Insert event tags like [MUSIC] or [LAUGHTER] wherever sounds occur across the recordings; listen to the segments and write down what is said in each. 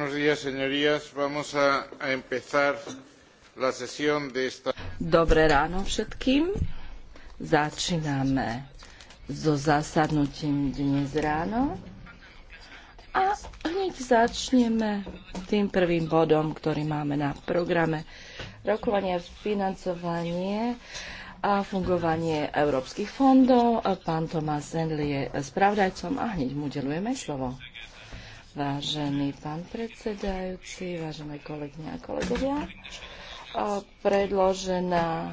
Buenos días, señorías. Vamos a, a empezar la sesión de esta... Dobré ráno všetkým. Začíname so zasadnutím dnes ráno. A hneď začneme tým prvým bodom, ktorý máme na programe. Rokovanie, financovanie a fungovanie európskych fondov. Pán Tomás Zendli je spravdajcom a hneď mu delujeme slovo. Vážený pán predsedajúci, vážené kolegyne a kolegovia, predložená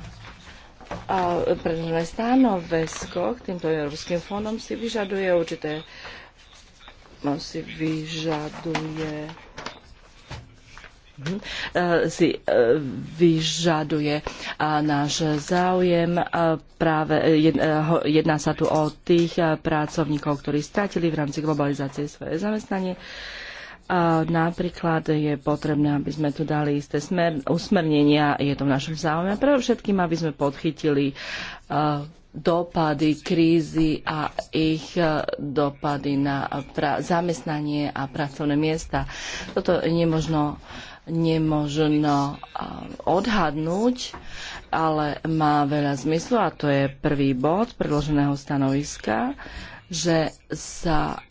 predložené stanovisko k týmto európskym fondom si vyžaduje určité no, si vyžaduje Eh, si eh, vyžaduje eh, náš záujem. Práve jedná sa tu o tých pracovníkov, ktorí stratili v rámci globalizácie svoje zamestnanie. A napríklad je potrebné, aby sme tu dali isté smer, usmernenia, je to v našom záujme. A predovšetkým, aby sme podchytili dopady krízy a ich dopady na zamestnanie a pracovné miesta. Toto nemožno nemožno odhadnúť, ale má veľa zmyslu a to je prvý bod predloženého stanoviska, že sa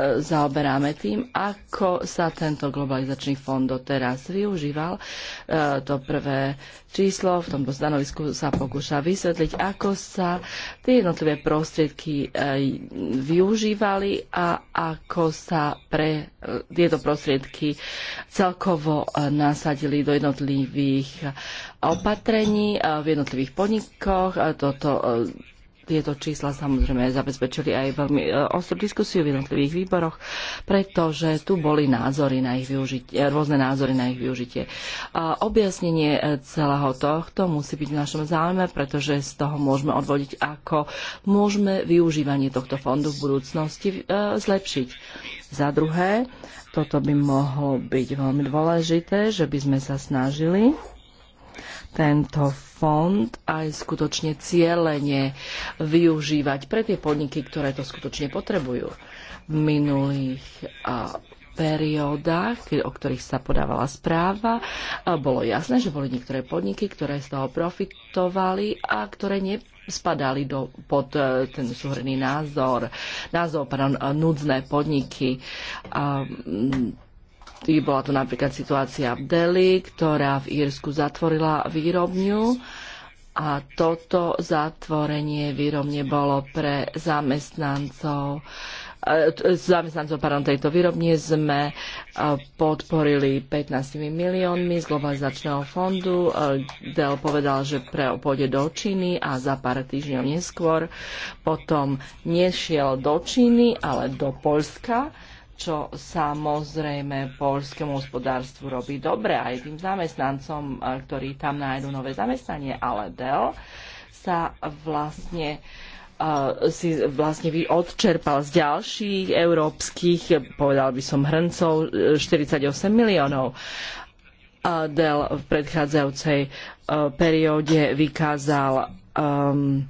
zaoberáme tým, ako sa tento globalizačný fond doteraz využíval. E, to prvé číslo v tomto stanovisku sa pokúša vysvetliť, ako sa tie jednotlivé prostriedky e, využívali a ako sa pre e, tieto prostriedky celkovo nasadili do jednotlivých opatrení v jednotlivých podnikoch. Toto tieto čísla samozrejme zabezpečili aj veľmi e, ostrú diskusiu v jednotlivých výboroch, pretože tu boli názory na ich využitie, rôzne názory na ich využitie. Objasnenie e, celého tohto musí byť v našom záujme, pretože z toho môžeme odvodiť, ako môžeme využívanie tohto fondu v budúcnosti e, zlepšiť. Za druhé, toto by mohlo byť veľmi dôležité, že by sme sa snažili tento fond aj skutočne cieľene využívať pre tie podniky, ktoré to skutočne potrebujú. V minulých a, periódach, o ktorých sa podávala správa, a bolo jasné, že boli niektoré podniky, ktoré z toho profitovali a ktoré ne spadali do, pod e, ten súhrný názor, názor, pardon, e, núdzne podniky. A, m, bola tu napríklad situácia v Delhi, ktorá v Írsku zatvorila výrobňu a toto zatvorenie výrobne bolo pre zamestnancov e, zamestnancov pardon, tejto výrobne sme e, podporili 15 miliónmi z globalizačného fondu. E, Dell povedal, že pre pôjde do Číny a za pár týždňov neskôr potom nešiel do Číny, ale do Polska čo samozrejme polskému hospodárstvu robí dobre aj tým zamestnancom, e, ktorí tam nájdú nové zamestnanie, ale Dell sa vlastne e, si vlastne odčerpal z ďalších európskych, povedal by som hrncov, 48 e, miliónov. Dell v predchádzajúcej perióde vykázal um,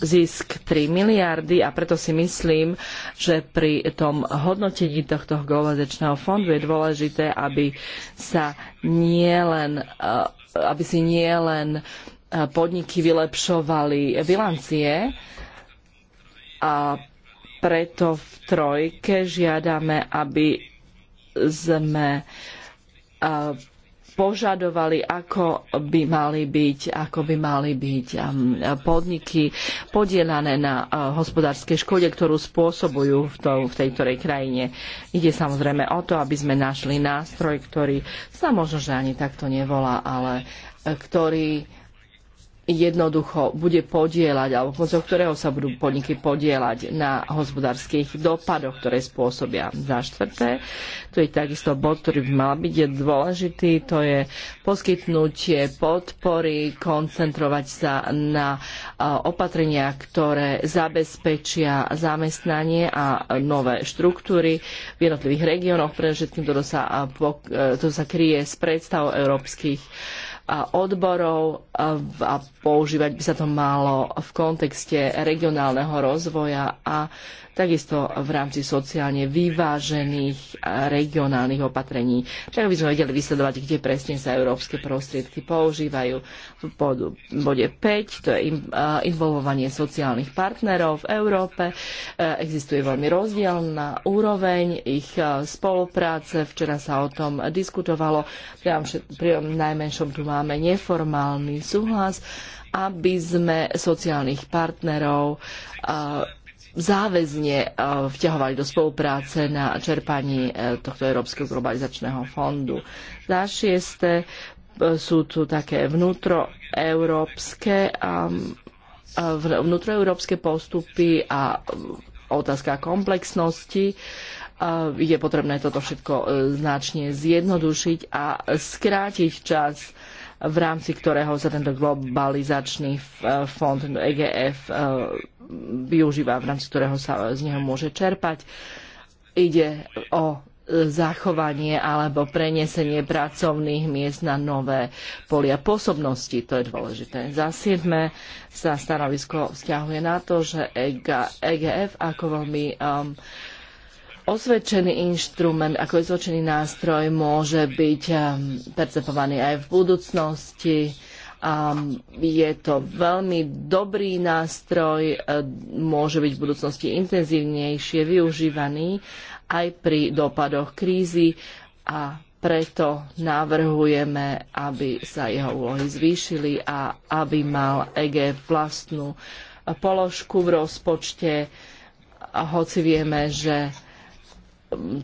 zisk 3 miliardy a preto si myslím, že pri tom hodnotení tohto globalizačného fondu je dôležité, aby sa nielen eh, aby si nielen eh, podniky vylepšovali bilancie a preto v trojke žiadame, aby sme eh, požadovali, ako by mali byť, ako by mali byť um, podniky podielané na uh, hospodárskej škode, ktorú spôsobujú v, to, v tejto krajine. Ide samozrejme o to, aby sme našli nástroj, ktorý sa možno, že ani takto nevolá, ale uh, ktorý jednoducho bude podielať, alebo pomocou ktorého sa budú podniky podielať na hospodárskych dopadoch, ktoré spôsobia. Za štvrté, to je takisto bod, ktorý by mal byť dôležitý, to je poskytnutie podpory, koncentrovať sa na opatrenia, ktoré zabezpečia zamestnanie a nové štruktúry v jednotlivých regiónoch, všetkým to sa, e, to sa kryje s predstavou európskych odborov a používať by sa to malo v kontexte regionálneho rozvoja a takisto v rámci sociálne vyvážených regionálnych opatrení. Tak by sme vedeli vysledovať, kde presne sa európske prostriedky používajú. V bode 5, to je involvovanie sociálnych partnerov v Európe. E, existuje veľmi rozdielna úroveň ich e, spolupráce. Včera sa o tom diskutovalo. Pri najmenšom tu máme neformálny súhlas aby sme sociálnych partnerov záväzne e, vťahovali do spolupráce na čerpaní e, tohto Európskeho globalizačného fondu. Za šieste e, sú tu také vnútroeurópske vnútroeurópske postupy a otázka komplexnosti je potrebné toto všetko značne zjednodušiť a skrátiť čas v rámci ktorého sa tento globalizačný eh, fond EGF eh, využíva, v rámci ktorého sa z neho môže čerpať. Ide o zachovanie alebo prenesenie pracovných miest na nové polia pôsobnosti. To je dôležité. Za siedme sa stanovisko vzťahuje na to, že EGF ako veľmi um, osvedčený inštrument, ako osvedčený nástroj môže byť um, percepovaný aj v budúcnosti. A um, je to veľmi dobrý nástroj, uh, môže byť v budúcnosti intenzívnejšie využívaný aj pri dopadoch krízy a preto navrhujeme, aby sa jeho úlohy zvýšili a aby mal EG vlastnú položku v rozpočte, hoci vieme, že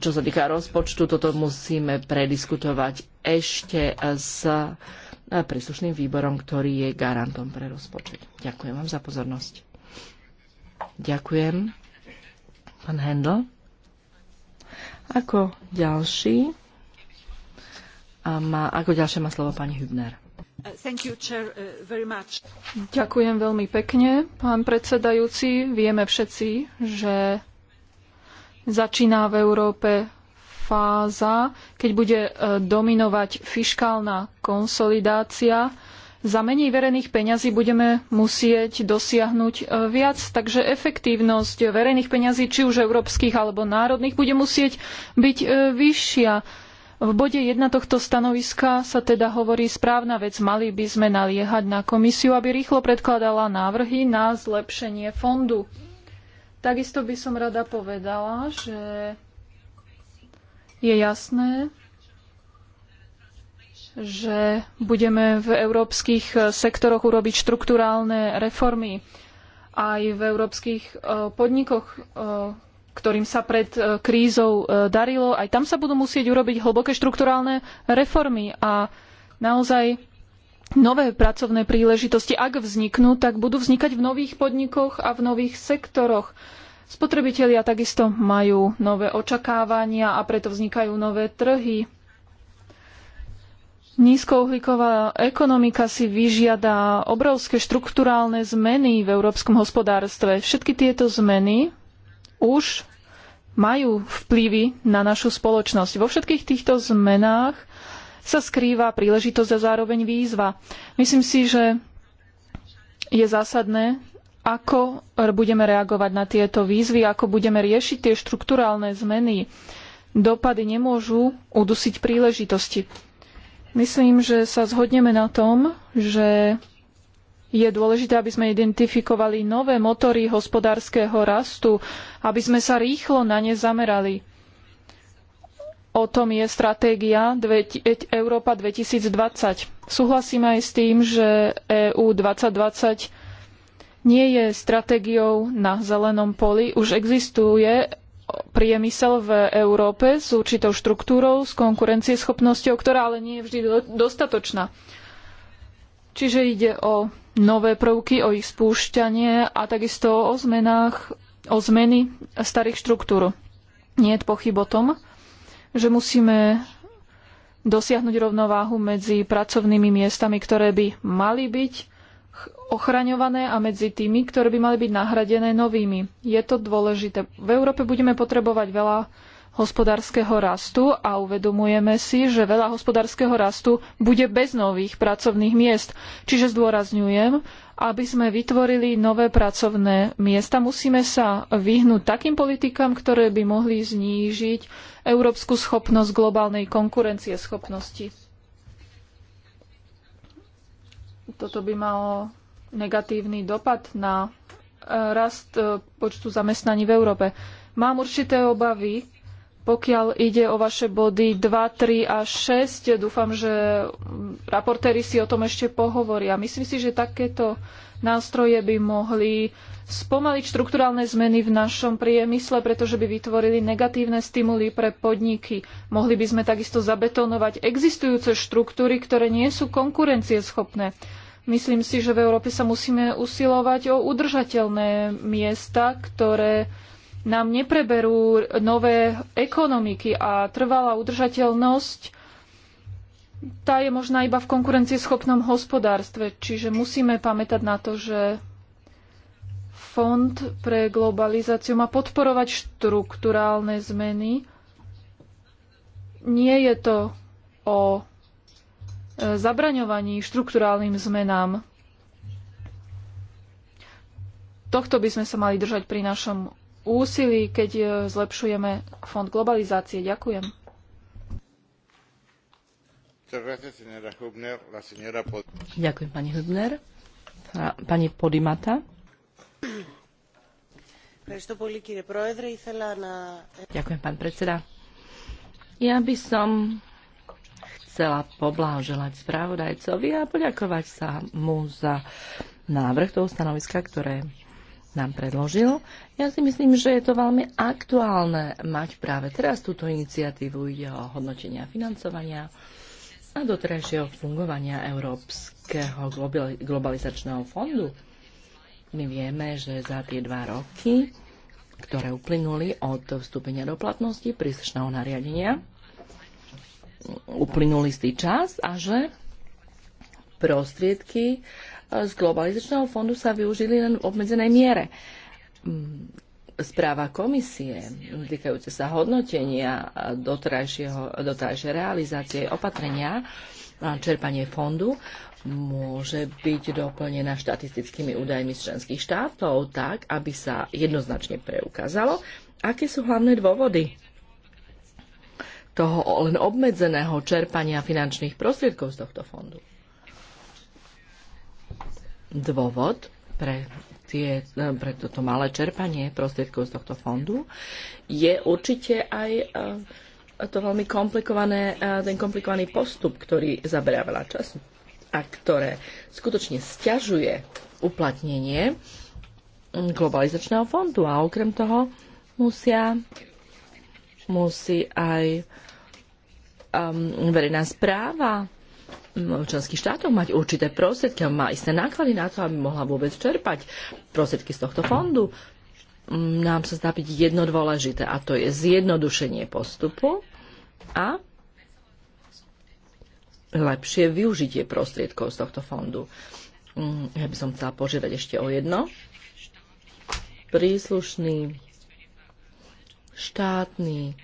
čo sa týka rozpočtu, toto musíme prediskutovať ešte s príslušným výborom, ktorý je garantom pre rozpočet. Ďakujem vám za pozornosť. Ďakujem. Pán Hendl. Ako ďalší a má, ako ďalšie má slovo pani Hübner. You, chair, uh, Ďakujem veľmi pekne, pán predsedajúci. Vieme všetci, že Začína v Európe fáza, keď bude e, dominovať fiškálna konsolidácia. Za menej verejných peňazí budeme musieť dosiahnuť e, viac, takže efektívnosť verejných peňazí, či už európskych alebo národných, bude musieť byť e, vyššia. V bode 1 tohto stanoviska sa teda hovorí správna vec. Mali by sme naliehať na komisiu, aby rýchlo predkladala návrhy na zlepšenie fondu. Takisto by som rada povedala, že je jasné, že budeme v európskych eh, sektoroch urobiť štrukturálne reformy aj v európskych eh, podnikoch, eh, ktorým sa pred krízou darilo, aj tam sa budú musieť urobiť hlboké štrukturálne reformy. A naozaj nové pracovné príležitosti, ak vzniknú, tak budú vznikať v nových podnikoch a v nových sektoroch. Spotrebitelia takisto majú nové očakávania a preto vznikajú nové trhy. Nízkouhlíková ekonomika si vyžiada obrovské štrukturálne zmeny v európskom hospodárstve. Všetky tieto zmeny už majú vplyvy na našu spoločnosť. Vo všetkých týchto zmenách sa skrýva príležitosť a zároveň výzva. Myslím si, že je zásadné, ako budeme reagovať na tieto výzvy, ako budeme riešiť tie štrukturálne zmeny. Dopady nemôžu udusiť príležitosti. Myslím, že sa zhodneme na tom, že je dôležité, aby sme identifikovali nové motory hospodárskeho rastu, aby sme sa rýchlo na ne zamerali. O tom je stratégia e- Európa 2020. Súhlasíme aj s tým, že EÚ 2020 nie je stratégiou na zelenom poli. Už existuje priemysel v Európe s určitou štruktúrou, s konkurencieschopnosťou, ktorá ale nie je vždy dostatočná. Čiže ide o nové prvky, o ich spúšťanie a takisto o zmenách, o zmeny starých štruktúr. Nie je pochyb o tom, že musíme dosiahnuť rovnováhu medzi pracovnými miestami, ktoré by mali byť ochraňované a medzi tými, ktoré by mali byť nahradené novými. Je to dôležité. V Európe budeme potrebovať veľa hospodárskeho rastu a uvedomujeme si, že veľa hospodárskeho rastu bude bez nových pracovných miest. Čiže zdôrazňujem, aby sme vytvorili nové pracovné miesta, musíme sa vyhnúť takým politikám, ktoré by mohli znížiť európsku schopnosť globálnej konkurencieschopnosti. Toto by malo negatívny dopad na eh, rast eh, počtu zamestnaní v Európe. Mám určité obavy, pokiaľ ide o vaše body 2, 3 a 6, dúfam, že raportéri si o tom ešte pohovoria. Myslím si, že takéto nástroje by mohli spomaliť štrukturálne zmeny v našom priemysle, pretože by vytvorili negatívne stimuly pre podniky. Mohli by sme takisto zabetonovať existujúce štruktúry, ktoré nie sú konkurencieschopné. Myslím si, že v Európe sa musíme usilovať o udržateľné miesta, ktoré nám nepreberú nové ekonomiky a trvalá udržateľnosť tá je možná iba v konkurencieschopnom hospodárstve, čiže musíme pamätať na to, že Fond pre globalizáciu má podporovať štrukturálne zmeny. Nie je to o e, zabraňovaní štrukturálnym zmenám. Tohto by sme sa mali držať pri našom úsilí, keď e, zlepšujeme fond globalizácie. Ďakujem. Ďakujem, pani Hübner. Pani Podimata. Ďakujem, pán predseda. Ja by som chcela poblahoželať správodajcovi a poďakovať sa mu za návrh toho stanoviska, ktoré nám predložil. Ja si myslím, že je to veľmi aktuálne mať práve teraz túto iniciatívu. Ide o hodnotenia financovania a doterajšieho fungovania Európskeho globalizačného fondu. My vieme, že za tie dva roky, ktoré uplynuli od vstúpenia do platnosti príslušného nariadenia, uplynul istý čas a že prostriedky z globalizačného fondu sa využili len v obmedzenej miere. Mm, Správa komisie týkajúce sa hodnotenia doterajšej realizácie opatrenia čerpanie fondu môže byť doplnená štatistickými údajmi z členských štátov tak, aby sa jednoznačne preukázalo, aké sú hlavné dôvody toho len obmedzeného čerpania finančných prostriedkov z tohto fondu dôvod pre, tie, pre toto malé čerpanie prostriedkov z tohto fondu je určite aj e, to veľmi komplikované, e, ten komplikovaný postup, ktorý zaberá veľa času a ktoré skutočne stiažuje uplatnenie mm, globalizačného fondu a okrem toho musia musí aj um, verejná správa členských štátov mať určité prostriedky, má isté náklady na to, aby mohla vôbec čerpať prostriedky z tohto fondu. Mm, Nám sa zdá byť jedno dôležité a to je zjednodušenie postupu a lepšie využitie prostriedkov z tohto fondu. Mm, ja by som chcela požiadať ešte o jedno. Príslušný štátny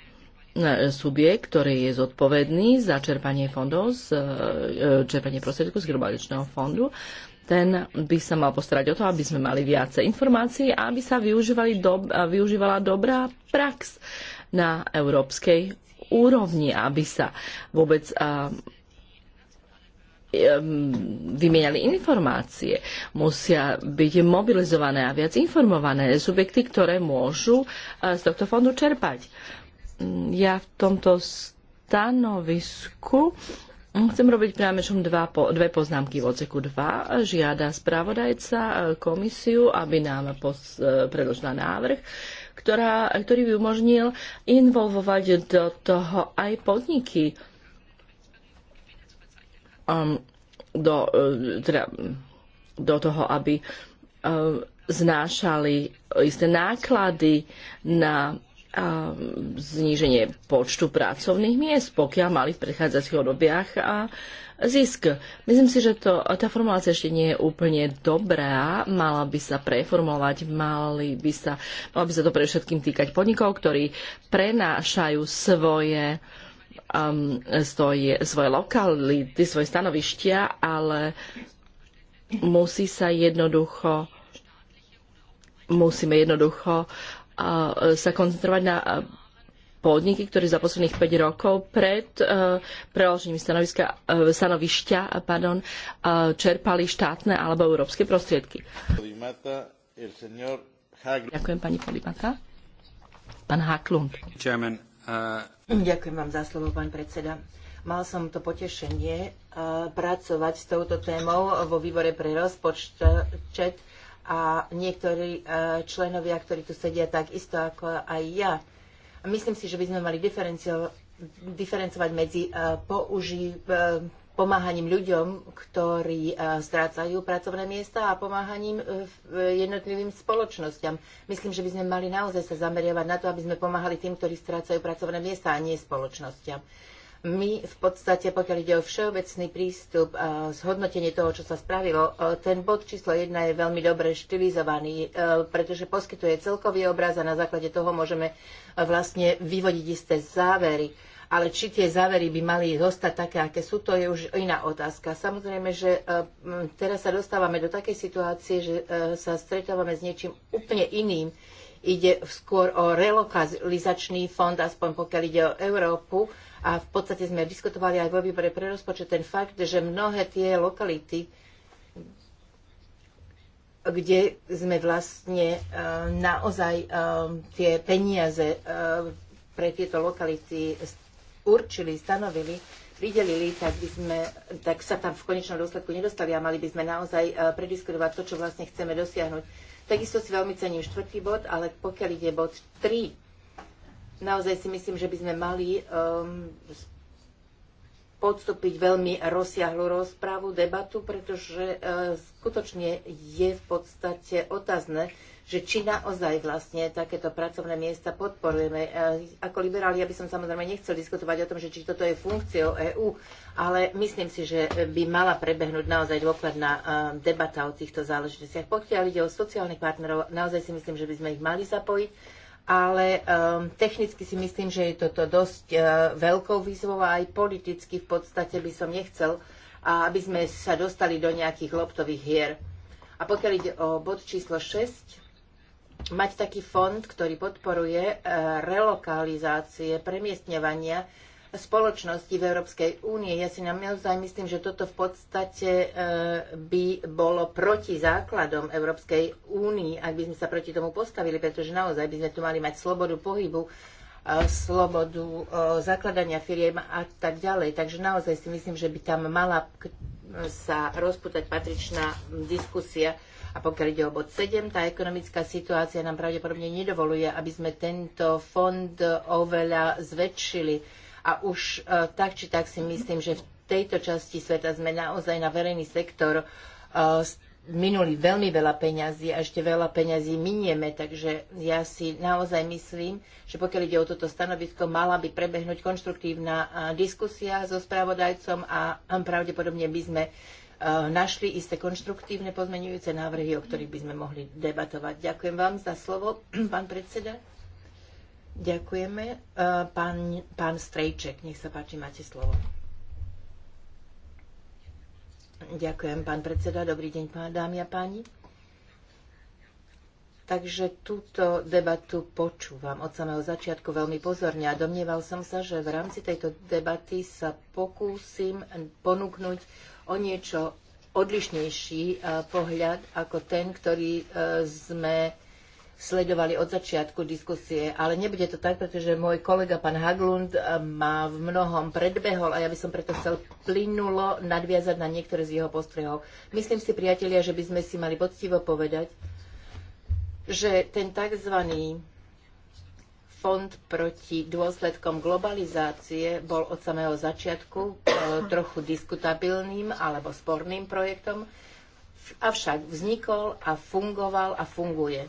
subjekt, ktorý je zodpovedný za čerpanie fondov, z, e, čerpanie prostriedkov z globaličného fondu, ten by sa mal postarať o to, aby sme mali viacej informácií a aby sa dob- využívala dobrá prax na európskej úrovni, aby sa vôbec a, vymieniali informácie, musia byť mobilizované a viac informované subjekty, ktoré môžu e, z tohto fondu čerpať ja v tomto stanovisku chcem robiť priamečom dva, dve poznámky v odseku 2. Žiada spravodajca e, komisiu, aby nám pos, e, predložila návrh, ktorá, ktorý by umožnil involvovať do toho aj podniky. Um, do, e, teda, do toho, aby um, znášali isté náklady na zníženie počtu pracovných miest, pokiaľ mali v predchádzajúcich obdobiach a zisk. Myslím si, že to, tá formulácia ešte nie je úplne dobrá, mala by sa preformulovať, mali by sa, mala by sa to pre všetkým týkať podnikov, ktorí prenášajú svoje um, svoje, svoje lokality, svoje stanovištia, ale musí sa jednoducho musíme jednoducho E, sa koncentrovať na e, podniky, ktoré za posledných 5 rokov pred e, preložením stanoviska, uh, stanovišťa pardon, čerpali štátne alebo európske prostriedky. Ďakujem pani Polimata. Pán Haklund. Chairman, uh, Ďakujem vám za slovo, pán predseda. Mal som to potešenie uh, pracovať s touto témou vo výbore pre rozpočet a niektorí e, členovia, ktorí tu sedia tak isto ako aj ja. A myslím si, že by sme mali diferencio- diferencovať medzi e, použi- e, pomáhaním ľuďom, ktorí strácajú pracovné miesta a pomáhaním jednotlivým spoločnosťam. Myslím, že by sme mali naozaj sa zameriavať na to, aby sme pomáhali tým, ktorí strácajú pracovné miesta a nie spoločnosťam my v podstate, pokiaľ ide o všeobecný prístup a zhodnotenie toho, čo sa spravilo, e, ten bod číslo 1 je veľmi dobre štilizovaný, e, pretože poskytuje celkový obraz a na základe toho môžeme e, vlastne vyvodiť isté závery. Ale či tie závery by mali zostať také, aké sú, to je už iná otázka. Samozrejme, že teraz sa dostávame do takej situácie, že sa stretávame s niečím úplne iným. Ide skôr o relokalizačný fond, aspoň pokiaľ ide o Európu, a v podstate sme diskutovali aj vo výbore pre rozpočet ten fakt, že mnohé tie lokality, kde sme vlastne e, naozaj e, tie peniaze e, pre tieto lokality určili, stanovili, pridelili, tak, by sme, tak sa tam v konečnom dôsledku nedostali a mali by sme naozaj prediskutovať to, čo vlastne chceme dosiahnuť. Takisto si veľmi cením štvrtý bod, ale pokiaľ ide bod 3, naozaj si myslím, že by sme mali um, podstúpiť veľmi rozsiahlu rozprávu, debatu, pretože uh, skutočne je v podstate otázne, že či naozaj vlastne takéto pracovné miesta podporujeme. Uh, ako liberáli ja by som samozrejme nechcel diskutovať o tom, že či toto je funkciou EÚ, ale myslím si, že by mala prebehnúť naozaj dôkladná uh, debata o týchto záležitostiach. Pokiaľ ide o sociálnych partnerov, naozaj si myslím, že by sme ich mali zapojiť ale um, technicky si myslím, že je toto dosť uh, veľkou výzvou a aj politicky v podstate by som nechcel, aby sme sa dostali do nejakých loptových hier. A pokiaľ ide o bod číslo 6, mať taký fond, ktorý podporuje uh, relokalizácie, premiestňovania spoločnosti v Európskej únie. Ja si naozaj myslím, že toto v podstate e, by bolo proti základom Európskej únii, ak by sme sa proti tomu postavili, pretože naozaj by sme tu mali mať slobodu pohybu, e, slobodu e, zakladania firiem a tak ďalej. Takže naozaj si myslím, že by tam mala sa rozputať patričná diskusia. A pokiaľ ide o bod 7, tá ekonomická situácia nám pravdepodobne nedovoluje, aby sme tento fond oveľa zväčšili. A už e, tak či tak si myslím, že v tejto časti sveta sme naozaj na verejný sektor e, minuli veľmi veľa peňazí a ešte veľa peňazí minieme, takže ja si naozaj myslím, že pokiaľ ide o toto stanovisko, mala by prebehnúť konštruktívna e, diskusia so spravodajcom a pravdepodobne by sme našli isté konštruktívne pozmenujúce návrhy, o ktorých by sme mohli debatovať. Ďakujem vám za slovo, [CLEARS THROAT] pán predseda. Ďakujeme. E, pán, pán Strejček, nech sa páči, máte slovo. Ďakujem, pán predseda. Dobrý deň, pán, dámy a páni. Takže túto debatu počúvam od samého začiatku veľmi pozorne a domnieval som sa, že v rámci tejto debaty sa pokúsim ponúknuť o niečo odlišnejší e, pohľad ako ten, ktorý e, sme sledovali od začiatku diskusie, ale nebude to tak, pretože môj kolega pán Haglund eh, má v mnohom predbehol a ja by som preto chcel plynulo nadviazať na niektoré z jeho postrehov. Myslím si, priatelia, že by sme si mali poctivo povedať, že ten tzv. fond proti dôsledkom globalizácie bol od samého začiatku eh, trochu diskutabilným alebo sporným projektom, avšak vznikol a fungoval a funguje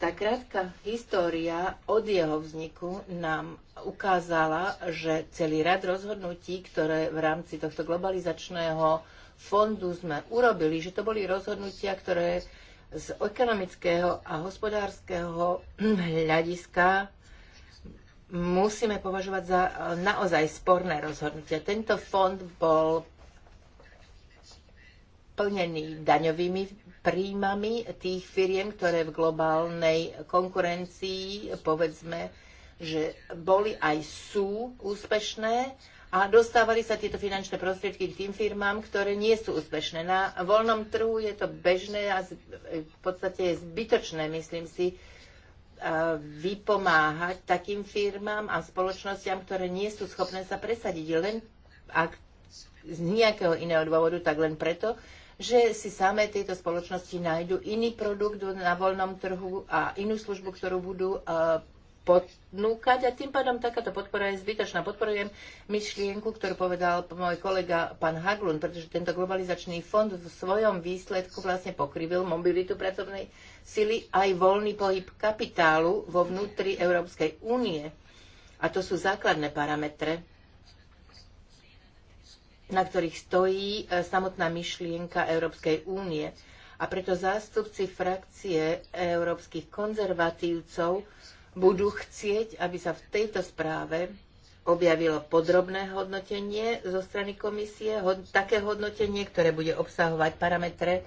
tá krátka história od jeho vzniku nám ukázala, že celý rad rozhodnutí, ktoré v rámci tohto globalizačného fondu sme urobili, že to boli rozhodnutia, ktoré z ekonomického a hospodárskeho [CLEARS THROAT] hľadiska musíme považovať za eh, naozaj sporné rozhodnutia. Tento fond bol plnený daňovými príjmami tých firiem, ktoré v globálnej konkurencii, povedzme, že boli aj sú úspešné a dostávali sa tieto finančné prostriedky k tým firmám, ktoré nie sú úspešné. Na voľnom trhu je to bežné a v podstate je zbytočné, myslím si, vypomáhať takým firmám a spoločnostiam, ktoré nie sú schopné sa presadiť. Len ak z nejakého iného dôvodu, tak len preto, že si samé tieto spoločnosti nájdu iný produkt na voľnom trhu a inú službu, ktorú budú eh, podnúkať a tým pádom takáto podpora je zbytočná. Podporujem myšlienku, ktorú povedal môj kolega pán Haglund, pretože tento globalizačný fond v svojom výsledku vlastne pokryvil mobilitu pracovnej sily aj voľný pohyb kapitálu vo vnútri Európskej únie. A to sú základné parametre na ktorých stojí e, samotná myšlienka Európskej únie. A preto zástupci frakcie európskych konzervatívcov budú chcieť, aby sa v tejto správe objavilo podrobné hodnotenie zo strany komisie, také hodnotenie, ktoré bude obsahovať parametre,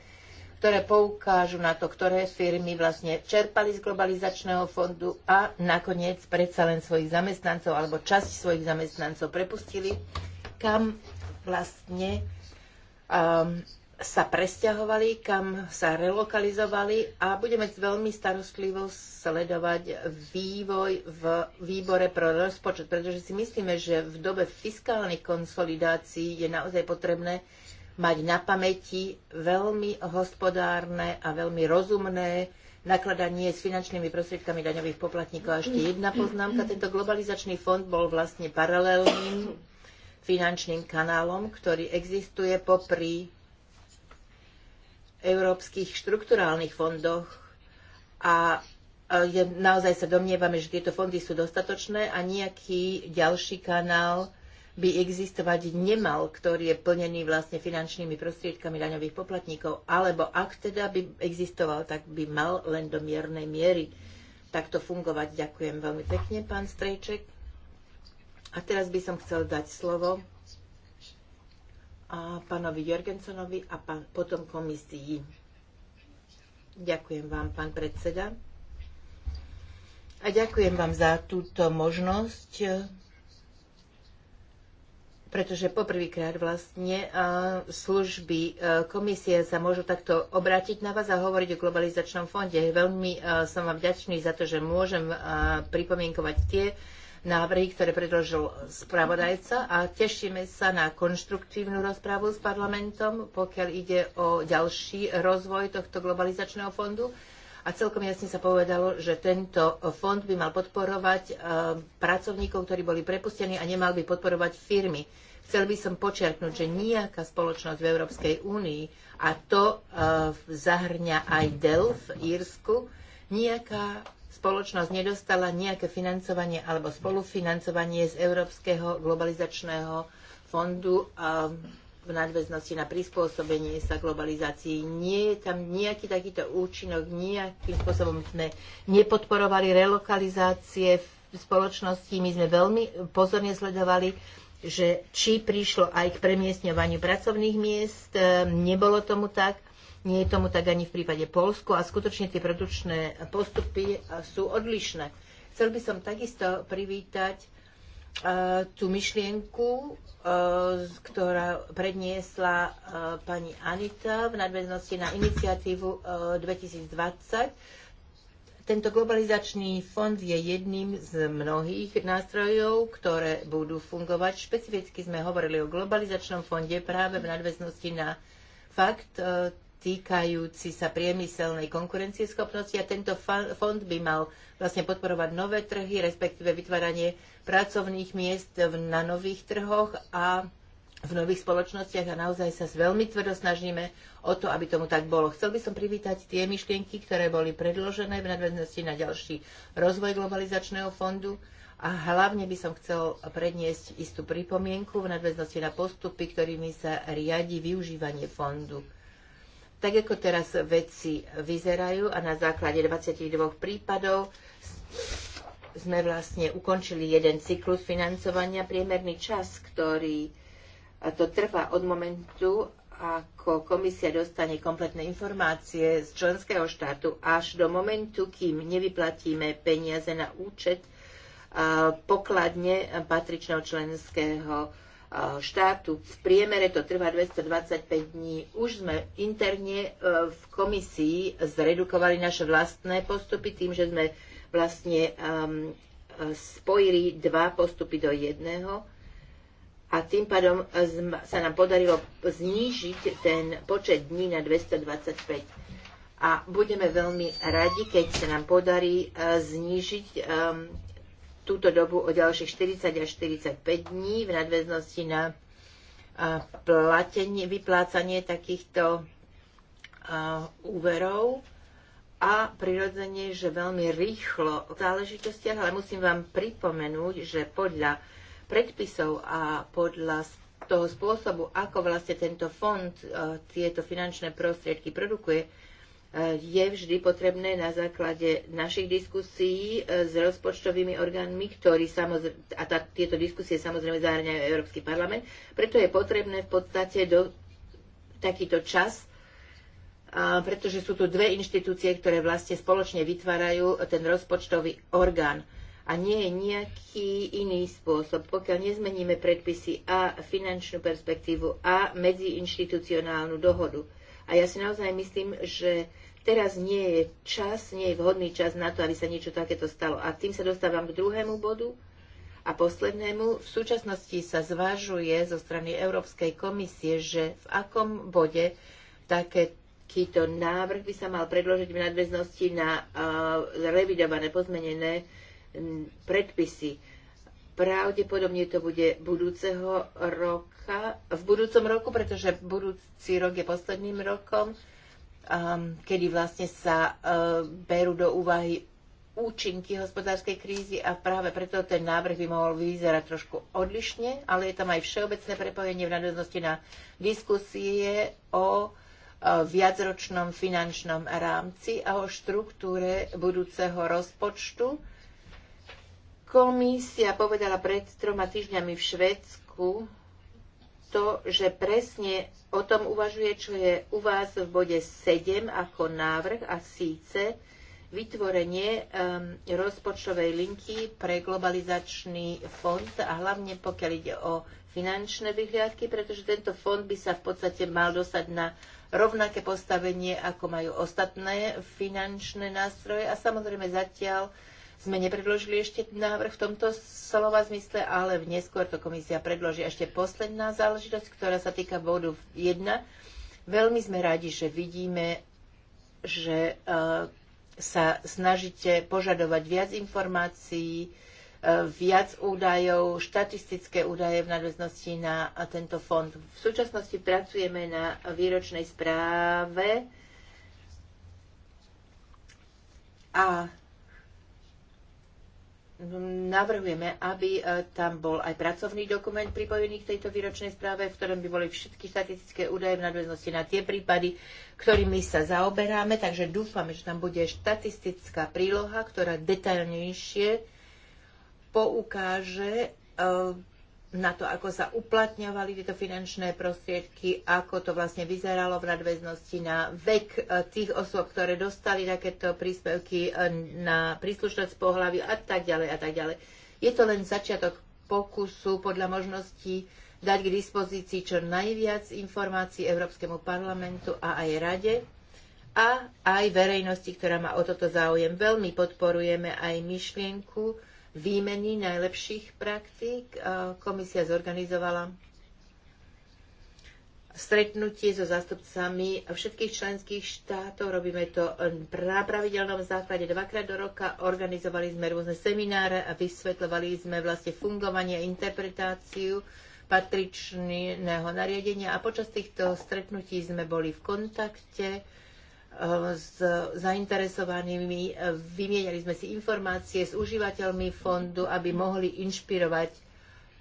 ktoré poukážu na to, ktoré firmy vlastne čerpali z globalizačného fondu a nakoniec predsa len svojich zamestnancov alebo časť svojich zamestnancov prepustili, kam vlastne um, sa presťahovali, kam sa relokalizovali a budeme veľmi starostlivo sledovať vývoj v výbore pro rozpočet, pretože si myslíme, že v dobe fiskálnej konsolidácii je naozaj potrebné mať na pamäti veľmi hospodárne a veľmi rozumné nakladanie s finančnými prostriedkami daňových poplatníkov. A ešte jedna poznámka, tento globalizačný fond bol vlastne paralelným finančným kanálom, ktorý existuje popri európskych štrukturálnych fondoch a je, naozaj sa domnievame, že tieto fondy sú dostatočné a nejaký ďalší kanál by existovať nemal, ktorý je plnený vlastne finančnými prostriedkami daňových poplatníkov, alebo ak teda by existoval, tak by mal len do miernej miery takto fungovať. Ďakujem veľmi pekne, pán Strejček. A teraz by som chcel dať slovo a pánovi Jorgensonovi a pán, potom komisii. Ďakujem vám, pán predseda. A ďakujem vám za túto možnosť, pretože poprvýkrát vlastne služby komisie sa môžu takto obrátiť na vás a hovoriť o globalizačnom fonde. Veľmi som vám vďačný za to, že môžem pripomienkovať tie návrhy, ktoré predložil spravodajca a tešíme sa na konštruktívnu rozpravu s parlamentom, pokiaľ ide o ďalší rozvoj tohto globalizačného fondu. A celkom jasne sa povedalo, že tento fond by mal podporovať e, pracovníkov, ktorí boli prepustení a nemal by podporovať firmy. Chcel by som počiarknúť, že nejaká spoločnosť v Európskej únii, a to e, zahrňa aj Dell v Írsku, nejaká spoločnosť nedostala nejaké financovanie alebo spolufinancovanie z Európskeho globalizačného fondu a v nadväznosti na prispôsobenie sa globalizácii. Nie je tam nejaký takýto účinok, nejakým spôsobom sme nepodporovali relokalizácie v spoločnosti. My sme veľmi pozorne sledovali, že či prišlo aj k premiestňovaniu pracovných miest, nebolo tomu tak. Nie je tomu tak ani v prípade Polsku a skutočne tie produkčné postupy sú odlišné. Chcel by som takisto privítať e, tú myšlienku, e, ktorá predniesla e, pani Anita v nadväznosti na iniciatívu 2020 tento globalizačný fond je jedným z mnohých nástrojov, ktoré budú fungovať. Špecificky sme hovorili o globalizačnom fonde práve v nadväznosti na fakt týkajúci sa priemyselnej konkurencieschopnosti a tento fond by mal vlastne podporovať nové trhy, respektíve vytváranie pracovných miest na nových trhoch a v nových spoločnostiach a naozaj sa veľmi tvrdo snažíme o to, aby tomu tak bolo. Chcel by som privítať tie myšlienky, ktoré boli predložené v nadväznosti na ďalší rozvoj globalizačného fondu a hlavne by som chcel predniesť istú pripomienku v nadväznosti na postupy, ktorými sa riadi využívanie fondu tak ako teraz veci vyzerajú a na základe 22 prípadov sme vlastne ukončili jeden cyklus financovania. Priemerný čas, ktorý to trvá od momentu, ako komisia dostane kompletné informácie z členského štátu až do momentu, kým nevyplatíme peniaze na účet pokladne patričného členského štátu. V priemere to trvá 225 dní. Už sme interne e, v komisii zredukovali naše vlastné postupy tým, že sme vlastne spojili dva postupy do jedného a tým pádom e, sa nám podarilo znížiť ten počet dní na 225 a budeme veľmi radi, keď sa nám podarí e, znížiť túto dobu o ďalších 40 až 45 dní v nadväznosti na platenie, vyplácanie takýchto úverov a prirodzene, že veľmi rýchlo v záležitostiach, ale musím vám pripomenúť, že podľa predpisov a podľa toho spôsobu, ako vlastne tento fond tieto finančné prostriedky produkuje, je vždy potrebné na základe našich diskusí e, s rozpočtovými orgánmi, ktorí samozrejme, a tá, tieto diskusie samozrejme zahrňajú Európsky parlament, preto je potrebné v podstate do, takýto čas, a e, pretože sú tu dve inštitúcie, ktoré vlastne spoločne vytvárajú ten rozpočtový orgán. A nie je nejaký iný spôsob. Pokiaľ nezmeníme predpisy a finančnú perspektívu a medziinštitucionálnu dohodu. A ja si naozaj myslím, že Teraz nie je čas, nie je vhodný čas na to, aby sa niečo takéto stalo. A tým sa dostávam k druhému bodu a poslednému. V súčasnosti sa zvažuje zo strany Európskej komisie, že v akom bode takýto návrh by sa mal predložiť v nadväznosti na uh, revidované, pozmenené m, predpisy. Pravdepodobne to bude budúceho roka, v budúcom roku, pretože budúci rok je posledným rokom um, kedy vlastne sa uh, berú do úvahy účinky hospodárskej krízy a práve preto ten návrh by mohol vyzerať trošku odlišne, ale je tam aj všeobecné prepojenie v nadväznosti na diskusie o eh, viacročnom finančnom rámci a o štruktúre budúceho rozpočtu. Komisia povedala pred troma týždňami v Švedsku, to, že presne o tom uvažuje, čo je u vás v bode 7 ako návrh a síce vytvorenie um, rozpočtovej linky pre globalizačný fond a hlavne pokiaľ ide o finančné vyhliadky, pretože tento fond by sa v podstate mal dostať na rovnaké postavenie, ako majú ostatné finančné nástroje a samozrejme zatiaľ sme nepredložili ešte návrh v tomto slova zmysle, ale neskôr to komisia predloží. Ešte posledná záležitosť, ktorá sa týka bodu 1. Veľmi sme radi, že vidíme, že e, sa snažíte požadovať viac informácií, e, viac údajov, štatistické údaje v nadväznosti na tento fond. V súčasnosti pracujeme na výročnej správe a navrhujeme, aby e, tam bol aj pracovný dokument pripojený k tejto výročnej správe, v ktorom by boli všetky štatistické údaje v nadväznosti na tie prípady, ktorými sa zaoberáme. Takže dúfame, že tam bude štatistická príloha, ktorá detailnejšie poukáže e, na to, ako sa uplatňovali tieto finančné prostriedky, ako to vlastne vyzeralo v nadväznosti na vek e, tých osôb, ktoré dostali takéto príspevky e, na príslušnosť pohľavy a tak ďalej a tak ďalej. Je to len začiatok pokusu podľa možností dať k dispozícii čo najviac informácií Európskemu parlamentu a aj rade a aj verejnosti, ktorá má o toto záujem. Veľmi podporujeme aj myšlienku, výmeny najlepších praktík. Komisia zorganizovala stretnutie so zástupcami všetkých členských štátov. Robíme to na pravidelnom základe dvakrát do roka. Organizovali sme rôzne semináre a vysvetľovali sme vlastne fungovanie a interpretáciu patričného nariadenia. A počas týchto stretnutí sme boli v kontakte s zainteresovanými, vymieňali sme si informácie s užívateľmi fondu, aby mohli inšpirovať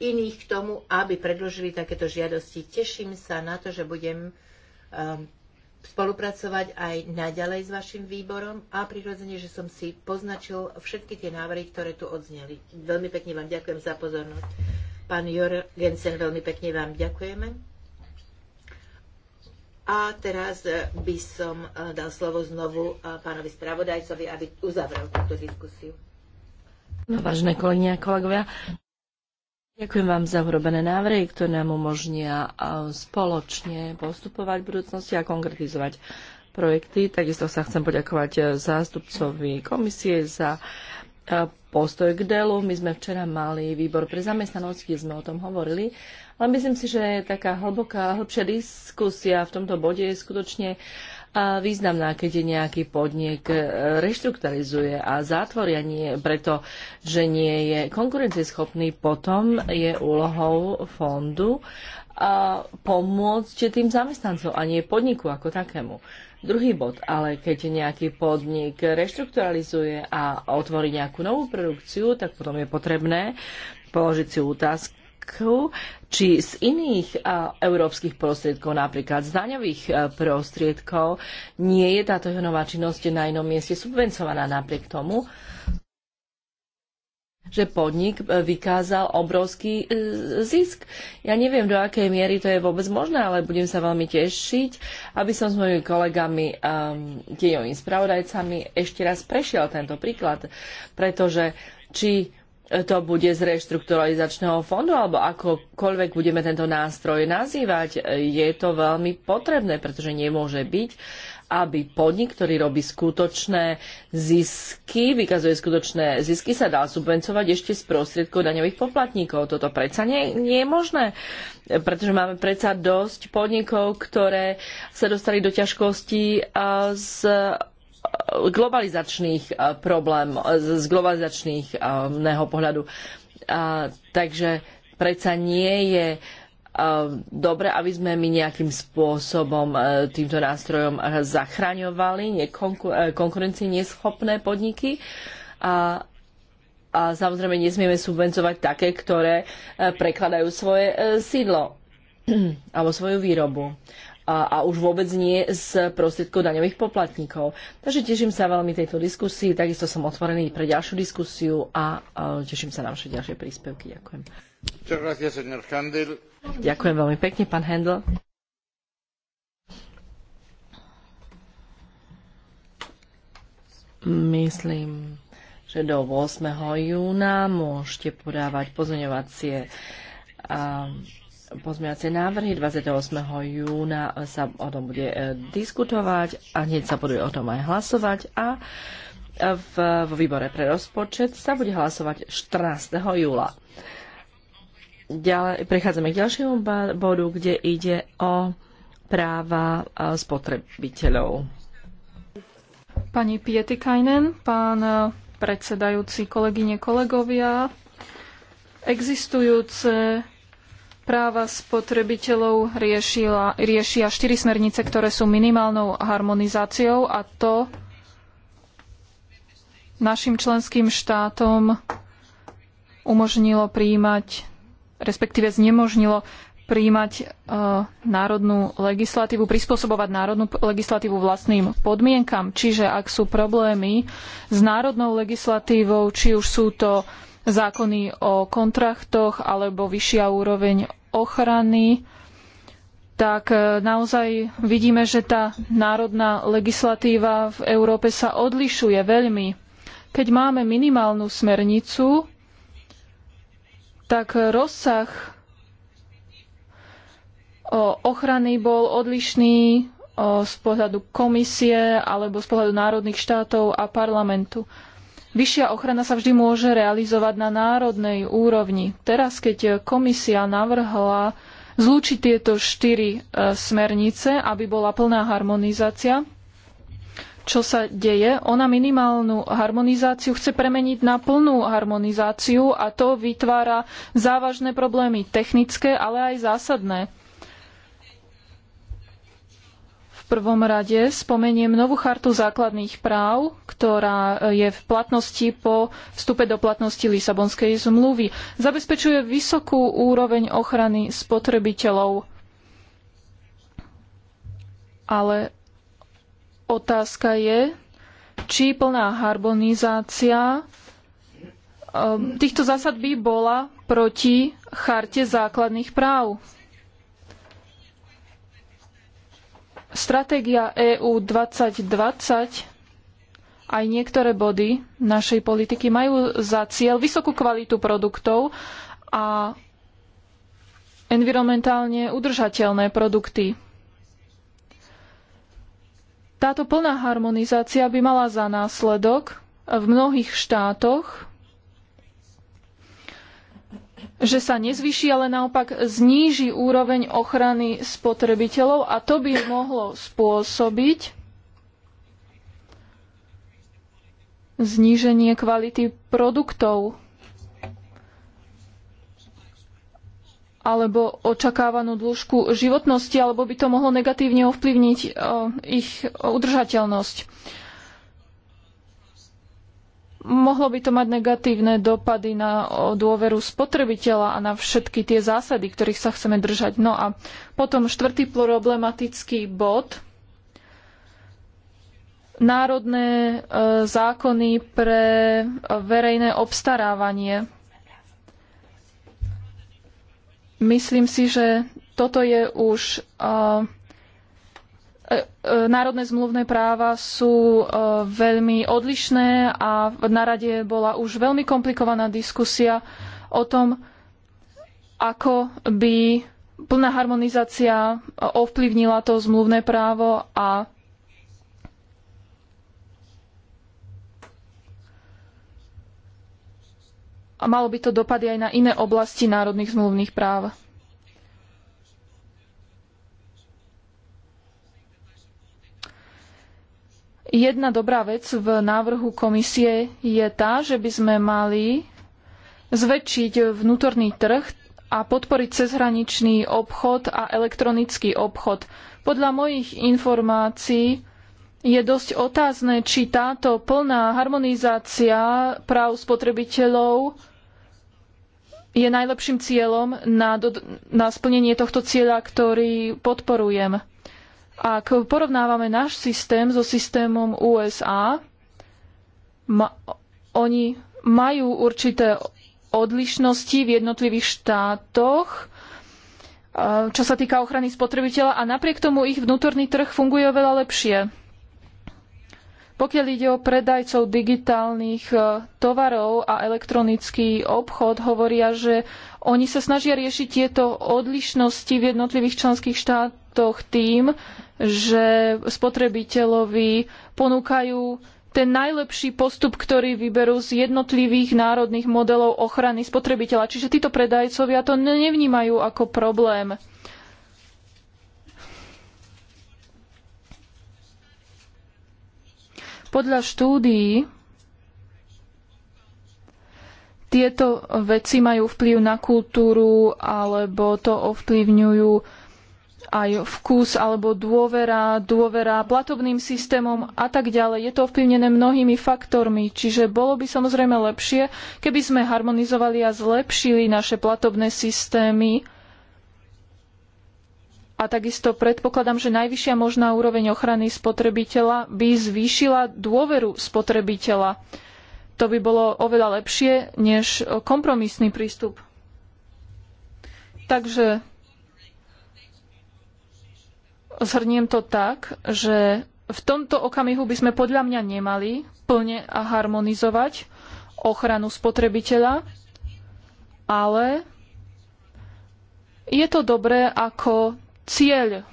iných k tomu, aby predložili takéto žiadosti. Teším sa na to, že budem um, spolupracovať aj naďalej s vašim výborom a prirodzene, že som si poznačil všetky tie návrhy, ktoré tu odzneli. Veľmi pekne vám ďakujem za pozornosť. Pán Gensen, veľmi pekne vám ďakujeme. A teraz eh, by som eh, dal slovo znovu eh, pánovi spravodajcovi, aby uzavrel túto diskusiu. No, vážne kolegyne a kolegovia, Ďakujem vám za urobené návrhy, ktoré nám umožnia spoločne postupovať v budúcnosti a konkretizovať projekty. Takisto sa chcem poďakovať zástupcovi komisie za postoj k DELu. My sme včera mali výbor pre zamestnanosť, kde sme o tom hovorili. Ale myslím si, že taká hlboká, hlbšia diskusia v tomto bode je skutočne uh, a významná, keď je nejaký podnik e, reštrukturalizuje a zátvoria nie preto, že nie je konkurencieschopný, potom je úlohou fondu a e, pomôcť tým zamestnancom a nie podniku ako takému. Druhý bod, ale keď nejaký podnik reštrukturalizuje a otvorí nejakú novú produkciu, tak potom je potrebné položiť si otázku, prostriedkov či z iných a, európskych prostriedkov, napríklad z daňových a, prostriedkov, nie je táto nová činnosť na inom mieste subvencovaná napriek tomu, že podnik e, vykázal obrovský e, zisk. Ja neviem, do akej miery to je vôbec možné, ale budem sa veľmi tešiť, aby som s mojimi kolegami, tieňovými spravodajcami, ešte raz prešiel tento príklad, pretože či to bude z reštrukturalizačného fondu, alebo akokoľvek budeme tento nástroj nazývať, je to veľmi potrebné, pretože nemôže byť, aby podnik, ktorý robí skutočné zisky, vykazuje skutočné zisky, sa dal subvencovať ešte z prostriedkov daňových poplatníkov. Toto predsa nie, nie je možné, pretože máme predsa dosť podnikov, ktoré sa dostali do ťažkostí z globalizačných eh, problém, z globalizačného eh, pohľadu. A, takže predsa nie je eh, dobre, aby sme my nejakým spôsobom týmto nástrojom zachraňovali konkurencie neschopné podniky. A, a samozrejme nesmieme subvencovať také, ktoré prekladajú svoje sídlo [CLEARS THROAT] alebo svoju výrobu a, a už vôbec nie z prostriedkov daňových poplatníkov. Takže teším sa veľmi tejto diskusii, takisto som otvorený pre ďalšiu diskusiu a, a teším sa na vaše ďalšie príspevky. Ďakujem. Ďakujem veľmi pekne, pán Handel. Myslím, že do 8. júna môžete podávať pozorňovacie. um, Pozmiace návrhy. 28. júna sa o tom bude e, diskutovať a hneď sa bude o tom aj hlasovať a e, v, vo výbore pre rozpočet sa bude hlasovať 14. júla. Ďalej, prechádzame k ďalšiemu bodu, kde ide o práva e, spotrebiteľov. Pani Pietikainen, pán predsedajúci, kolegyne, kolegovia, existujúce práva spotrebiteľov riešila, riešia štyri smernice, ktoré sú minimálnou harmonizáciou a to našim členským štátom umožnilo príjmať, respektíve znemožnilo príjmať e, národnú legislatívu, prispôsobovať národnú legislatívu vlastným podmienkam. Čiže ak sú problémy s národnou legislatívou, či už sú to zákony o kontraktoch alebo vyššia úroveň ochrany, tak e, naozaj vidíme, že tá národná legislatíva v Európe sa odlišuje veľmi. Keď máme minimálnu smernicu, tak rozsah e, ochrany bol odlišný e, z pohľadu komisie alebo z pohľadu národných štátov a parlamentu. Vyššia ochrana sa vždy môže realizovať na národnej úrovni. Teraz, keď komisia navrhla zlúčiť tieto štyri e, smernice, aby bola plná harmonizácia, čo sa deje. Ona minimálnu harmonizáciu chce premeniť na plnú harmonizáciu a to vytvára závažné problémy technické, ale aj zásadné. prvom rade spomeniem novú chartu základných práv, ktorá eh, je v platnosti po vstupe do platnosti Lisabonskej zmluvy. Zabezpečuje vysokú úroveň ochrany spotrebiteľov. Ale otázka je, či plná harmonizácia eh, týchto zásad by bola proti charte základných práv. Stratégia EÚ 2020 aj niektoré body našej politiky majú za cieľ vysokú kvalitu produktov a environmentálne udržateľné produkty. Táto plná harmonizácia by mala za následok v mnohých štátoch že sa nezvyší, ale naopak zníži úroveň ochrany spotrebiteľov a to by mohlo spôsobiť zníženie kvality produktov alebo očakávanú dĺžku životnosti, alebo by to mohlo negatívne ovplyvniť eh, ich udržateľnosť mohlo by to mať negatívne dopady na dôveru spotrebiteľa a na všetky tie zásady, ktorých sa chceme držať. No a potom štvrtý problematický bod. Národné e, zákony pre verejné obstarávanie. Myslím si, že toto je už e, E, e, národné zmluvné práva sú e, veľmi odlišné a na rade bola už veľmi komplikovaná diskusia o tom, ako by plná harmonizácia ovplyvnila to zmluvné právo a a malo by to dopady aj na iné oblasti národných zmluvných práv. Jedna dobrá vec v návrhu komisie je tá, že by sme mali zväčšiť vnútorný trh a podporiť cezhraničný obchod a elektronický obchod. Podľa mojich informácií je dosť otázne, či táto plná harmonizácia práv spotrebiteľov je najlepším cieľom na, na splnenie tohto cieľa, ktorý podporujem. Ak porovnávame náš systém so systémom USA, ma, oni majú určité odlišnosti v jednotlivých štátoch, čo sa týka ochrany spotrebiteľa a napriek tomu ich vnútorný trh funguje oveľa lepšie. Pokiaľ ide o predajcov digitálnych e, tovarov a elektronický obchod, hovoria, že oni sa snažia riešiť tieto odlišnosti v jednotlivých členských štátoch tým, že spotrebiteľovi ponúkajú ten najlepší postup, ktorý vyberú z jednotlivých národných modelov ochrany spotrebiteľa. Čiže títo predajcovia to nevnímajú ako problém. Podľa štúdií tieto veci majú vplyv na kultúru alebo to ovplyvňujú aj vkus alebo dôvera, dôvera platobným systémom a tak ďalej. Je to ovplyvnené mnohými faktormi, čiže bolo by samozrejme lepšie, keby sme harmonizovali a zlepšili naše platobné systémy. A takisto predpokladám, že najvyššia možná úroveň ochrany spotrebiteľa by zvýšila dôveru spotrebiteľa. To by bolo oveľa lepšie než kompromisný prístup. Takže zhrniem to tak, že v tomto okamihu by sme podľa mňa nemali plne a harmonizovať ochranu spotrebiteľa, ale je to dobré ako cieľ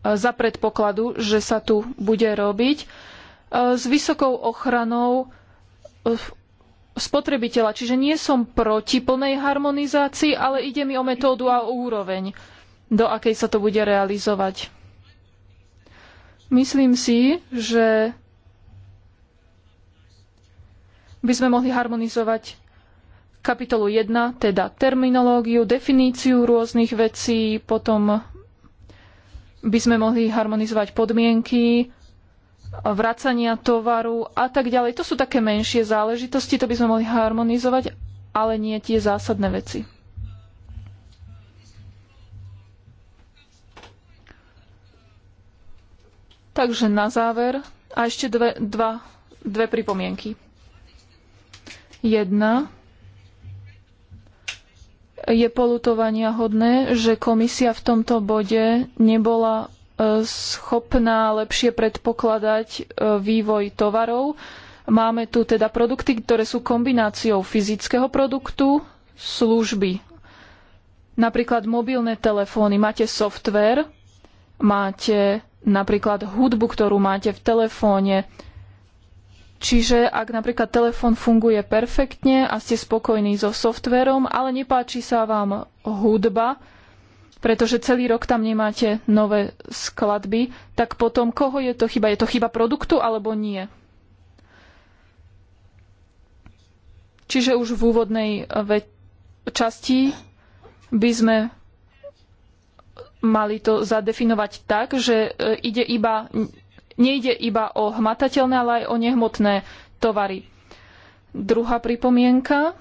za predpokladu, že sa tu bude robiť E, s vysokou ochranou e, spotrebiteľa. Čiže nie som proti plnej harmonizácii, ale ide mi o metódu a o úroveň, do akej sa to bude realizovať. Myslím si, že by sme mohli harmonizovať kapitolu 1, teda terminológiu, definíciu rôznych vecí, potom by sme mohli harmonizovať podmienky, vracania tovaru a tak ďalej. To sú také menšie záležitosti, to by sme mohli harmonizovať, ale nie tie zásadné veci. Takže na záver a ešte dve, dva, dve pripomienky. Jedna je polutovania hodné, že komisia v tomto bode nebola schopná lepšie predpokladať e, vývoj tovarov. Máme tu teda produkty, ktoré sú kombináciou fyzického produktu, služby. Napríklad mobilné telefóny. Máte software, máte napríklad hudbu, ktorú máte v telefóne. Čiže ak napríklad telefón funguje perfektne a ste spokojní so softverom, ale nepáči sa vám hudba, pretože celý rok tam nemáte nové skladby, tak potom koho je to chyba? Je to chyba produktu alebo nie? Čiže už v úvodnej eh, časti by sme mali to zadefinovať tak, že eh, ide iba, nejde iba o hmatateľné, ale aj o nehmotné tovary. Druhá pripomienka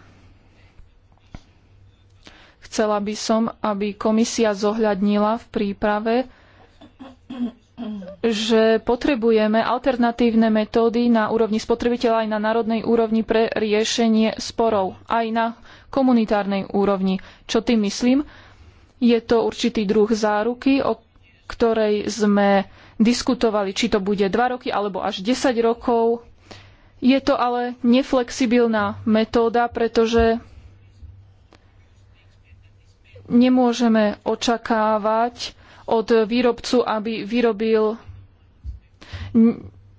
Chcela by som, aby komisia zohľadnila v príprave, že potrebujeme alternatívne metódy na úrovni spotrebiteľa aj na národnej úrovni pre riešenie sporov, aj na komunitárnej úrovni. Čo tým myslím? Je to určitý druh záruky, o ktorej sme diskutovali, či to bude 2 roky alebo až 10 rokov. Je to ale neflexibilná metóda, pretože nemôžeme očakávať od výrobcu, aby vyrobil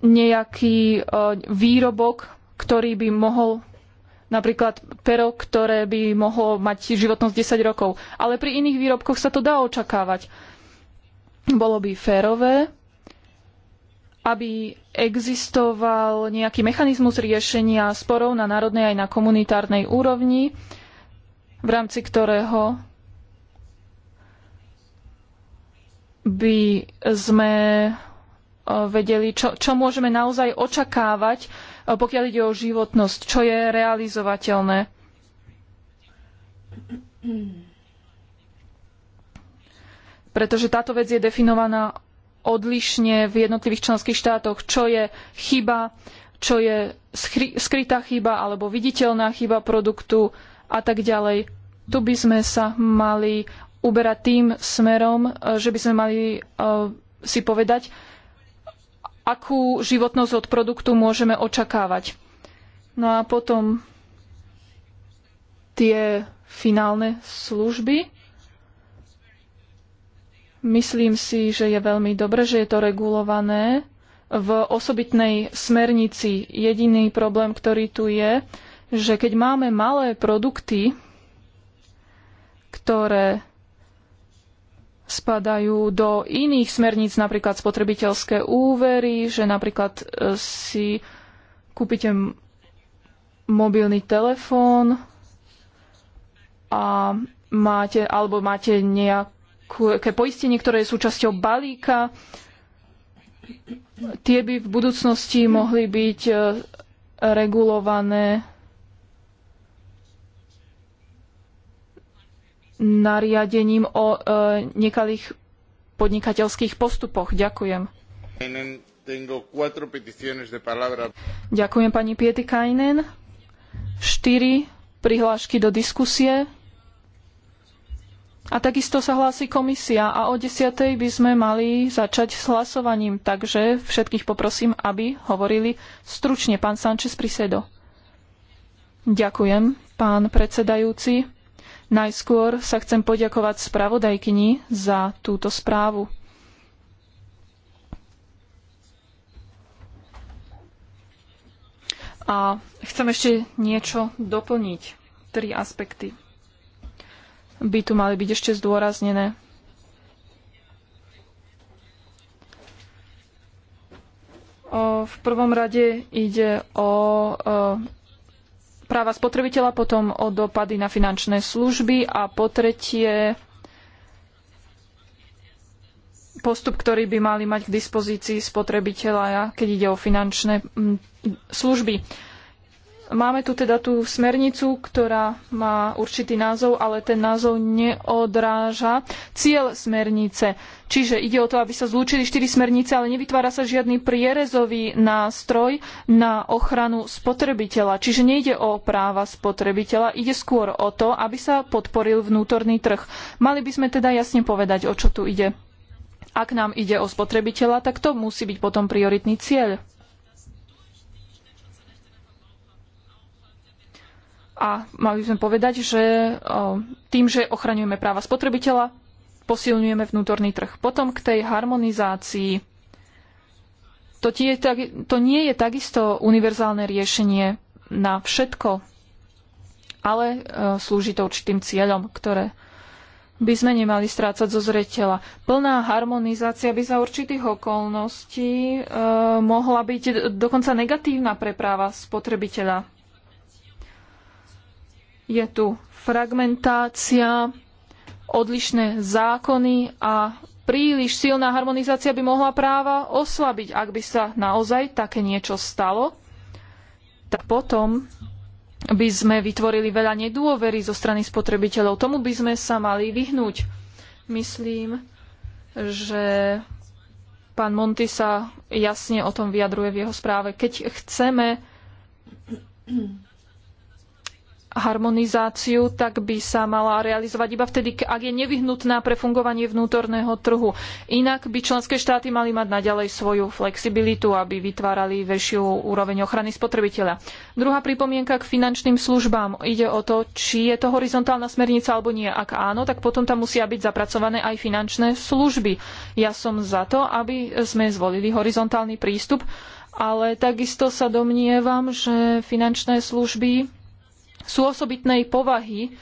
nejaký e, výrobok, ktorý by mohol napríklad pero, ktoré by mohlo mať životnosť 10 rokov. Ale pri iných výrobkoch sa to dá očakávať. Bolo by férové, aby existoval nejaký mechanizmus riešenia sporov na národnej aj na komunitárnej úrovni, v rámci ktorého by sme e, vedeli, čo, čo môžeme naozaj očakávať, e, pokiaľ ide o životnosť, čo je realizovateľné. Pretože táto vec je definovaná odlišne v jednotlivých členských štátoch, čo je chyba, čo je skrytá chyba alebo viditeľná chyba produktu a tak ďalej. Tu by sme sa mali uberať tým smerom, e, že by sme mali e, si povedať, akú životnosť od produktu môžeme očakávať. No a potom tie finálne služby. Myslím si, že je veľmi dobre, že je to regulované v osobitnej smernici. Jediný problém, ktorý tu je, že keď máme malé produkty, ktoré spadajú do iných smerníc, napríklad spotrebiteľské úvery, že napríklad e, si kúpite mobilný telefón a máte, alebo máte nejaké poistenie, ktoré je súčasťou balíka. Tie by v budúcnosti mohli byť e, regulované nariadením o e, nekalých podnikateľských postupoch. Ďakujem. Ďakujem pani Pietikainen. Štyri prihlášky do diskusie. A takisto sa hlási komisia a o desiatej by sme mali začať s hlasovaním, takže všetkých poprosím, aby hovorili stručne. Pán Sanchez Prisedo. Ďakujem, pán predsedajúci. Najskôr sa chcem poďakovať spravodajkyni za túto správu. A chcem ešte niečo doplniť. Tri aspekty by tu mali byť ešte zdôraznené. V prvom rade ide o e, práva spotrebiteľa, potom o dopady na finančné služby a po tretie postup, ktorý by mali mať k dispozícii spotrebiteľa, keď ide o finančné mm, služby. Máme tu teda tú smernicu, ktorá má určitý názov, ale ten názov neodráža cieľ smernice. Čiže ide o to, aby sa zlúčili štyri smernice, ale nevytvára sa žiadny prierezový nástroj na ochranu spotrebiteľa. Čiže nejde o práva spotrebiteľa, ide skôr o to, aby sa podporil vnútorný trh. Mali by sme teda jasne povedať, o čo tu ide. Ak nám ide o spotrebiteľa, tak to musí byť potom prioritný cieľ. A mali by sme povedať, že tým, že ochraňujeme práva spotrebiteľa, posilňujeme vnútorný trh. Potom k tej harmonizácii. To, tie, to nie je takisto univerzálne riešenie na všetko, ale e, slúži to určitým cieľom, ktoré by sme nemali strácať zo zreteľa. Plná harmonizácia by za určitých okolností e, mohla byť dokonca negatívna pre práva spotrebiteľa. Je tu fragmentácia, odlišné zákony a príliš silná harmonizácia by mohla práva oslabiť. Ak by sa naozaj také niečo stalo, tak potom by sme vytvorili veľa nedôvery zo strany spotrebiteľov. Tomu by sme sa mali vyhnúť. Myslím, že pán Monty sa jasne o tom vyjadruje v jeho správe. Keď chceme harmonizáciu, tak by sa mala realizovať iba vtedy, ak je nevyhnutná pre fungovanie vnútorného trhu. Inak by členské štáty mali mať naďalej svoju flexibilitu, aby vytvárali väčšiu úroveň ochrany spotrebiteľa. Druhá pripomienka k finančným službám. Ide o to, či je to horizontálna smernica alebo nie. Ak áno, tak potom tam musia byť zapracované aj finančné služby. Ja som za to, aby sme zvolili horizontálny prístup, ale takisto sa domnievam, že finančné služby sú osobitnej povahy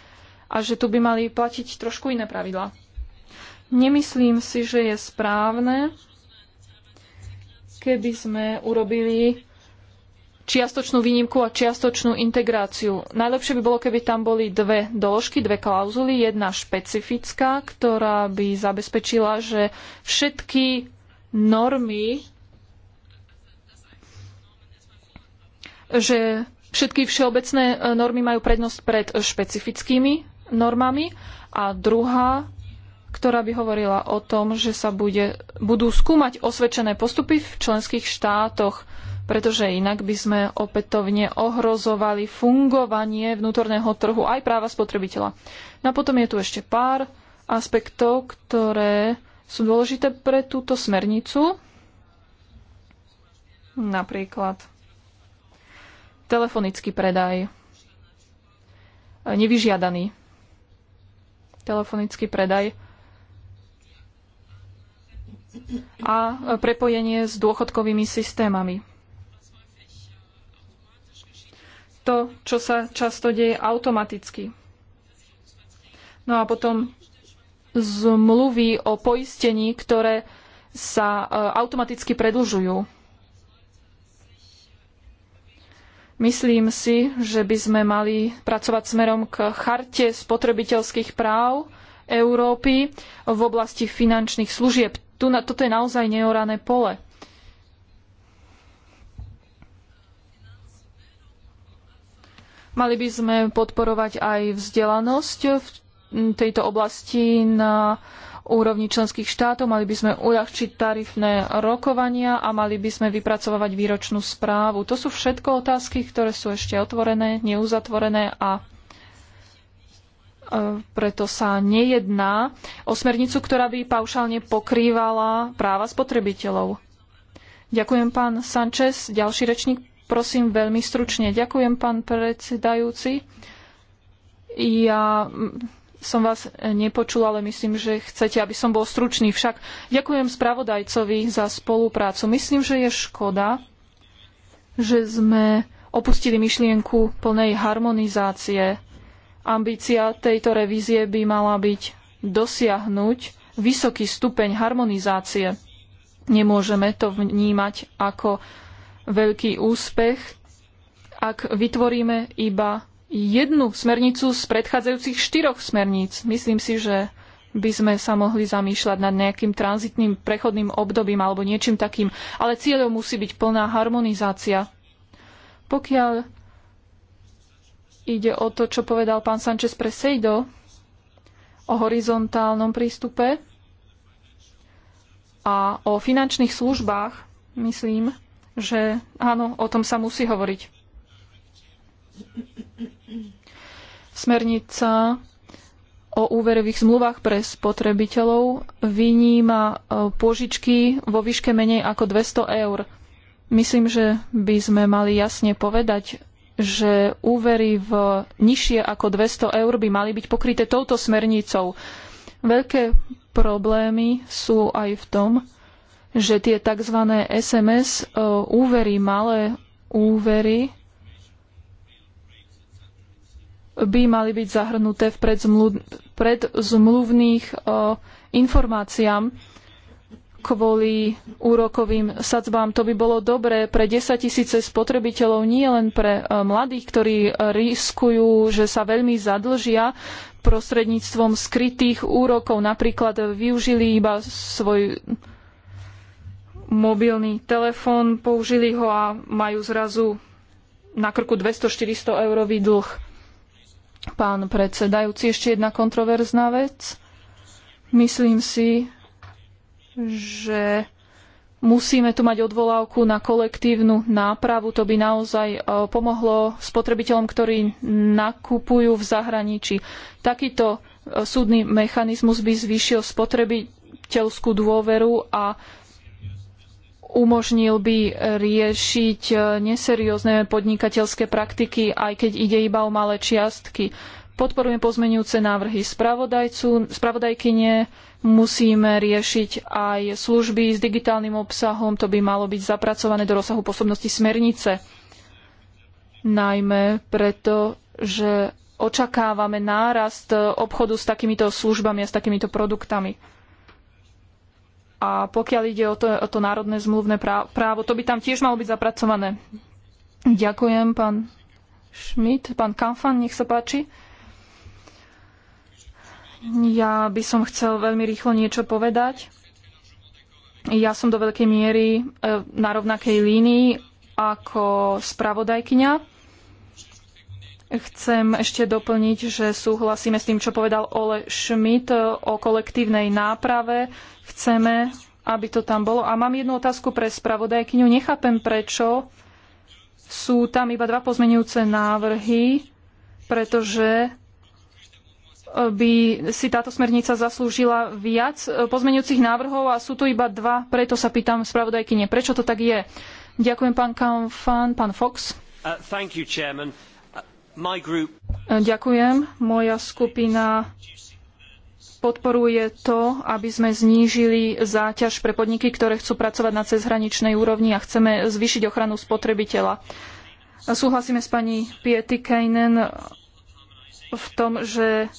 a že tu by mali platiť trošku iné pravidlá. Nemyslím si, že je správne, keby sme urobili čiastočnú výnimku a čiastočnú integráciu. Najlepšie by bolo, keby tam boli dve doložky, dve klauzuly. Jedna špecifická, ktorá by zabezpečila, že všetky normy, že Všetky všeobecné e, normy majú prednosť pred špecifickými normami a druhá, ktorá by hovorila o tom, že sa bude, budú skúmať osvedčené postupy v členských štátoch, pretože inak by sme opätovne ohrozovali fungovanie vnútorného trhu aj práva spotrebiteľa. No a potom je tu ešte pár aspektov, ktoré sú dôležité pre túto smernicu. Napríklad telefonický predaj, nevyžiadaný telefonický predaj a prepojenie s dôchodkovými systémami. To, čo sa často deje automaticky. No a potom zmluvy o poistení, ktoré sa e, automaticky predlžujú Myslím si, že by sme mali pracovať smerom k charte spotrebiteľských práv Európy v oblasti finančných služieb. Tu na, toto je naozaj neorané pole. Mali by sme podporovať aj vzdelanosť v tejto oblasti na úrovni členských štátov, mali by sme uľahčiť tarifné rokovania a mali by sme vypracovať výročnú správu. To sú všetko otázky, ktoré sú ešte otvorené, neuzatvorené a e, preto sa nejedná o smernicu, ktorá by paušálne pokrývala práva spotrebiteľov. Ďakujem pán Sanchez. Ďalší rečník, prosím veľmi stručne. Ďakujem pán predsedajúci. Ja som vás eh, nepočula, ale myslím, že chcete, aby som bol stručný. Však ďakujem spravodajcovi za spoluprácu. Myslím, že je škoda, že sme opustili myšlienku plnej harmonizácie. Ambícia tejto revízie by mala byť dosiahnuť vysoký stupeň harmonizácie. Nemôžeme to vnímať ako veľký úspech, ak vytvoríme iba jednu smernicu z predchádzajúcich štyroch smerníc. Myslím si, že by sme sa mohli zamýšľať nad nejakým tranzitným prechodným obdobím alebo niečím takým. Ale cieľom musí byť plná harmonizácia. Pokiaľ ide o to, čo povedal pán Sanchez Presejdo o horizontálnom prístupe a o finančných službách, myslím, že áno, o tom sa musí hovoriť. Smernica o úverových zmluvách pre spotrebiteľov vyníma e, pôžičky vo výške menej ako 200 eur. Myslím, že by sme mali jasne povedať, že úvery v nižšie ako 200 eur by mali byť pokryté touto smernicou. Veľké problémy sú aj v tom, že tie tzv. SMS e, úvery, malé úvery, by mali byť zahrnuté v predzmluvných e, informáciám kvôli úrokovým sadzbám. To by bolo dobré pre 10 tisíce spotrebiteľov, nie len pre e, mladých, ktorí riskujú, že sa veľmi zadlžia prostredníctvom skrytých úrokov. Napríklad využili iba svoj mobilný telefón, použili ho a majú zrazu na krku 200-400 eurový dlh. Pán predsedajúci, ešte jedna kontroverzná vec. Myslím si, že musíme tu mať odvolávku na kolektívnu nápravu. To by naozaj e, pomohlo spotrebiteľom, ktorí nakupujú v zahraničí. Takýto e, súdny mechanizmus by zvýšil spotrebiteľskú dôveru a umožnil by riešiť e, neseriózne podnikateľské praktiky, aj keď ide iba o malé čiastky. Podporujem pozmenujúce návrhy spravodajcu, spravodajkyne, musíme riešiť aj služby s digitálnym obsahom, to by malo byť zapracované do rozsahu pôsobnosti smernice. Najmä preto, že očakávame nárast obchodu s takýmito službami a s takýmito produktami. A pokiaľ ide o to, o to národné zmluvné právo, to by tam tiež malo byť zapracované. Ďakujem, pán Schmidt. Pán Kamfan, nech sa páči. Ja by som chcel veľmi rýchlo niečo povedať. Ja som do veľkej miery e, na rovnakej línii ako spravodajkyňa. Chcem ešte doplniť, že súhlasíme s tým, čo povedal Ole Schmidt e, o kolektívnej náprave. Chceme, aby to tam bolo. A mám jednu otázku pre spravodajkyňu. Nechápem, prečo sú tam iba dva pozmenujúce návrhy, pretože e, by si táto smernica zaslúžila viac e, pozmeňujúcich návrhov a sú tu iba dva, preto sa pýtam spravodajkyne, prečo to tak je. Ďakujem pán Kamfan, pán Fox. Uh, you, Ďakujem. Moja skupina podporuje to, aby sme znížili záťaž pre podniky, ktoré chcú pracovať na cezhraničnej úrovni a chceme zvýšiť ochranu spotrebiteľa. Súhlasíme s pani Piety v tom, že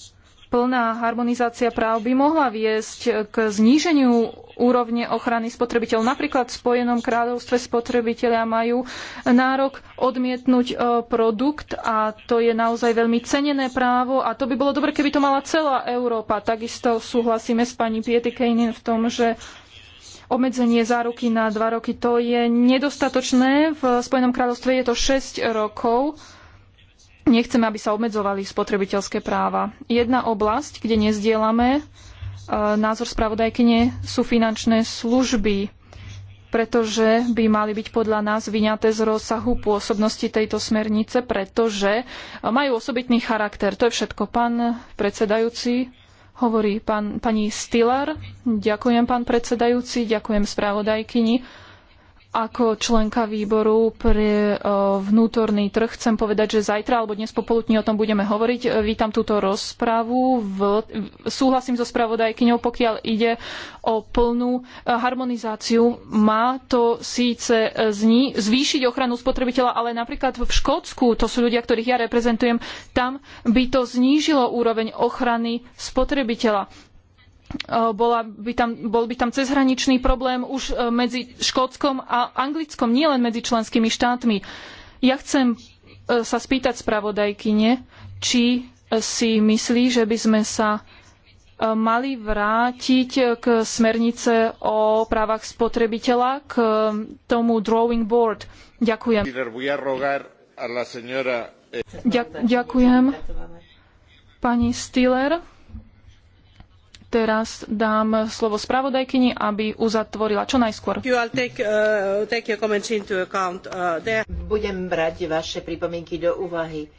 plná harmonizácia práv by mohla viesť k zníženiu úrovne ochrany spotrebiteľov. Napríklad v Spojenom kráľovstve spotrebitelia majú nárok odmietnúť e, produkt a to je naozaj veľmi cenené právo a to by bolo dobre, keby to mala celá Európa. Takisto súhlasíme s pani Pietikejnin v tom, že obmedzenie záruky na dva roky to je nedostatočné. V Spojenom kráľovstve je to 6 rokov Nechceme, aby sa obmedzovali spotrebiteľské práva. Jedna oblasť, kde nezdielame e, názor spravodajkyne, sú finančné služby, pretože by mali byť podľa nás vyňaté z rozsahu pôsobnosti tejto smernice, pretože e, majú osobitný charakter. To je všetko. Pán predsedajúci, hovorí pán, pani Stilar. Ďakujem, pán predsedajúci, ďakujem spravodajkyni ako členka výboru pre e, vnútorný trh chcem povedať, že zajtra alebo dnes popoludní o tom budeme hovoriť. E, vítam túto rozpravu. V, súhlasím so spravodajkyňou, pokiaľ ide o plnú e, harmonizáciu. Má to síce zni, zvýšiť ochranu spotrebiteľa, ale napríklad v Škótsku, to sú ľudia, ktorých ja reprezentujem, tam by to znížilo úroveň ochrany spotrebiteľa Eh, bola by tam, bol by tam cezhraničný problém už eh, medzi Škótskom a Anglickom, nielen medzi členskými štátmi. Ja chcem eh, sa spýtať spravodajkyne, či si myslí, že by sme sa mali vrátiť k smernice o právach spotrebiteľa, k tomu drawing board. Ďakujem. Ďakujem. Pani Stiller. Teraz dám slovo spravodajkyni, aby uzatvorila čo najskôr. Uh, uh, Budem brať vaše pripomienky do úvahy.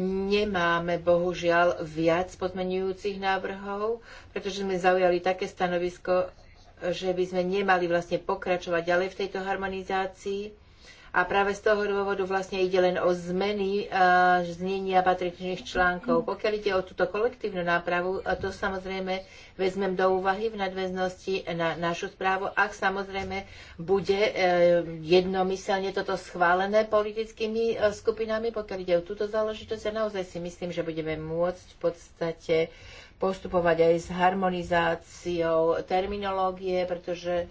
Nemáme bohužiaľ viac podmenujúcich návrhov, pretože sme zaujali také stanovisko, že by sme nemali vlastne pokračovať ďalej v tejto harmonizácii a práve z toho dôvodu vlastne ide len o zmeny znenia patričných článkov. Pokiaľ ide o túto kolektívnu nápravu, to samozrejme vezmem do úvahy v nadväznosti na našu správu, ak samozrejme bude e, jednomyselne toto schválené politickými e, skupinami, pokiaľ ide o túto záležitosť. Ja naozaj si myslím, že budeme môcť v podstate postupovať aj s harmonizáciou terminológie, pretože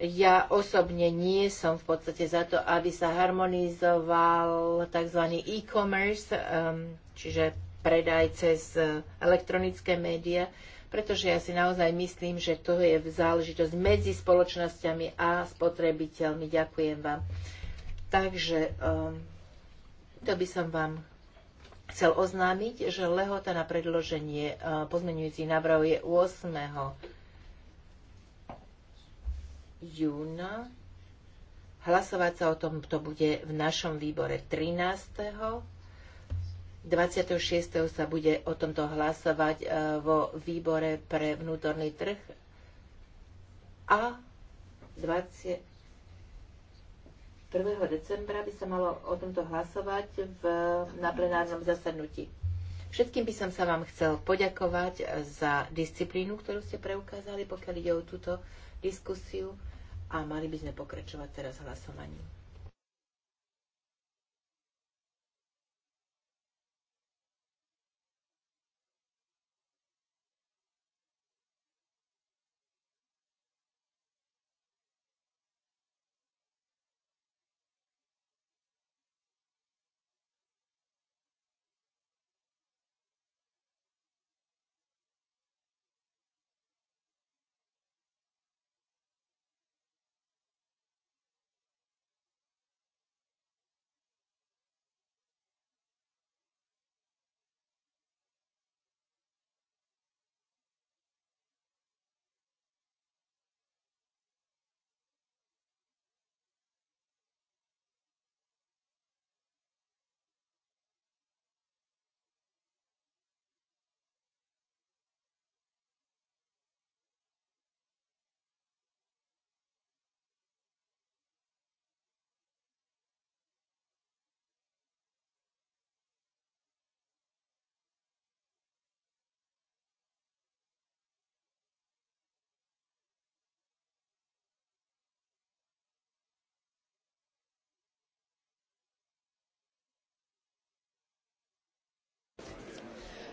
ja osobne nie som v podstate za to, aby sa harmonizoval tzv. e-commerce, ehm, čiže predaj cez e, elektronické médiá, pretože ja si naozaj myslím, že to je záležitosť medzi spoločnosťami a spotrebiteľmi. Ďakujem vám. Takže ehm, to by som vám chcel oznámiť, že lehota na predloženie e, pozmenujúcich návrhov je 8 júna. Hlasovať sa o tom to bude v našom výbore 13. 26. sa bude o tomto hlasovať e, vo výbore pre vnútorný trh a 21. 1. decembra by sa malo o tomto hlasovať v, na plenárnom zasadnutí. Všetkým by som sa vám chcel poďakovať e, za disciplínu, ktorú ste preukázali, pokiaľ ide o túto diskusiu a mali by sme pokračovať teraz hlasovaním.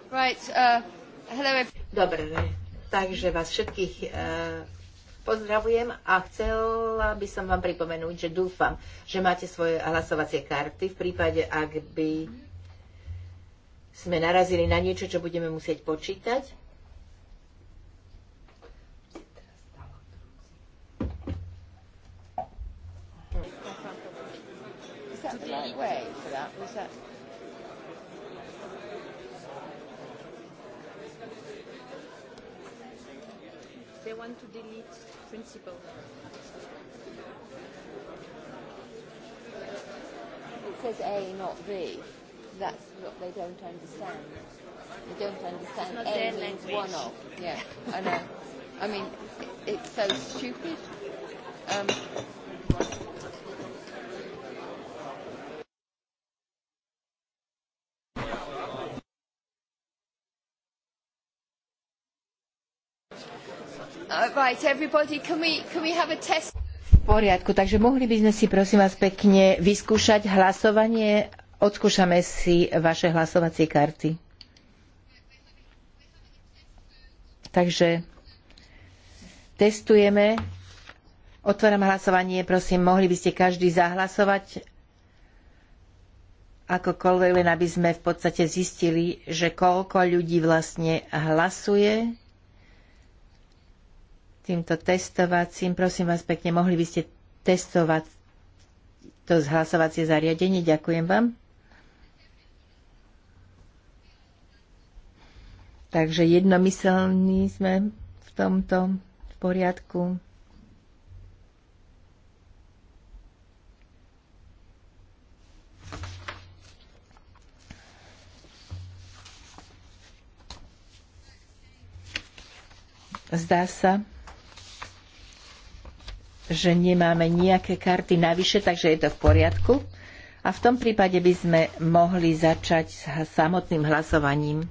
Uh, Dobre, takže vás všetkých uh, pozdravujem a chcela by som vám pripomenúť, že dúfam, že máte svoje hlasovacie karty v prípade, ak by sme narazili na niečo, čo budeme musieť počítať. Is that the right way for that? Was that... want to delete principle. It says A, not B. That's what they don't understand. They don't understand A means one of. Yeah, I know. I mean, it, it's so stupid. Um, Uh, right, everybody, can we, can we have a test? V poriadku, takže mohli by sme si prosím vás pekne vyskúšať hlasovanie. Odskúšame si vaše hlasovacie karty. Takže testujeme. Otváram hlasovanie, prosím, mohli by ste každý zahlasovať akokoľvek, len aby sme v podstate zistili, že koľko ľudí vlastne hlasuje týmto testovacím. Prosím vás pekne, mohli by ste testovať to zhlasovacie zariadenie. Ďakujem vám. Takže jednomyselní sme v tomto v poriadku. Zdá sa, že nemáme nejaké karty navyše, takže je to v poriadku. A v tom prípade by sme mohli začať s samotným hlasovaním.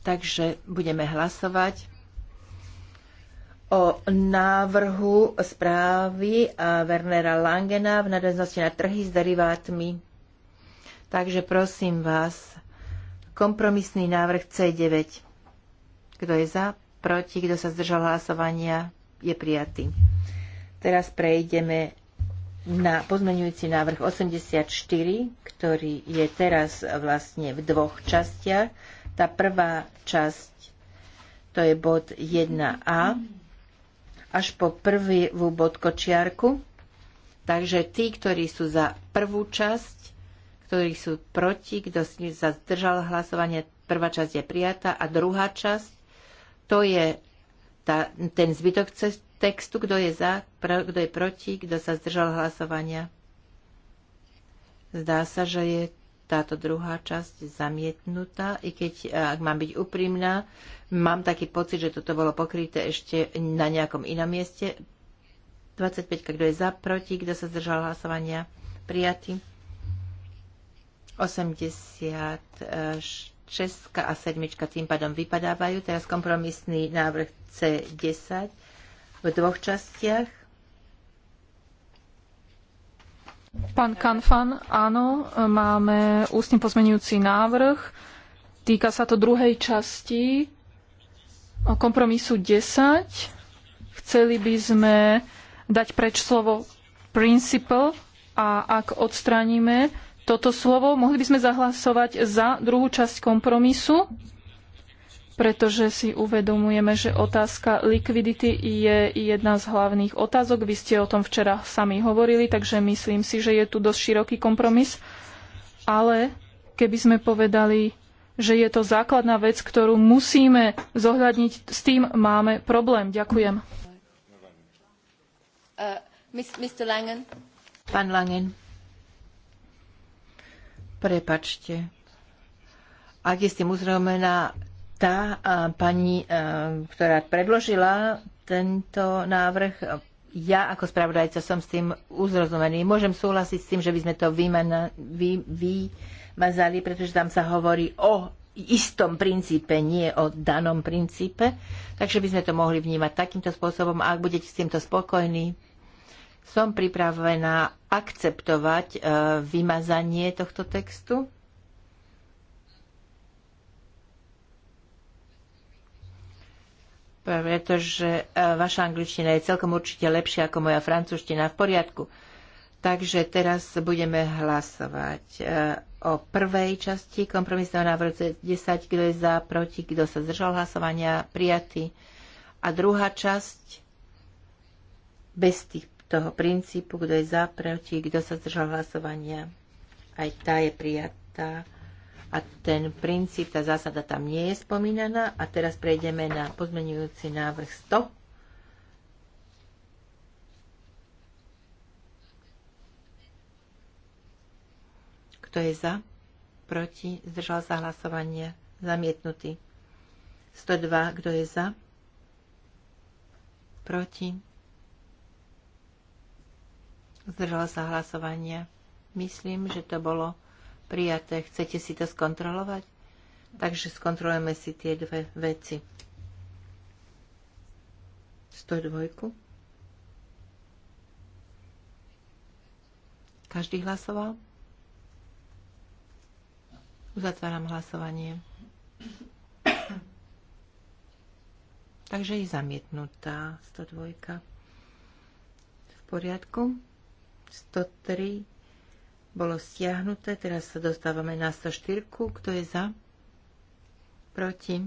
Takže budeme hlasovať o návrhu správy Wernera Langena v nadväznosti na trhy s derivátmi. Takže prosím vás, kompromisný návrh C9. Kto je za? Proti? Kto sa zdržal hlasovania? je prijatý. Teraz prejdeme na pozmeňujúci návrh 84, ktorý je teraz vlastne v dvoch častiach. Tá prvá časť, to je bod 1a, až po prvú kočiarku. Takže tí, ktorí sú za prvú časť, ktorí sú proti, kto sa zdržal hlasovanie, prvá časť je prijatá a druhá časť, to je tá, ten zbytok textu, kto je za, pro, kto je proti, kto sa zdržal hlasovania. Zdá sa, že je táto druhá časť zamietnutá, i keď, ak mám byť úprimná, mám taký pocit, že toto bolo pokryté ešte na nejakom inom mieste. 25, kto je za, proti, kto sa zdržal hlasovania, prijatý. 84 6 a sedmička tým pádom vypadávajú. Teraz kompromisný návrh C10 v dvoch častiach. Pán Kanfan, áno, máme ústne pozmenujúci návrh. Týka sa to druhej časti kompromisu 10. Chceli by sme dať preč slovo principle a ak odstraníme toto slovo. Mohli by sme zahlasovať za druhú časť kompromisu, pretože si uvedomujeme, že otázka likvidity je jedna z hlavných otázok. Vy ste o tom včera sami hovorili, takže myslím si, že je tu dosť široký kompromis. Ale keby sme povedali, že je to základná vec, ktorú musíme zohľadniť, s tým máme problém. Ďakujem. Uh, Mr. Langen. Pán Langen. Prepačte. Ak je s tým uzromená tá pani, ktorá predložila tento návrh, ja ako spravodajca som s tým uzrozumený. Môžem súhlasiť s tým, že by sme to vymana, vy, vymazali, pretože tam sa hovorí o istom princípe, nie o danom princípe. Takže by sme to mohli vnímať takýmto spôsobom. A ak budete s týmto spokojní, som pripravená akceptovať e, vymazanie tohto textu? pretože e, vaša angličtina je celkom určite lepšia ako moja francúzština. V poriadku. Takže teraz budeme hlasovať e, o prvej časti kompromisného návrhu 10, kto je za, proti, kto sa zdržal hlasovania, prijatý. A druhá časť bez tých toho princípu, kto je za, proti, kto sa zdržal hlasovania. Aj tá je prijatá a ten princíp, tá zásada tam nie je spomínaná. A teraz prejdeme na pozmenujúci návrh 100. Kto je za? Proti? Zdržal sa hlasovanie? Zamietnutý. 102. Kto je za? Proti? Zdržala sa hlasovania. Myslím, že to bolo prijaté. Chcete si to skontrolovať? Takže skontrolujeme si tie dve veci. 102. Každý hlasoval? Uzatváram hlasovanie. Takže je zamietnutá 102. V poriadku. 103 bolo stiahnuté, teraz sa dostávame na 104. Kto je za? Proti?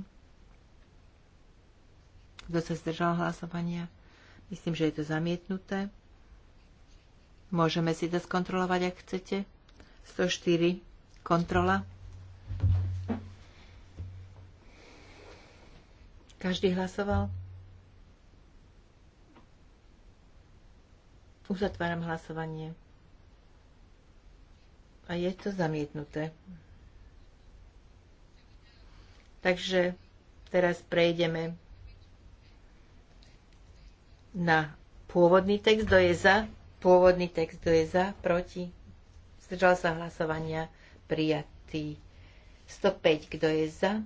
Kto sa zdržal hlasovania? Myslím, že je to zamietnuté. Môžeme si to skontrolovať, ak chcete. 104. Kontrola. Každý hlasoval? Uzatváram hlasovanie. A je to zamietnuté. Takže teraz prejdeme na pôvodný text, kto je za, pôvodný text, kto je za, proti, zdržal sa hlasovania, prijatý. 105, kto je za,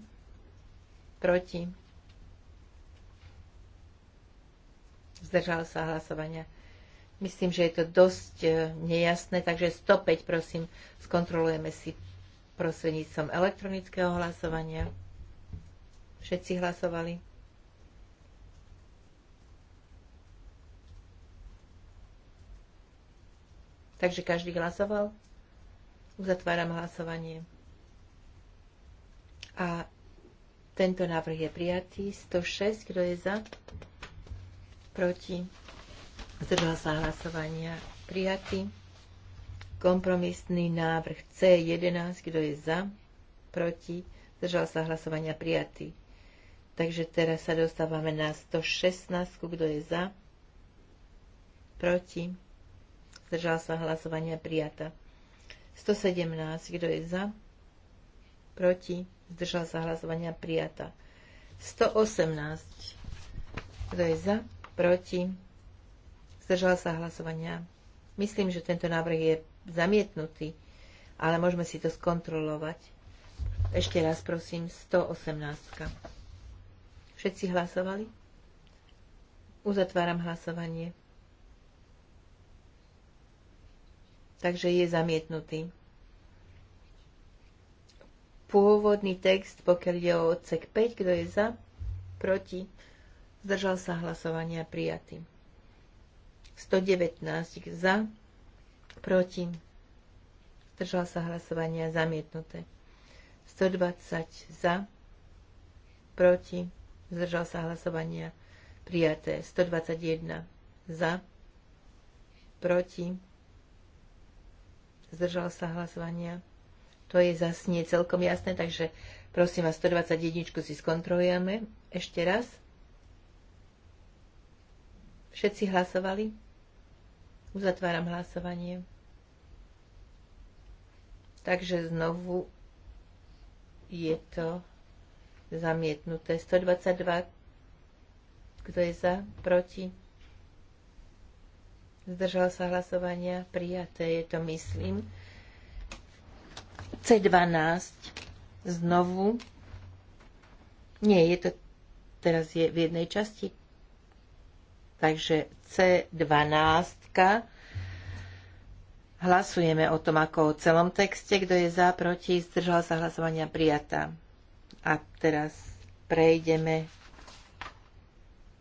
proti, zdržal sa hlasovania, Myslím, že je to dosť e, nejasné, takže 105, prosím, skontrolujeme si prostredníctvom elektronického hlasovania. Všetci hlasovali. Takže každý hlasoval. Uzatváram hlasovanie. A tento návrh je prijatý. 106, kto je za? Proti? Zdržal sa hlasovania prijatý. Kompromisný návrh C11, kto je za, proti, zdržal sa hlasovania prijatý. Takže teraz sa dostávame na 116, kto je za, proti, zdržal sa hlasovania prijata. 117, kto je za, proti, zdržal sa hlasovania prijata. 118, kto je za, proti, Zdržala sa hlasovania. Myslím, že tento návrh je zamietnutý, ale môžeme si to skontrolovať. Ešte raz prosím, 118. Všetci hlasovali? Uzatváram hlasovanie. Takže je zamietnutý. Pôvodný text, pokiaľ ide o odsek 5, kto je za, proti, zdržal sa hlasovania prijatý. 119 za, proti, zdržal sa hlasovania zamietnuté. 120 za, proti, zdržal sa hlasovania prijaté. 121 za, proti, zdržal sa hlasovania. To je zase nie celkom jasné, takže prosím vás, 121 si skontrolujeme ešte raz. Všetci hlasovali? Uzatváram hlasovanie. Takže znovu je to zamietnuté. 122. Kto je za? Proti? Zdržal sa hlasovania. Prijaté je to, myslím. C12. Znovu. Nie, je to teraz je v jednej časti. Takže C12. Hlasujeme o tom ako o celom texte. Kto je za, proti, zdržal sa hlasovania prijatá. A teraz prejdeme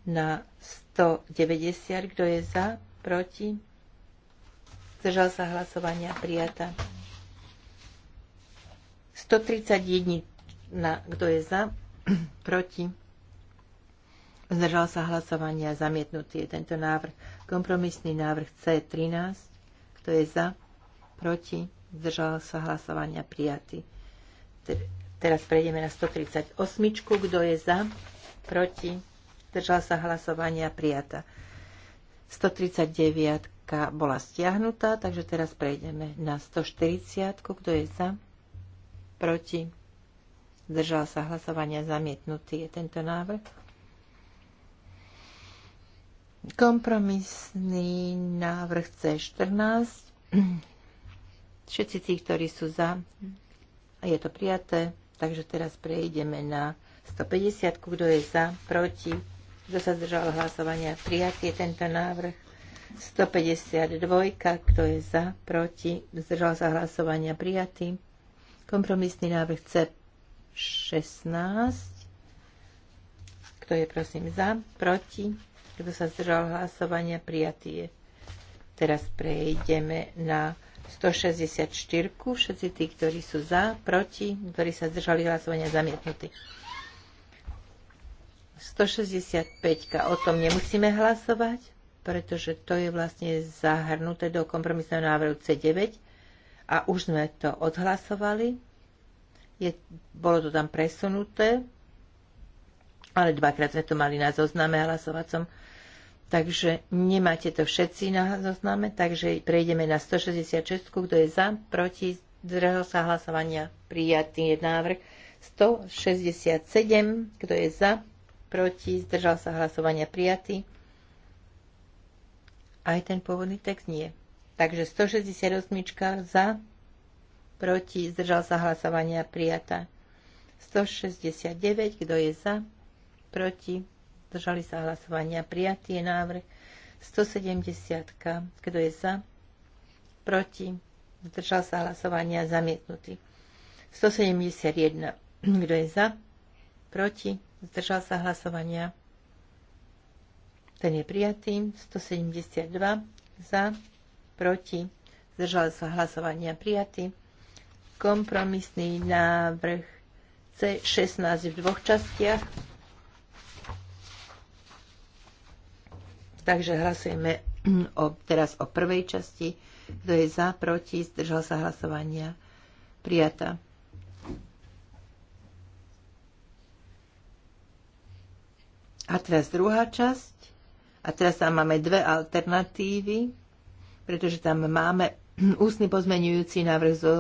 na 190. Kto je za, proti, zdržal sa hlasovania prijatá. 131. Kto je za, [CLEARS THROAT] proti, Zdržal sa hlasovania zamietnutý je tento návrh. Kompromisný návrh C13. Kto je za? Proti? Zdržal sa hlasovania prijatý. Teraz prejdeme na 138. Kto je za? Proti? Zdržal sa hlasovania prijatá. 139 bola stiahnutá, takže teraz prejdeme na 140. Kto je za? Proti? Zdržal sa hlasovania zamietnutý je tento návrh. Kompromisný návrh C14. Všetci tí, ktorí sú za, a je to prijaté. Takže teraz prejdeme na 150, kto je za, proti, kto sa zdržal hlasovania, prijatie tento návrh. 152, kto je za, proti, zdržal sa hlasovania, prijatý. Kompromisný návrh C16, kto je prosím za, proti, kto sa zdržal hlasovania, prijatý je. Teraz prejdeme na 164. Všetci tí, ktorí sú za, proti, ktorí sa zdržali hlasovania, zamietnutí. 165. O tom nemusíme hlasovať, pretože to je vlastne zahrnuté do kompromisného návrhu C9 a už sme to odhlasovali. Je, bolo to tam presunuté, ale dvakrát sme to mali na zozname hlasovacom. Takže nemáte to všetci na zozname, takže prejdeme na 166, kto je za, proti, zdržal sa hlasovania, prijatý je návrh. 167, kto je za, proti, zdržal sa hlasovania, prijatý. Aj ten pôvodný text nie. Takže 168 za, proti, zdržal sa hlasovania, prijatá. 169, kto je za, proti, zdržali sa hlasovania. Prijatý je návrh 170. Kto je za? Proti? Zdržal sa hlasovania. Zamietnutý. 171. Kto je za? Proti? Zdržal sa hlasovania. Ten je prijatý. 172. Za? Proti? Zdržal sa hlasovania. Prijatý. Kompromisný návrh C16 v dvoch častiach. Takže hlasujeme [CLEARS THROAT] o, teraz o prvej časti. Kto je za, proti, zdržal sa hlasovania. Prijata. A teraz druhá časť. A teraz tam máme dve alternatívy, pretože tam máme [CLEARS THROAT] ústny pozmenujúci návrh zo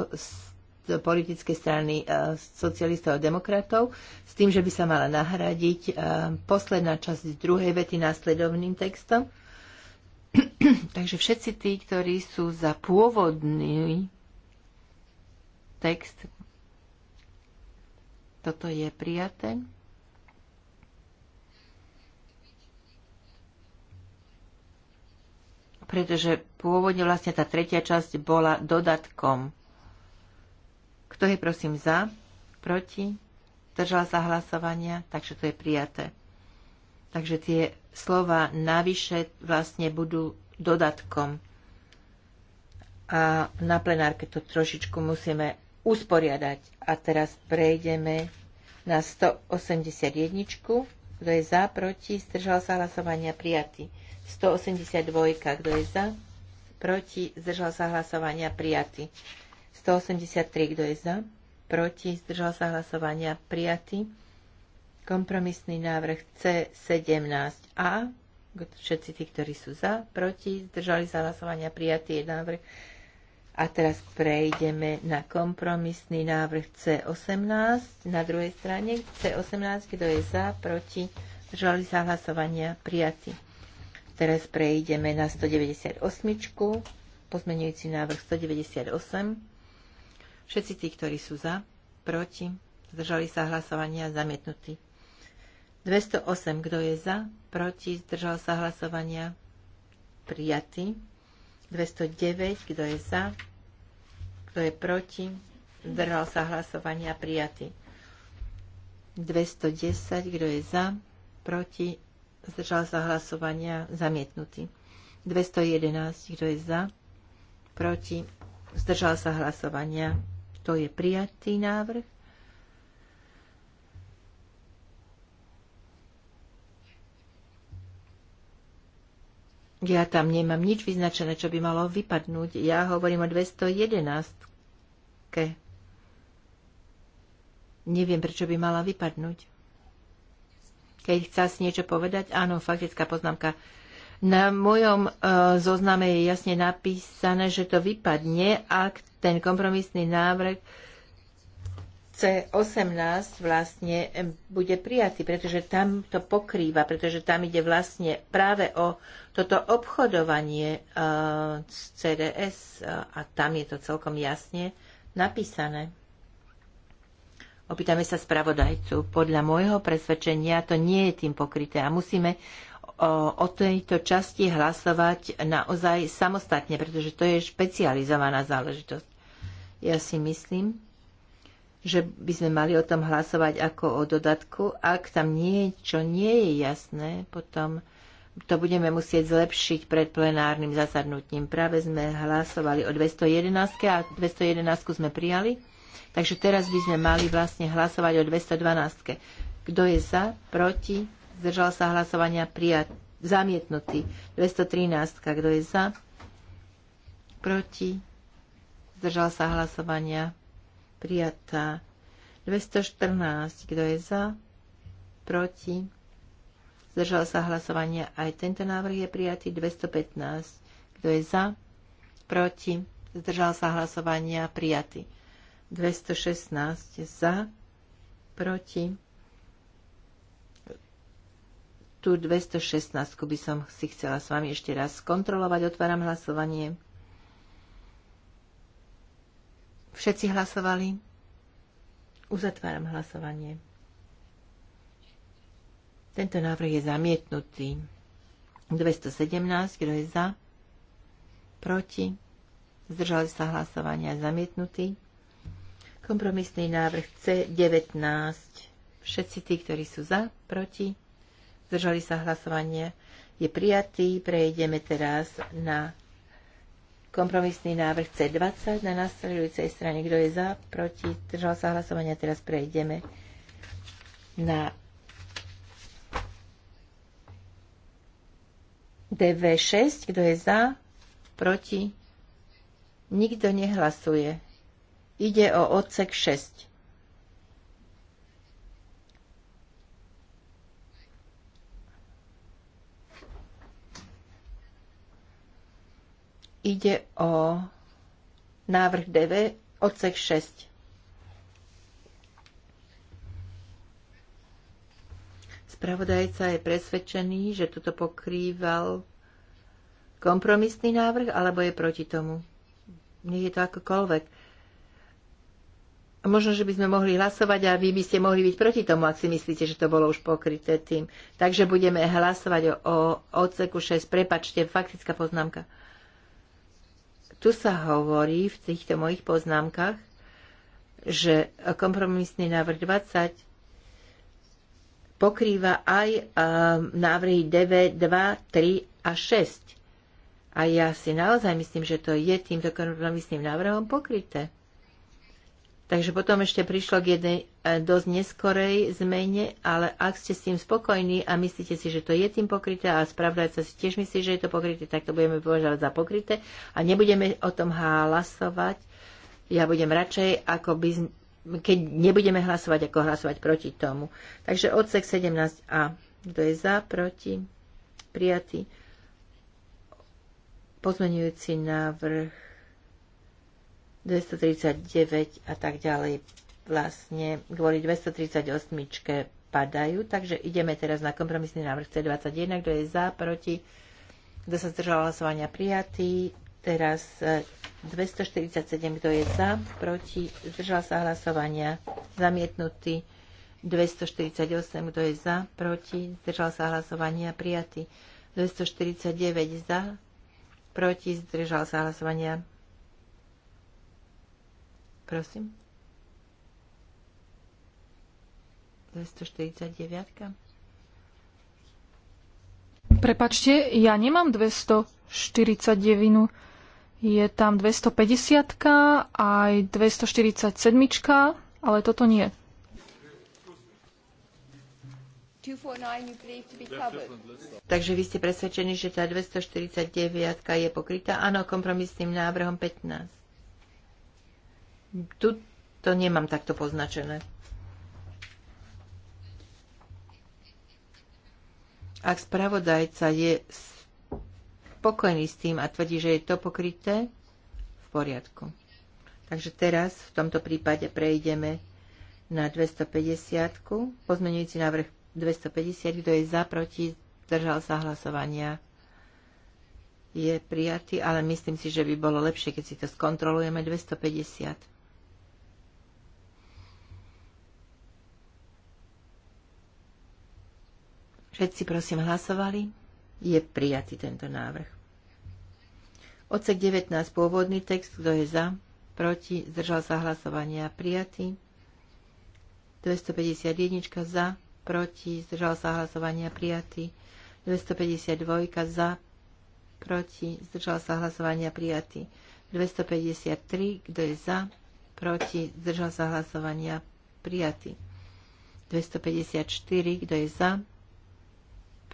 politické strany e, socialistov a demokratov s tým, že by sa mala nahradiť e, posledná časť druhej vety následovným textom. [CLEARS THROAT] Takže všetci tí, ktorí sú za pôvodný text, toto je prijaté. Pretože pôvodne vlastne tá tretia časť bola dodatkom kto je prosím za? Proti? Držal sa hlasovania? Takže to je prijaté. Takže tie slova navyše vlastne budú dodatkom. A na plenárke to trošičku musíme usporiadať. A teraz prejdeme na 181. Kto je za, proti, zdržal sa hlasovania, prijatý. 182. Kto je za, proti, zdržal sa hlasovania, prijatý. 183, kto je za? Proti? Zdržal sa hlasovania? Prijatý. Kompromisný návrh C17A. Všetci tí, ktorí sú za, proti, zdržali sa hlasovania, prijatý je návrh. A teraz prejdeme na kompromisný návrh C18 na druhej strane. C18, kto je za, proti, zdržali sa hlasovania, prijatý. Teraz prejdeme na 198, pozmenujúci návrh 198. Všetci tí, ktorí sú za, proti, zdržali sa hlasovania, zamietnutí. 208, kto je za, proti, zdržal sa hlasovania, prijatý. 209, kto je za, kto je proti, zdržal sa hlasovania, prijatý. 210, kto je za, proti, zdržal sa hlasovania, zamietnutý. 211, kto je za, proti, zdržal sa hlasovania, to je prijatý návrh? Ja tam nemám nič vyznačené, čo by malo vypadnúť. Ja hovorím o 211. -ke. Neviem, prečo by mala vypadnúť. Keď chcá si niečo povedať, áno, faktická poznámka. Na mojom uh, zozname je jasne napísané, že to vypadne, ak ten kompromisný návrh C18 vlastne bude prijatý, pretože tam to pokrýva, pretože tam ide vlastne práve o toto obchodovanie z eh, CDS eh, a tam je to celkom jasne napísané. Opýtame sa spravodajcu. Podľa môjho presvedčenia to nie je tým pokryté a musíme eh, o tejto časti hlasovať naozaj samostatne, pretože to je špecializovaná záležitosť. Ja si myslím, že by sme mali o tom hlasovať ako o dodatku. Ak tam niečo nie je jasné, potom to budeme musieť zlepšiť pred plenárnym zasadnutím. Práve sme hlasovali o 211 a 211 sme prijali, takže teraz by sme mali vlastne hlasovať o 212. Kto je za, proti, zdržal sa hlasovania, prijat, zamietnutý. 213. Kto je za, proti, zdržal sa hlasovania, prijatá. 214, kto je za, proti, zdržal sa hlasovania, aj tento návrh je prijatý. 215, kto je za, proti, zdržal sa hlasovania, prijatý. 216 za, proti. Tu 216 by som si chcela s vami ešte raz skontrolovať. Otváram hlasovanie. Všetci hlasovali. Uzatváram hlasovanie. Tento návrh je zamietnutý. 217, kto je za? Proti? Zdržali sa hlasovania zamietnutý. Kompromisný návrh C19. Všetci tí, ktorí sú za, proti, zdržali sa hlasovania, je prijatý. Prejdeme teraz na Kompromisný návrh C20 na nasledujúcej strane. Kto je za, proti, držal sa hlasovania. Teraz prejdeme na DV6. Kto je za, proti, nikto nehlasuje. Ide o odsek 6. Ide o návrh DV odsek 6. Spravodajca je presvedčený, že toto pokrýval kompromisný návrh, alebo je proti tomu. Nie je to akokoľvek. Možno, že by sme mohli hlasovať a vy by ste mohli byť proti tomu, ak si myslíte, že to bolo už pokryté tým. Takže budeme hlasovať o, o odseku 6. Prepačte, faktická poznámka. Tu sa hovorí v týchto mojich poznámkach, že kompromisný návrh 20 pokrýva aj e, návrhy 9, 2, 3 a 6. A ja si naozaj myslím, že to je týmto kompromisným návrhom pokryté. Takže potom ešte prišlo k jednej e, dosť neskorej zmene, ale ak ste s tým spokojní a myslíte si, že to je tým pokryté a spravodajca si tiež myslí, že je to pokryté, tak to budeme považovať za pokryté a nebudeme o tom hlasovať. Ja budem radšej, ako by, keď nebudeme hlasovať, ako hlasovať proti tomu. Takže odsek 17a. Kto je za, proti, prijatý. Pozmenujúci návrh 239 a tak ďalej vlastne kvôli 238 padajú. Takže ideme teraz na kompromisný návrh C21. Kto je za, proti? Kto sa zdržal hlasovania prijatý? Teraz 247, e, kto je za, proti, zdržal sa hlasovania, zamietnutý. 248, kto je za, proti, zdržal sa hlasovania, prijatý. 249 za, proti, zdržal sa hlasovania, Prosím. 249. Prepačte, ja nemám 249. Je tam 250 aj 247, ale toto nie. 249, Takže vy ste presvedčení, že tá 249 je pokrytá? Áno, kompromisným návrhom 15. Tu to nemám takto poznačené. Ak spravodajca je spokojný s tým a tvrdí, že je to pokryté, v poriadku. Takže teraz v tomto prípade prejdeme na 250. Pozmenujúci návrh 250, kto je za, proti, držal sa hlasovania, je prijatý, ale myslím si, že by bolo lepšie, keď si to skontrolujeme 250. Všetci prosím hlasovali. Je prijatý tento návrh. Odsek 19, pôvodný text, kto je za, proti, zdržal sa hlasovania, prijatý. 251 za, proti, zdržal sa hlasovania, prijatý. 252 za, proti, zdržal sa hlasovania, prijatý. 253, kto je za, proti, zdržal sa hlasovania, prijatý. 254, kto je za,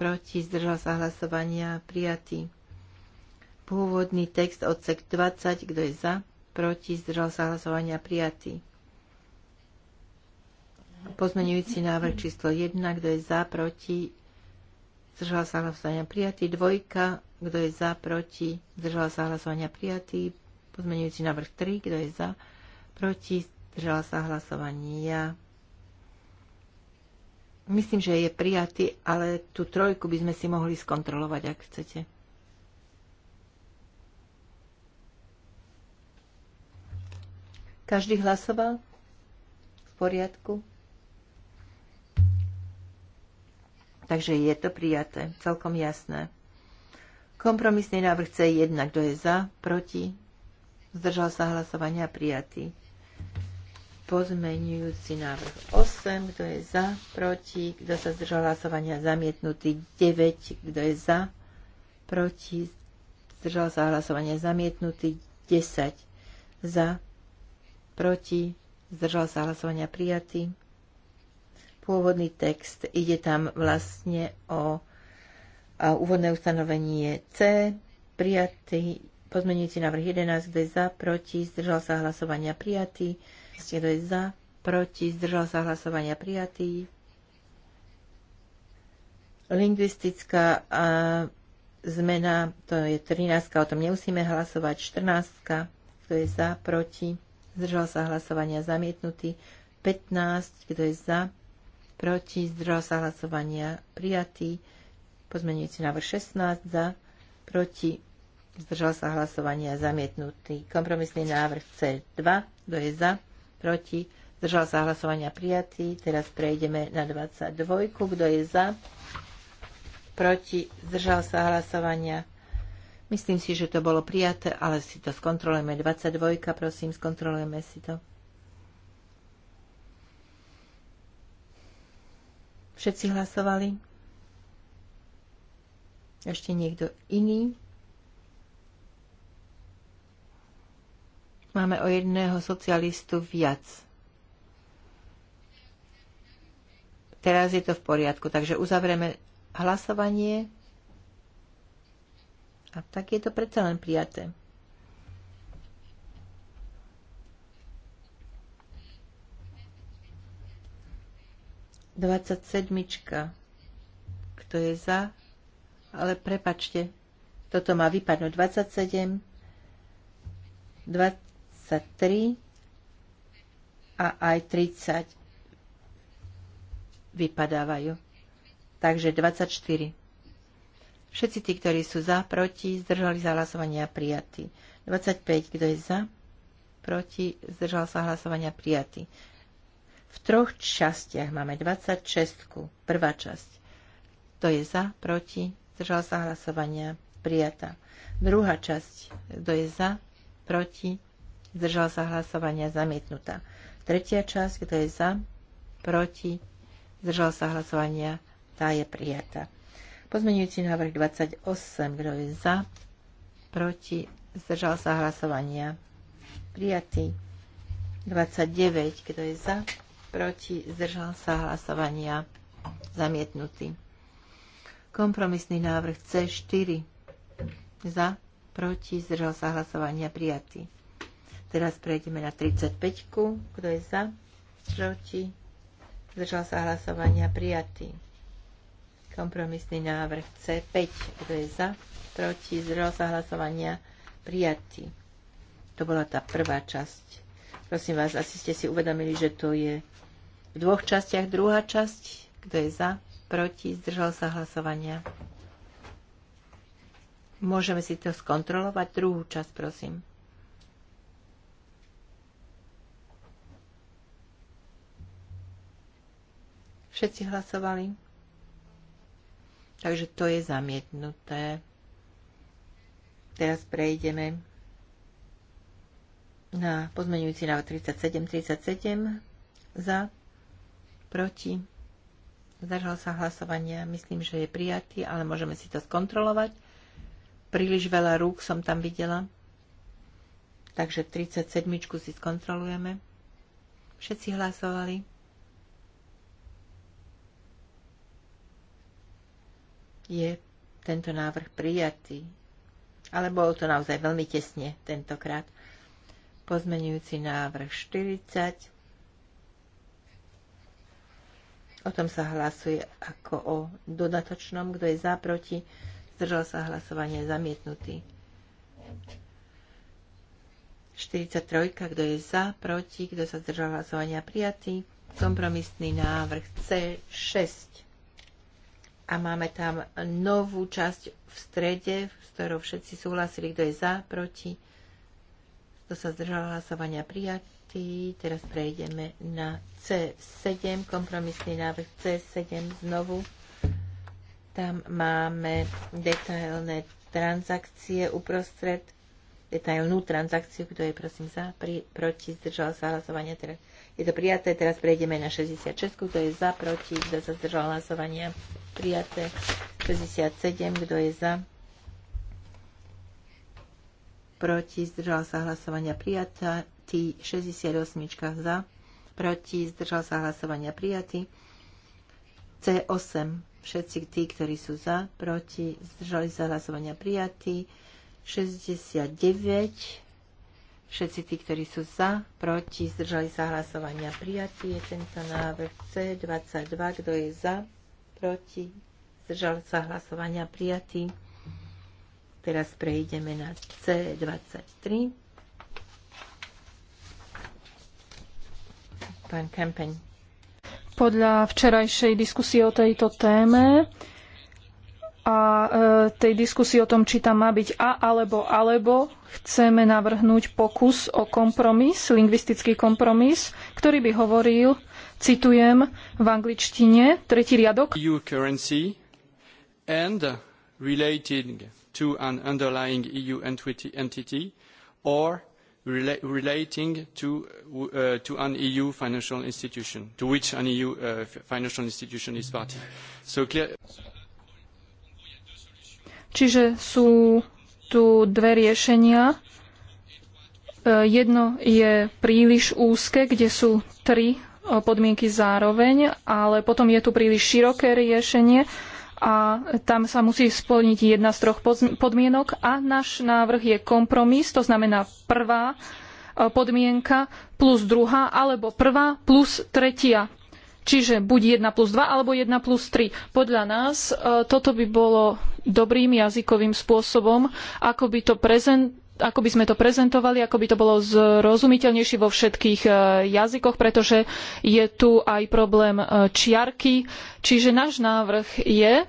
proti, zdržal sa hlasovania, prijatý. Pôvodný text odsek 20, kto je za, proti, zdržal sa hlasovania, prijatý. Pozmenujúci návrh číslo 1, kto je za, proti, zdržal sa hlasovania, prijatý. Dvojka, kto je za, proti, zdržal sa hlasovania, prijatý. Pozmenujúci návrh 3, kto je za, proti, zdržal sa hlasovania, prijatý Myslím, že je prijatý, ale tú trojku by sme si mohli skontrolovať, ak chcete. Každý hlasoval? V poriadku? Takže je to prijaté, celkom jasné. Kompromisný návrh C1, kto je za, proti, zdržal sa hlasovania, prijatý. Pozmenujúci návrh 8, kto je za, proti, kto sa zdržal hlasovania, zamietnutý 9, kto je za, proti, zdržal sa hlasovania, zamietnutý 10, za, proti, zdržal sa hlasovania, prijatý. Pôvodný text, ide tam vlastne o a úvodné ustanovenie C, prijatý pozmenujúci návrh 11, kto je za, proti, zdržal sa hlasovania, prijatý texte, kto je za, proti, zdržal sa hlasovania prijatý. Lingvistická a zmena, to je 13, o tom nemusíme hlasovať, 14, kto je za, proti, zdržal sa hlasovania zamietnutý, 15, kto je za, proti, zdržal sa hlasovania prijatý, pozmenujúci návrh 16, za, proti, zdržal sa hlasovania zamietnutý, kompromisný návrh C2, kto je za, proti, zdržal sa hlasovania prijatý. Teraz prejdeme na 22. Kto je za, proti, zdržal sa hlasovania. Myslím si, že to bolo prijaté, ale si to skontrolujeme. 22, prosím, skontrolujeme si to. Všetci hlasovali? Ešte niekto iný? Máme o jedného socialistu viac. Teraz je to v poriadku, takže uzavrieme hlasovanie. A tak je to predsa len prijaté. Dvadsať sedmička. Kto je za? Ale prepačte, toto má vypadnúť 27, 20, 23 a aj 30 vypadávajú. Takže 24. Všetci tí, ktorí sú za, proti, zdržali sa hlasovania prijatí. 25, kto je za, proti, zdržal sa hlasovania prijatí. V troch častiach máme 26. Prvá časť. to je za, proti, zdržal sa hlasovania prijatá. Druhá časť. Kto je za, proti, Zdržal sa hlasovania zamietnutá. Tretia časť, kto je za, proti, zdržal sa hlasovania, tá je prijatá. Pozmenujúci návrh 28, kto je za, proti, zdržal sa hlasovania, prijatý. 29, kto je za, proti, zdržal sa hlasovania, zamietnutý. Kompromisný návrh C4, za, proti, zdržal sa hlasovania, prijatý. Teraz prejdeme na 35. Kto je za? Proti? Zdržal sa hlasovania prijatý. Kompromisný návrh C5. Kto je za? Proti? Zdržal sa hlasovania prijatý. To bola tá prvá časť. Prosím vás, asi ste si uvedomili, že to je v dvoch častiach druhá časť. Kto je za? Proti? Zdržal sa hlasovania. Môžeme si to skontrolovať. Druhú časť, prosím. Všetci hlasovali. Takže to je zamietnuté. Teraz prejdeme na pozmeňujúci návrh 37, 37 za, proti. Zdržal sa hlasovania, myslím, že je prijatý, ale môžeme si to skontrolovať. Príliš veľa rúk som tam videla. Takže 37 si skontrolujeme. Všetci hlasovali. je tento návrh prijatý. Ale bolo to naozaj veľmi tesne tentokrát. Pozmenujúci návrh 40. O tom sa hlasuje ako o dodatočnom, kto je za, proti, zdržal sa hlasovanie, zamietnutý. 43, kto je za, proti, kto sa zdržal hlasovania, prijatý. Kompromisný návrh C6 a máme tam novú časť v strede, s ktorou všetci súhlasili, kto je za, proti. Kto sa zdržalo hlasovania prijatý. Teraz prejdeme na C7, kompromisný návrh C7 znovu. Tam máme detailné transakcie uprostred, detailnú transakciu, kto je prosím za, pri, proti, zdržal sa hlasovania. Teraz je to prijaté, teraz prejdeme na 66, kto je za, proti, kto sa zdržal hlasovania prijaté 67, kto je za, proti, zdržal sa hlasovania prijatý, 68 za, proti, zdržal sa hlasovania prijatý, C8, všetci tí, ktorí sú za, proti, zdržali sa hlasovania prijatí, 69, všetci tí, ktorí sú za, proti, zdržali sa hlasovania prijatí, je tento návrh C22, kto je za, proti, zdržal sa hlasovania prijatý. Teraz prejdeme na C23. Pán Kempeň. Podľa včerajšej diskusie o tejto téme a e, tej diskusii o tom, či tam má byť a alebo alebo, chceme navrhnúť pokus o kompromis, lingvistický kompromis, ktorý by hovoril, Citujem v angličtine, tretí riadok. EU currency and relating to an underlying EU entity or relating to, uh, to, an EU financial institution, to which an EU uh, financial institution is party. So clear... Čiže sú tu dve riešenia. E, jedno je príliš úzke, kde sú tri podmienky zároveň, ale potom je tu príliš široké riešenie a tam sa musí splniť jedna z troch podmienok a náš návrh je kompromis, to znamená prvá e, podmienka plus druhá alebo prvá plus tretia. Čiže buď 1 plus 2 alebo 1 plus 3. Podľa nás e, toto by bolo dobrým jazykovým spôsobom, ako by to prezent ako by sme to prezentovali, ako by to bolo zrozumiteľnejšie vo všetkých e, jazykoch, pretože je tu aj problém e, čiarky. Čiže náš návrh je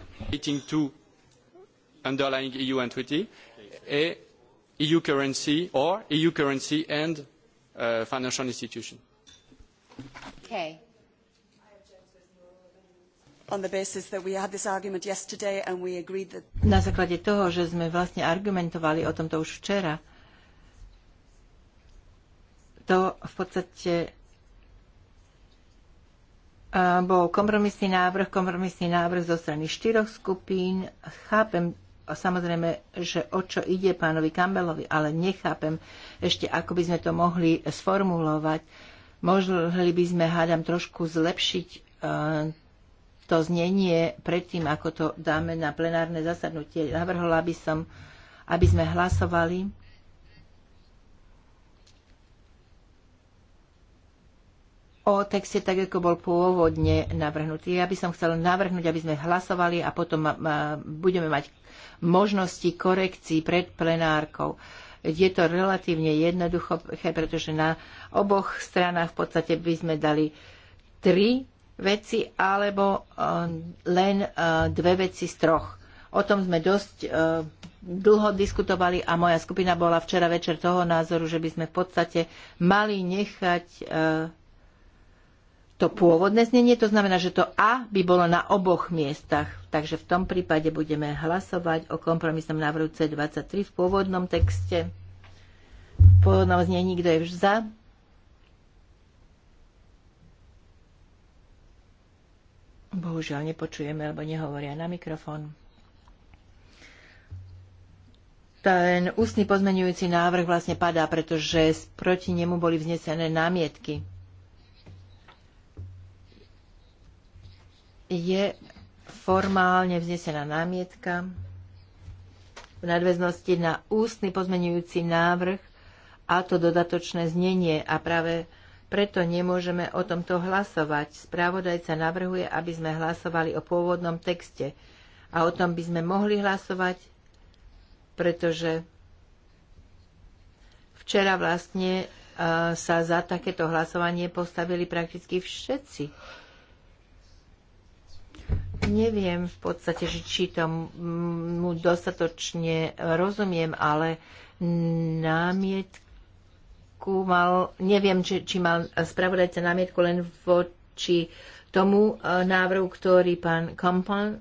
EU e currency or EU currency and financial institution. Okay. Na základe toho, že sme vlastne argumentovali o tomto už včera, to v podstate bol kompromisný návrh, kompromisný návrh zo strany štyroch skupín. Chápem samozrejme, že o čo ide pánovi Campbellovi, ale nechápem ešte, ako by sme to mohli sformulovať. Mohli by sme, hádam, trošku zlepšiť to znenie predtým, ako to dáme na plenárne zasadnutie. Navrhla by som, aby sme hlasovali o texte tak, ako bol pôvodne navrhnutý. Ja by som chcela navrhnúť, aby sme hlasovali a potom budeme mať možnosti korekcií pred plenárkou. Je to relatívne jednoduché, pretože na oboch stranách v podstate by sme dali tri veci alebo eh, len eh, dve veci z troch. O tom sme dosť eh, dlho diskutovali a moja skupina bola včera večer toho názoru, že by sme v podstate mali nechať to pôvodné znenie, to znamená, že to A by bolo na oboch miestach. Takže v tom prípade budeme hlasovať o kompromisnom návrhu C23 v pôvodnom texte. V pôvodnom znení, kto je za, Bohužiaľ nepočujeme, alebo nehovoria na mikrofón. Ten ústny pozmenujúci návrh vlastne padá, pretože proti nemu boli vznesené námietky. Je formálne vznesená námietka v nadväznosti na ústny pozmenujúci návrh a to dodatočné znenie. A práve preto nemôžeme o tomto hlasovať. Správodajca navrhuje, aby sme hlasovali o pôvodnom texte. A o tom by sme mohli hlasovať, pretože včera vlastne e, sa za takéto hlasovanie postavili prakticky všetci. Neviem v podstate, či tomu mm, dostatočne rozumiem, ale námietky námietku mal, neviem, či, či mal spravodajca námietku len voči tomu e, návrhu, ktorý pán Kompan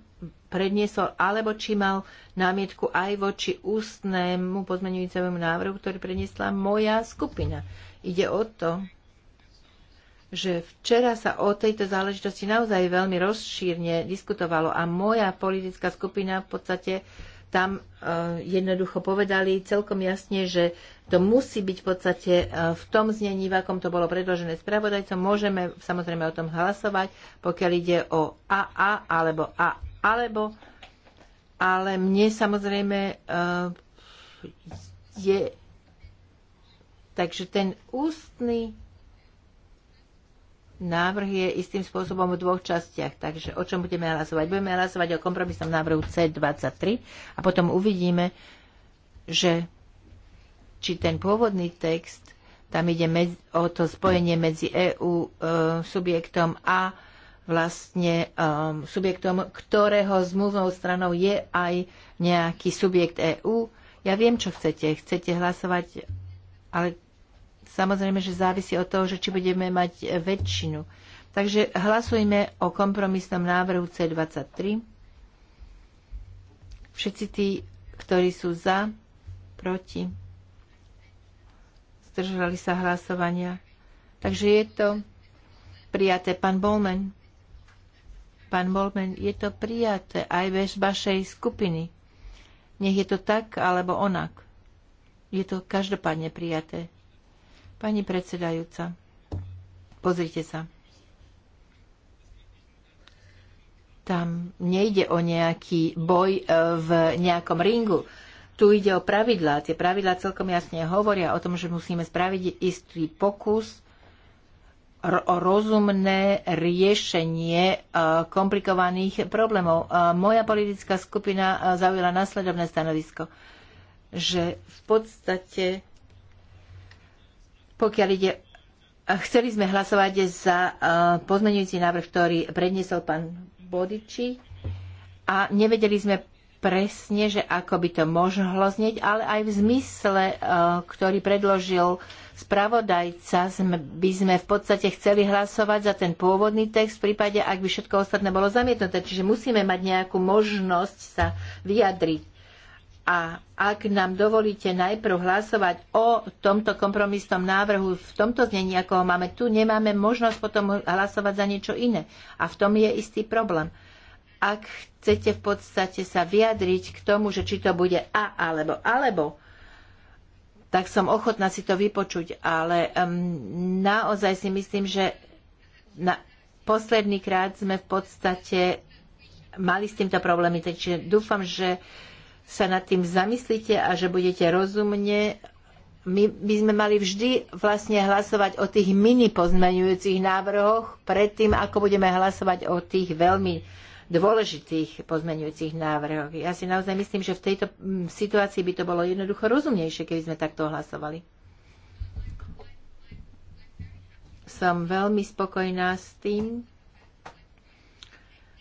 predniesol, alebo či mal námietku aj voči ústnemu pozmeňujúcemu návrhu, ktorý predniesla moja skupina. Ide o to, že včera sa o tejto záležitosti naozaj veľmi rozšírne diskutovalo a moja politická skupina v podstate uh, tam e, jednoducho povedali celkom jasne, že to musí byť v podstate e, v tom znení, v akom to bolo predložené spravodajcom. Môžeme samozrejme o tom hlasovať, pokiaľ ide o AA alebo A alebo, ale mne samozrejme e, je, takže ten ústny Návrh je istým spôsobom v dvoch častiach, takže o čom budeme hlasovať? Budeme hlasovať o kompromisnom návrhu C23 a potom uvidíme, že či ten pôvodný text, tam ide medzi, o to spojenie medzi EU e, subjektom a vlastne um, subjektom, ktorého zmluvnou stranou je aj nejaký subjekt EÚ. Ja viem, čo chcete. Chcete hlasovať, ale samozrejme, že závisí od toho, že či budeme mať väčšinu. Takže hlasujme o kompromisnom návrhu C23. Všetci tí, ktorí sú za, proti, zdržali sa hlasovania. Takže je to prijaté. Pán bolmen? pán bolmen, je to prijaté aj bez vašej skupiny. Nech je to tak alebo onak. Je to každopádne prijaté. Pani predsedajúca, pozrite sa. Tam nejde o nejaký boj e, v nejakom ringu. Tu ide o pravidlá. Tie pravidlá celkom jasne hovoria o tom, že musíme spraviť istý pokus o rozumné riešenie e, komplikovaných problémov. E, moja politická skupina zaujala následovné stanovisko, že v podstate pokiaľ ide Chceli sme hlasovať za e, pozmeňujúci návrh, ktorý predniesol pán Bodiči a nevedeli sme presne, že ako by to mohlo znieť, ale aj v zmysle, e, ktorý predložil spravodajca, by sme v podstate chceli hlasovať za ten pôvodný text v prípade, ak by všetko ostatné bolo zamietnuté. Čiže musíme mať nejakú možnosť sa vyjadriť a ak nám dovolíte najprv hlasovať o tomto kompromisnom návrhu v tomto znení, ako ho máme tu, nemáme možnosť potom hlasovať za niečo iné. A v tom je istý problém. Ak chcete v podstate sa vyjadriť k tomu, že či to bude a alebo alebo, tak som ochotná si to vypočuť, ale um, naozaj si myslím, že na posledný krát sme v podstate mali s týmto problémy, takže dúfam, že uh, sa nad tým zamyslíte a že budete rozumne. My by sme mali vždy vlastne hlasovať o tých mini pozmeňujúcich návrhoch predtým, ako budeme hlasovať o tých veľmi dôležitých pozmeňujúcich návrhoch. Ja si naozaj myslím, že v tejto mm, situácii by to bolo jednoducho rozumnejšie, keby sme takto hlasovali. Som veľmi spokojná s tým,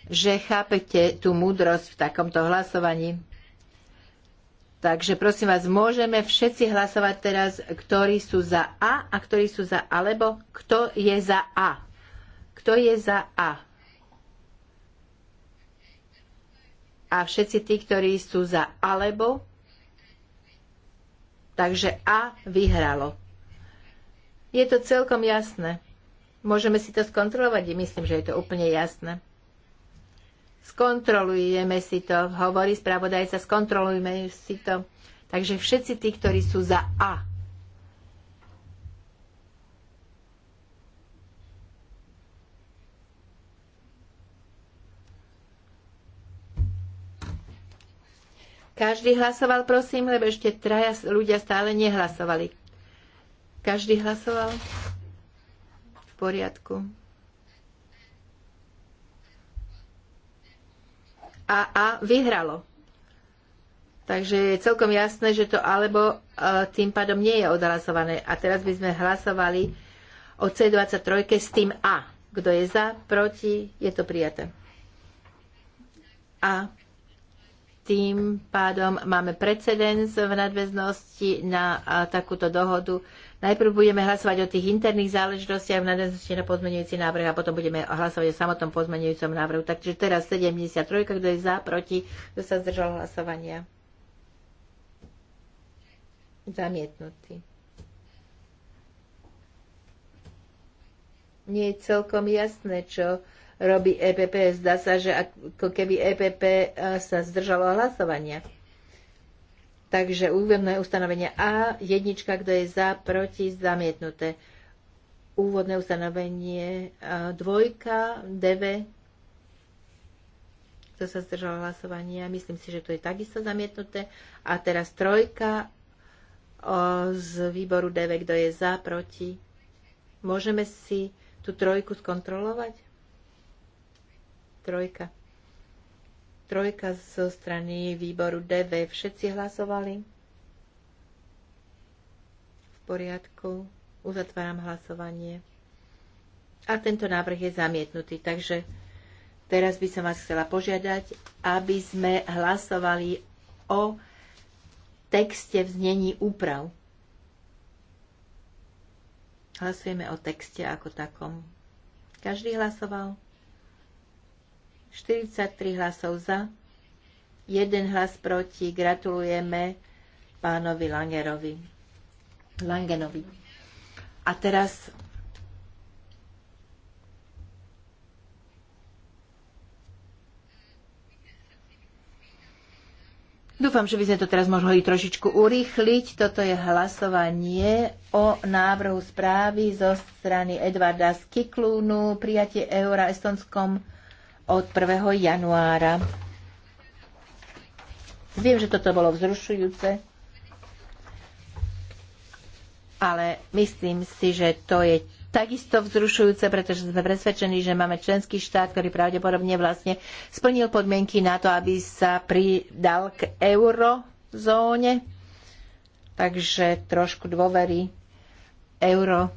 že chápete tú múdrosť v takomto hlasovaní. Takže prosím vás, môžeme všetci hlasovať teraz, ktorí sú za A a ktorí sú za alebo kto je za A. Kto je za A? A všetci tí, ktorí sú za alebo. Takže A vyhralo. Je to celkom jasné. Môžeme si to skontrolovať, myslím, že je to úplne jasné. Skontrolujeme si to, hovorí spravodajca, skontrolujme si to. Takže všetci tí, ktorí sú za A, Každý hlasoval, prosím, lebo ešte traja ľudia stále nehlasovali. Každý hlasoval? V poriadku. AA vyhralo. Takže je celkom jasné, že to alebo e, tým pádom nie je odhlasované. A teraz by sme hlasovali o C23 s tým A. Kto je za, proti, je to prijaté. A tým pádom máme precedens v nadväznosti na takúto dohodu Najprv budeme hlasovať o tých interných záležitostiach v nadväznosti na pozmeňujúci návrh a potom budeme hlasovať o samotnom pozmeňujúcom návrhu. Takže teraz 73, kto je za, proti, kto sa zdržal hlasovania. Zamietnutý. Nie je celkom jasné, čo robí EPP. Zdá sa, že ako keby EPP eh, sa zdržalo hlasovania. Takže úvodné ustanovenie A, jednička, kto je za, proti, zamietnuté. Úvodné ustanovenie dvojka, DV, kto sa zdržal hlasovania, myslím si, že to je takisto zamietnuté. A teraz trojka o, z výboru DV, kto je za, proti. Môžeme si tú trojku skontrolovať? Trojka. Trojka zo strany výboru DV. Všetci hlasovali? V poriadku. Uzatváram hlasovanie. A tento návrh je zamietnutý. Takže teraz by som vás chcela požiadať, aby sme hlasovali o texte v znení úprav. Hlasujeme o texte ako takom. Každý hlasoval? 43 hlasov za, 1 hlas proti. Gratulujeme pánovi Langerovi. Langenovi. A teraz Dúfam, že by sme to teraz mohli trošičku urýchliť. Toto je hlasovanie o návrhu správy zo strany Edvarda Skiklúnu, prijatie eura Estonskom od 1. januára. Viem, že toto bolo vzrušujúce, ale myslím si, že to je takisto vzrušujúce, pretože sme presvedčení, že máme členský štát, ktorý pravdepodobne vlastne splnil podmienky na to, aby sa pridal k eurozóne. Takže trošku dôvery euro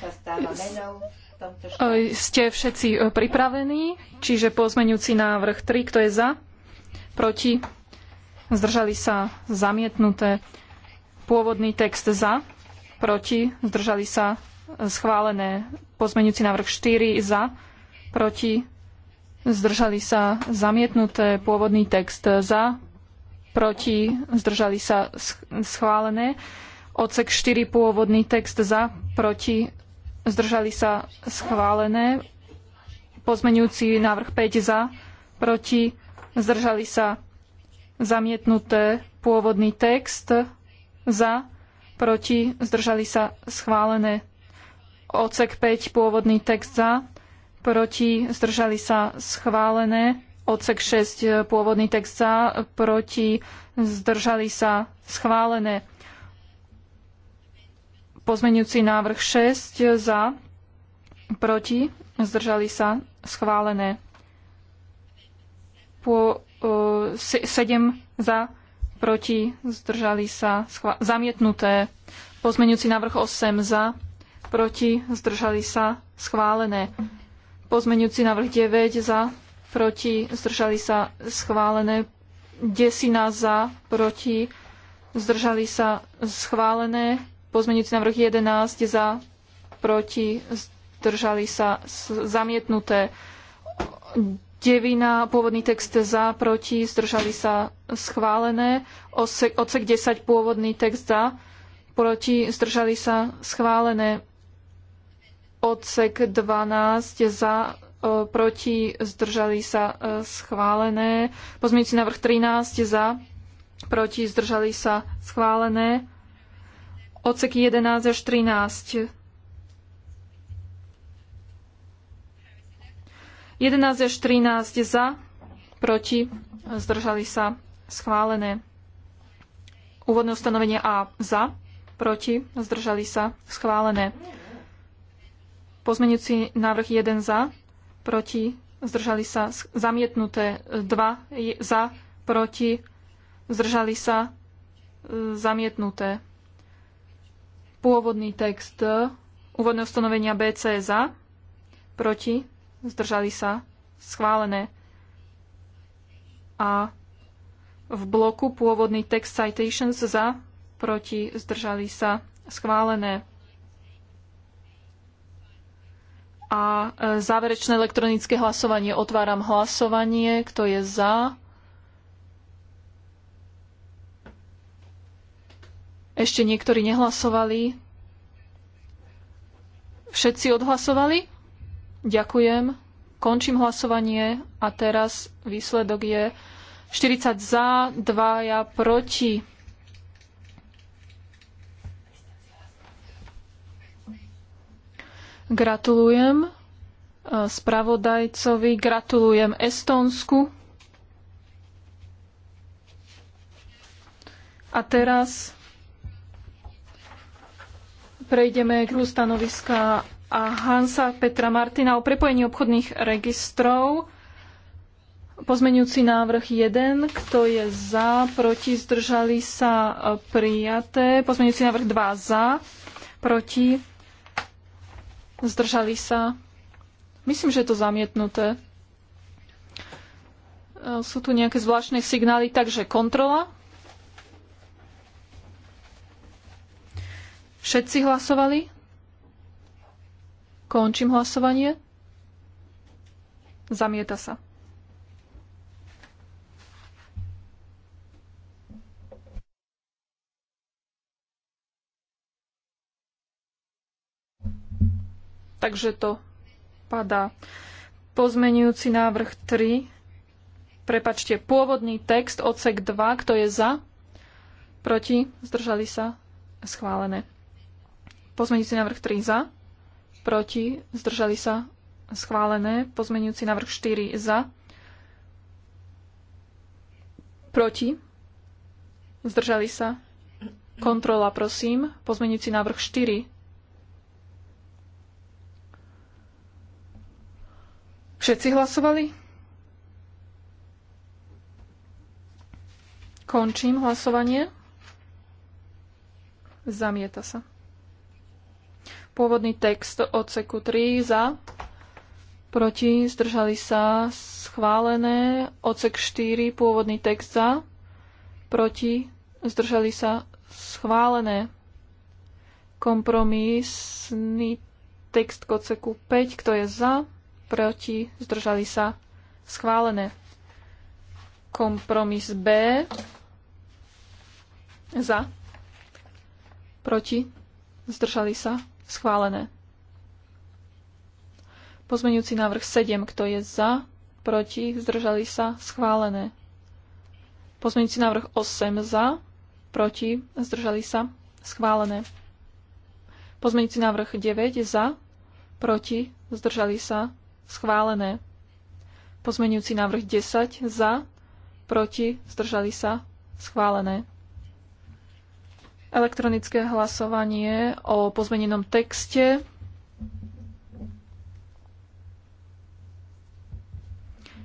sa stáva menou ste všetci e, pripravení, čiže pozmeňujúci návrh 3, kto je za, proti, zdržali sa zamietnuté. Pôvodný text za, proti, zdržali sa schválené. Pozmeňujúci návrh 4 za, proti, zdržali sa zamietnuté. Pôvodný text za, proti, zdržali sa schválené. Odsek 4 pôvodný text za, proti, zdržali sa schválené. Pozmenujúci návrh 5 za, proti, zdržali sa zamietnuté. Pôvodný text za, proti, zdržali sa schválené. Odsek 5, pôvodný text za, proti, zdržali sa schválené. Odsek 6, pôvodný text za, proti, zdržali sa schválené. Pozmenujúci návrh 6 za, proti, zdržali sa, schválené. Po, uh, e, 7 za, proti, zdržali sa, zamietnuté. Pozmenujúci návrh 8 za, proti, zdržali sa, schválené. Pozmenujúci návrh 9 za, proti, zdržali sa, schválené. Desina za, proti, zdržali sa, schválené. Pozmeňujúci návrh 11 za, proti, zdržali sa zamietnuté. Devina, pôvodný text za, proti, zdržali sa schválené. Osek, odsek 10, pôvodný text za, proti, zdržali sa schválené. Odsek 12 e, e, za, proti, zdržali sa schválené. Pozmeňujúci návrh 13 za, proti, zdržali sa schválené odseky 11 až 13. 11 až 13 za, proti, zdržali sa schválené. Úvodné ustanovenie A za, proti, zdržali sa schválené. Pozmenujúci návrh 1 za, proti, zdržali sa zamietnuté 2 za, proti, zdržali sa e, zamietnuté. Pôvodný text úvodné ustanovenia BC za, proti, zdržali sa, schválené. A v bloku pôvodný text citations za, proti, zdržali sa, schválené. A záverečné elektronické hlasovanie. Otváram hlasovanie. Kto je za? Ešte niektorí nehlasovali. Všetci odhlasovali? Ďakujem. Končím hlasovanie a teraz výsledok je 40 za, 2 ja proti. Gratulujem e, spravodajcovi, gratulujem Estónsku. A teraz prejdeme k stanoviska a Hansa Petra Martina o prepojení obchodných registrov. Pozmenujúci návrh 1, kto je za, proti, zdržali sa prijaté. Pozmenujúci návrh 2 za, proti, zdržali sa. Myslím, že je to zamietnuté. Sú tu nejaké zvláštne signály, takže kontrola. Všetci hlasovali? Končím hlasovanie. Zamieta sa. Takže to padá. Pozmenujúci návrh 3. Prepačte, pôvodný text, odsek 2, kto je za? Proti? Zdržali sa? Schválené. Pozmeňujúci návrh 3 za, proti, zdržali sa, schválené. Pozmeňujúci návrh 4 za, proti, zdržali sa, kontrola prosím. Pozmeňujúci návrh 4 Všetci hlasovali? Končím hlasovanie. Zamieta sa. Pôvodný text odseku 3 za, proti, zdržali sa, schválené. Odsek 4, pôvodný text za, proti, zdržali sa, schválené. Kompromisný text k odseku 5, kto je za, proti, zdržali sa, schválené. Kompromis B, za, proti, zdržali sa, Schválené. Pozmeňujúci návrh 7. Kto je za? Proti? Zdržali sa? Schválené. Pozmeňujúci návrh 8. Za? Proti? Zdržali sa? Schválené. Pozmeňujúci návrh 9. Za? Proti? Zdržali sa? Schválené. Pozmeňujúci návrh 10. Za? Proti? Zdržali sa? Schválené. Elektronické hlasovanie o pozmenenom texte.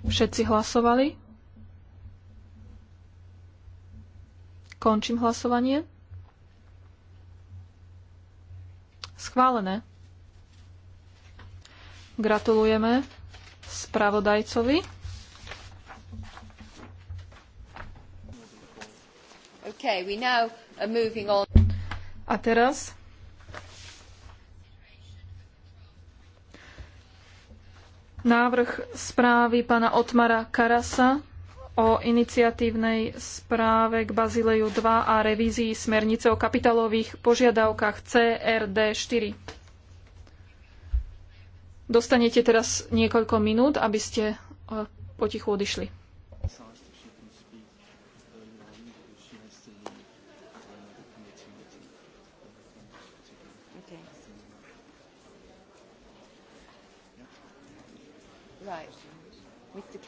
Všetci hlasovali? Končím hlasovanie. Schválené. Gratulujeme spravodajcovi. Okay, we now Uh, a teraz návrh správy pána Otmara Karasa o iniciatívnej správe k Bazileju 2 a revízii smernice o kapitálových požiadavkách CRD 4. Dostanete teraz niekoľko minút, aby ste eh, potichu odišli.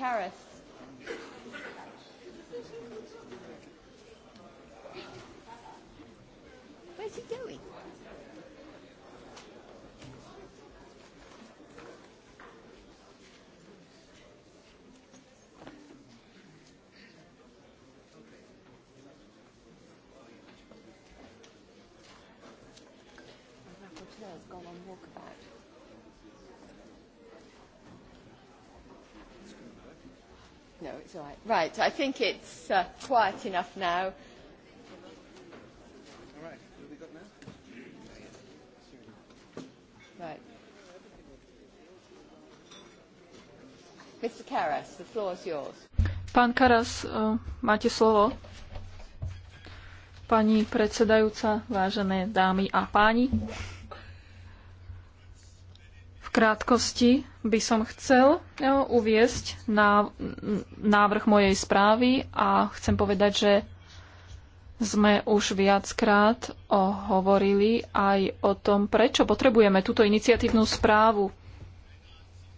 Karas. Right, I think it's uh, quiet enough now. Right, Mr. Karas, the floor is yours. Pán Karas, uh, máte slovo. Pani predsedajúca, vážené dámy a páni krátkosti by som chcel e, uviesť na návrh mojej správy a chcem povedať, že sme už viackrát hovorili aj o tom, prečo potrebujeme túto iniciatívnu správu.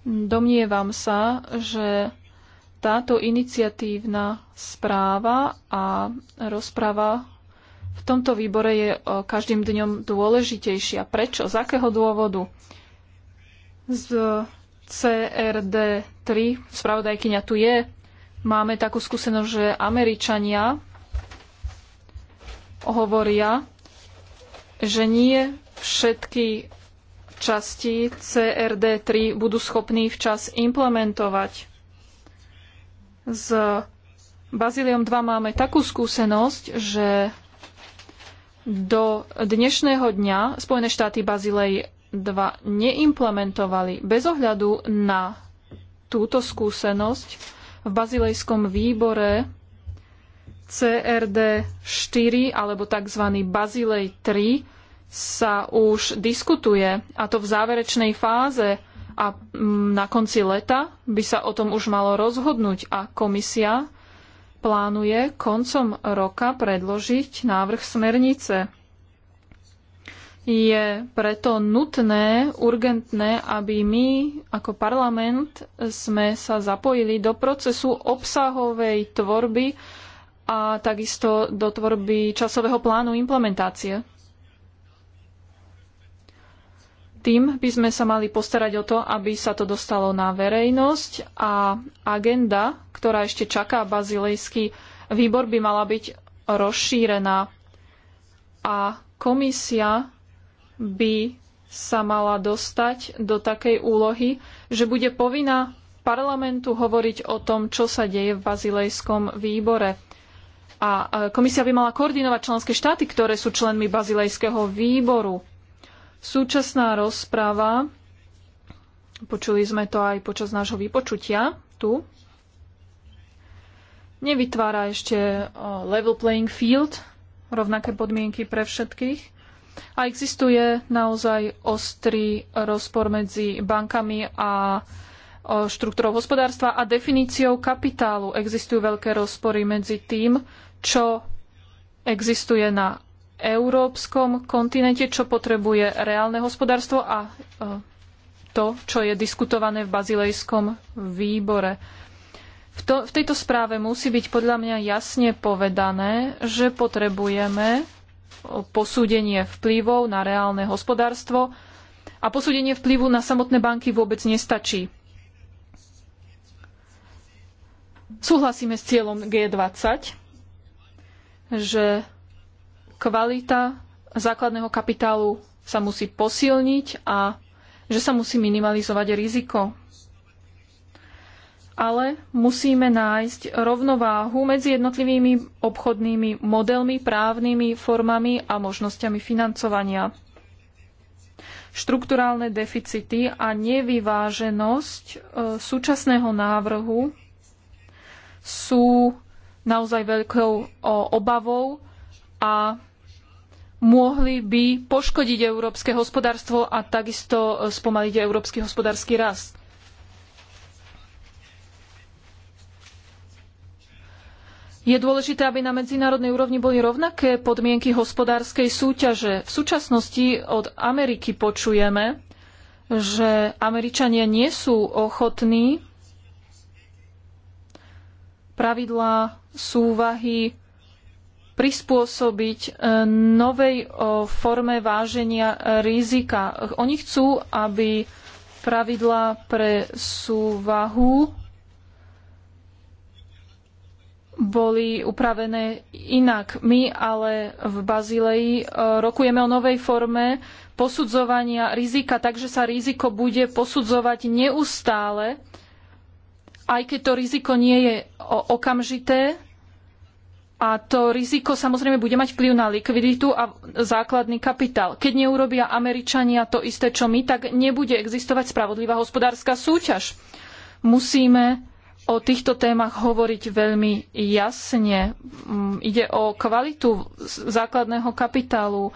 Domnievam sa, že táto iniciatívna správa a rozprava v tomto výbore je e, každým dňom dôležitejšia. Prečo? Z akého dôvodu? z CRD3, spravodajkyňa tu je, máme takú skúsenosť, že Američania hovoria, že nie všetky časti CRD3 budú schopní včas implementovať. S Bazílium 2 máme takú skúsenosť, že do dnešného dňa Spojené štáty Bazilej 2 neimplementovali. Bez ohľadu na túto skúsenosť v bazilejskom výbore CRD 4 alebo tzv. Bazilej 3 sa už diskutuje a to v záverečnej fáze a mm, na konci leta by sa o tom už malo rozhodnúť a komisia plánuje koncom roka predložiť návrh smernice. Je preto nutné, urgentné, aby my ako parlament sme sa zapojili do procesu obsahovej tvorby a takisto do tvorby časového plánu implementácie. Tým by sme sa mali postarať o to, aby sa to dostalo na verejnosť a agenda, ktorá ešte čaká bazilejský výbor, by mala byť rozšírená. A komisia by sa mala dostať do takej úlohy, že bude povinná parlamentu hovoriť o tom, čo sa deje v Bazilejskom výbore. A e, komisia by mala koordinovať členské štáty, ktoré sú členmi Bazilejského výboru. Súčasná rozprava, počuli sme to aj počas nášho vypočutia tu, nevytvára ešte e, level playing field, rovnaké podmienky pre všetkých. A existuje naozaj ostrý rozpor medzi bankami a štruktúrou hospodárstva a definíciou kapitálu. Existujú veľké rozpory medzi tým, čo existuje na európskom kontinente, čo potrebuje reálne hospodárstvo a to, čo je diskutované v bazilejskom výbore. V, to, v tejto správe musí byť podľa mňa jasne povedané, že potrebujeme posúdenie vplyvov na reálne hospodárstvo a posúdenie vplyvu na samotné banky vôbec nestačí. Súhlasíme s cieľom G20, že kvalita základného kapitálu sa musí posilniť a že sa musí minimalizovať riziko ale musíme nájsť rovnováhu medzi jednotlivými obchodnými modelmi, právnymi formami a možnosťami financovania. Štrukturálne deficity a nevyváženosť e, súčasného návrhu sú naozaj veľkou e, obavou a mohli by poškodiť európske hospodárstvo a takisto e, spomaliť európsky hospodársky rast. Je dôležité, aby na medzinárodnej úrovni boli rovnaké podmienky hospodárskej súťaže. V súčasnosti od Ameriky počujeme, že Američania nie sú ochotní pravidlá súvahy prispôsobiť e, novej forme váženia rizika. Oni chcú, aby pravidlá pre súvahu boli upravené inak. My ale v Bazileji e, rokujeme o novej forme posudzovania rizika, takže sa riziko bude posudzovať neustále, aj keď to riziko nie je okamžité. A to riziko samozrejme bude mať vplyv na likviditu a základný kapitál. Keď neurobia Američania to isté, čo my, tak nebude existovať spravodlivá hospodárska súťaž. Musíme o týchto témach hovoriť veľmi jasne. Mm, ide o kvalitu základného kapitálu.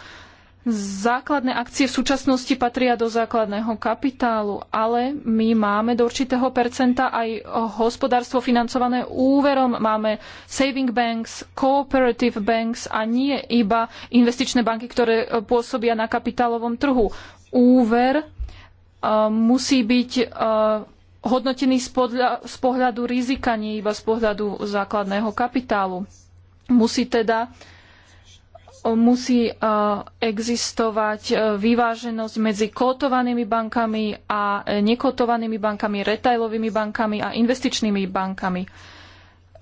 Základné akcie v súčasnosti patria do základného kapitálu, ale my máme do určitého percenta aj hospodárstvo financované úverom. Máme saving banks, cooperative banks a nie iba investičné banky, ktoré e, pôsobia na kapitálovom trhu. Úver e, musí byť e, hodnotený z, podľa, z pohľadu rizika, nie iba z pohľadu základného kapitálu. Musí teda musí e, existovať e, vyváženosť medzi kotovanými bankami a nekotovanými bankami, retailovými bankami a investičnými bankami.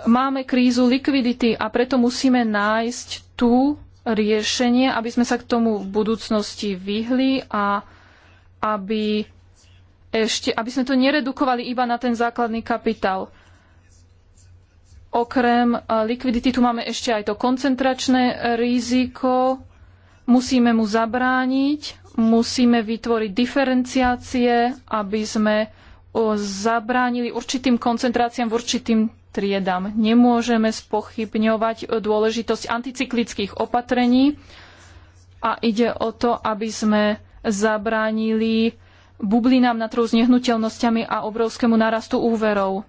Máme krízu likvidity a preto musíme nájsť tú riešenie, aby sme sa k tomu v budúcnosti vyhli a aby ešte, aby sme to neredukovali iba na ten základný kapitál. Okrem likvidity tu máme ešte aj to koncentračné riziko. Musíme mu zabrániť, musíme vytvoriť diferenciácie, aby sme zabránili určitým koncentráciám v určitým triedam. Nemôžeme spochybňovať e, dôležitosť anticyklických opatrení a ide o to, aby sme zabránili bublinám na trhu s nehnuteľnosťami a obrovskému narastu úverov.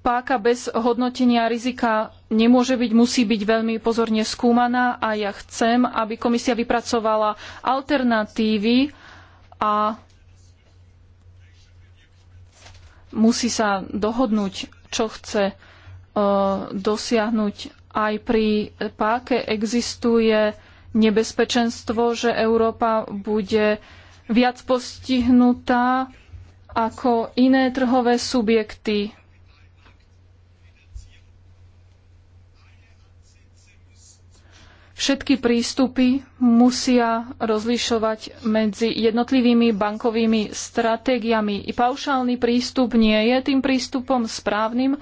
Páka bez hodnotenia rizika nemôže byť, musí byť veľmi pozorne skúmaná a ja chcem, aby komisia vypracovala alternatívy a musí sa dohodnúť, čo chce dosiahnuť. Aj pri páke existuje nebezpečenstvo, že Európa bude viac postihnutá ako iné trhové subjekty. Všetky prístupy musia rozlišovať medzi jednotlivými bankovými stratégiami. I paušálny prístup nie je tým prístupom správnym,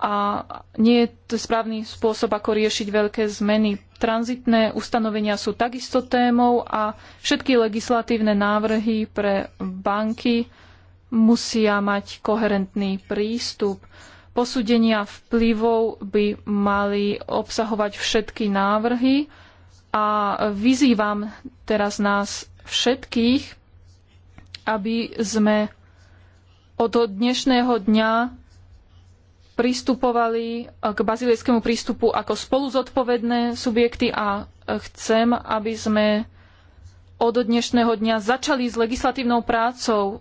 a nie je to správny spôsob, ako riešiť veľké zmeny. Tranzitné ustanovenia sú takisto témou a všetky legislatívne návrhy pre banky musia mať koherentný prístup. Posúdenia vplyvov by mali obsahovať všetky návrhy a vyzývam teraz nás všetkých, aby sme od dnešného dňa pristupovali eh, k bazilejskému prístupu ako spolu zodpovedné subjekty a eh, chcem, aby sme od dnešného dňa začali s legislatívnou prácou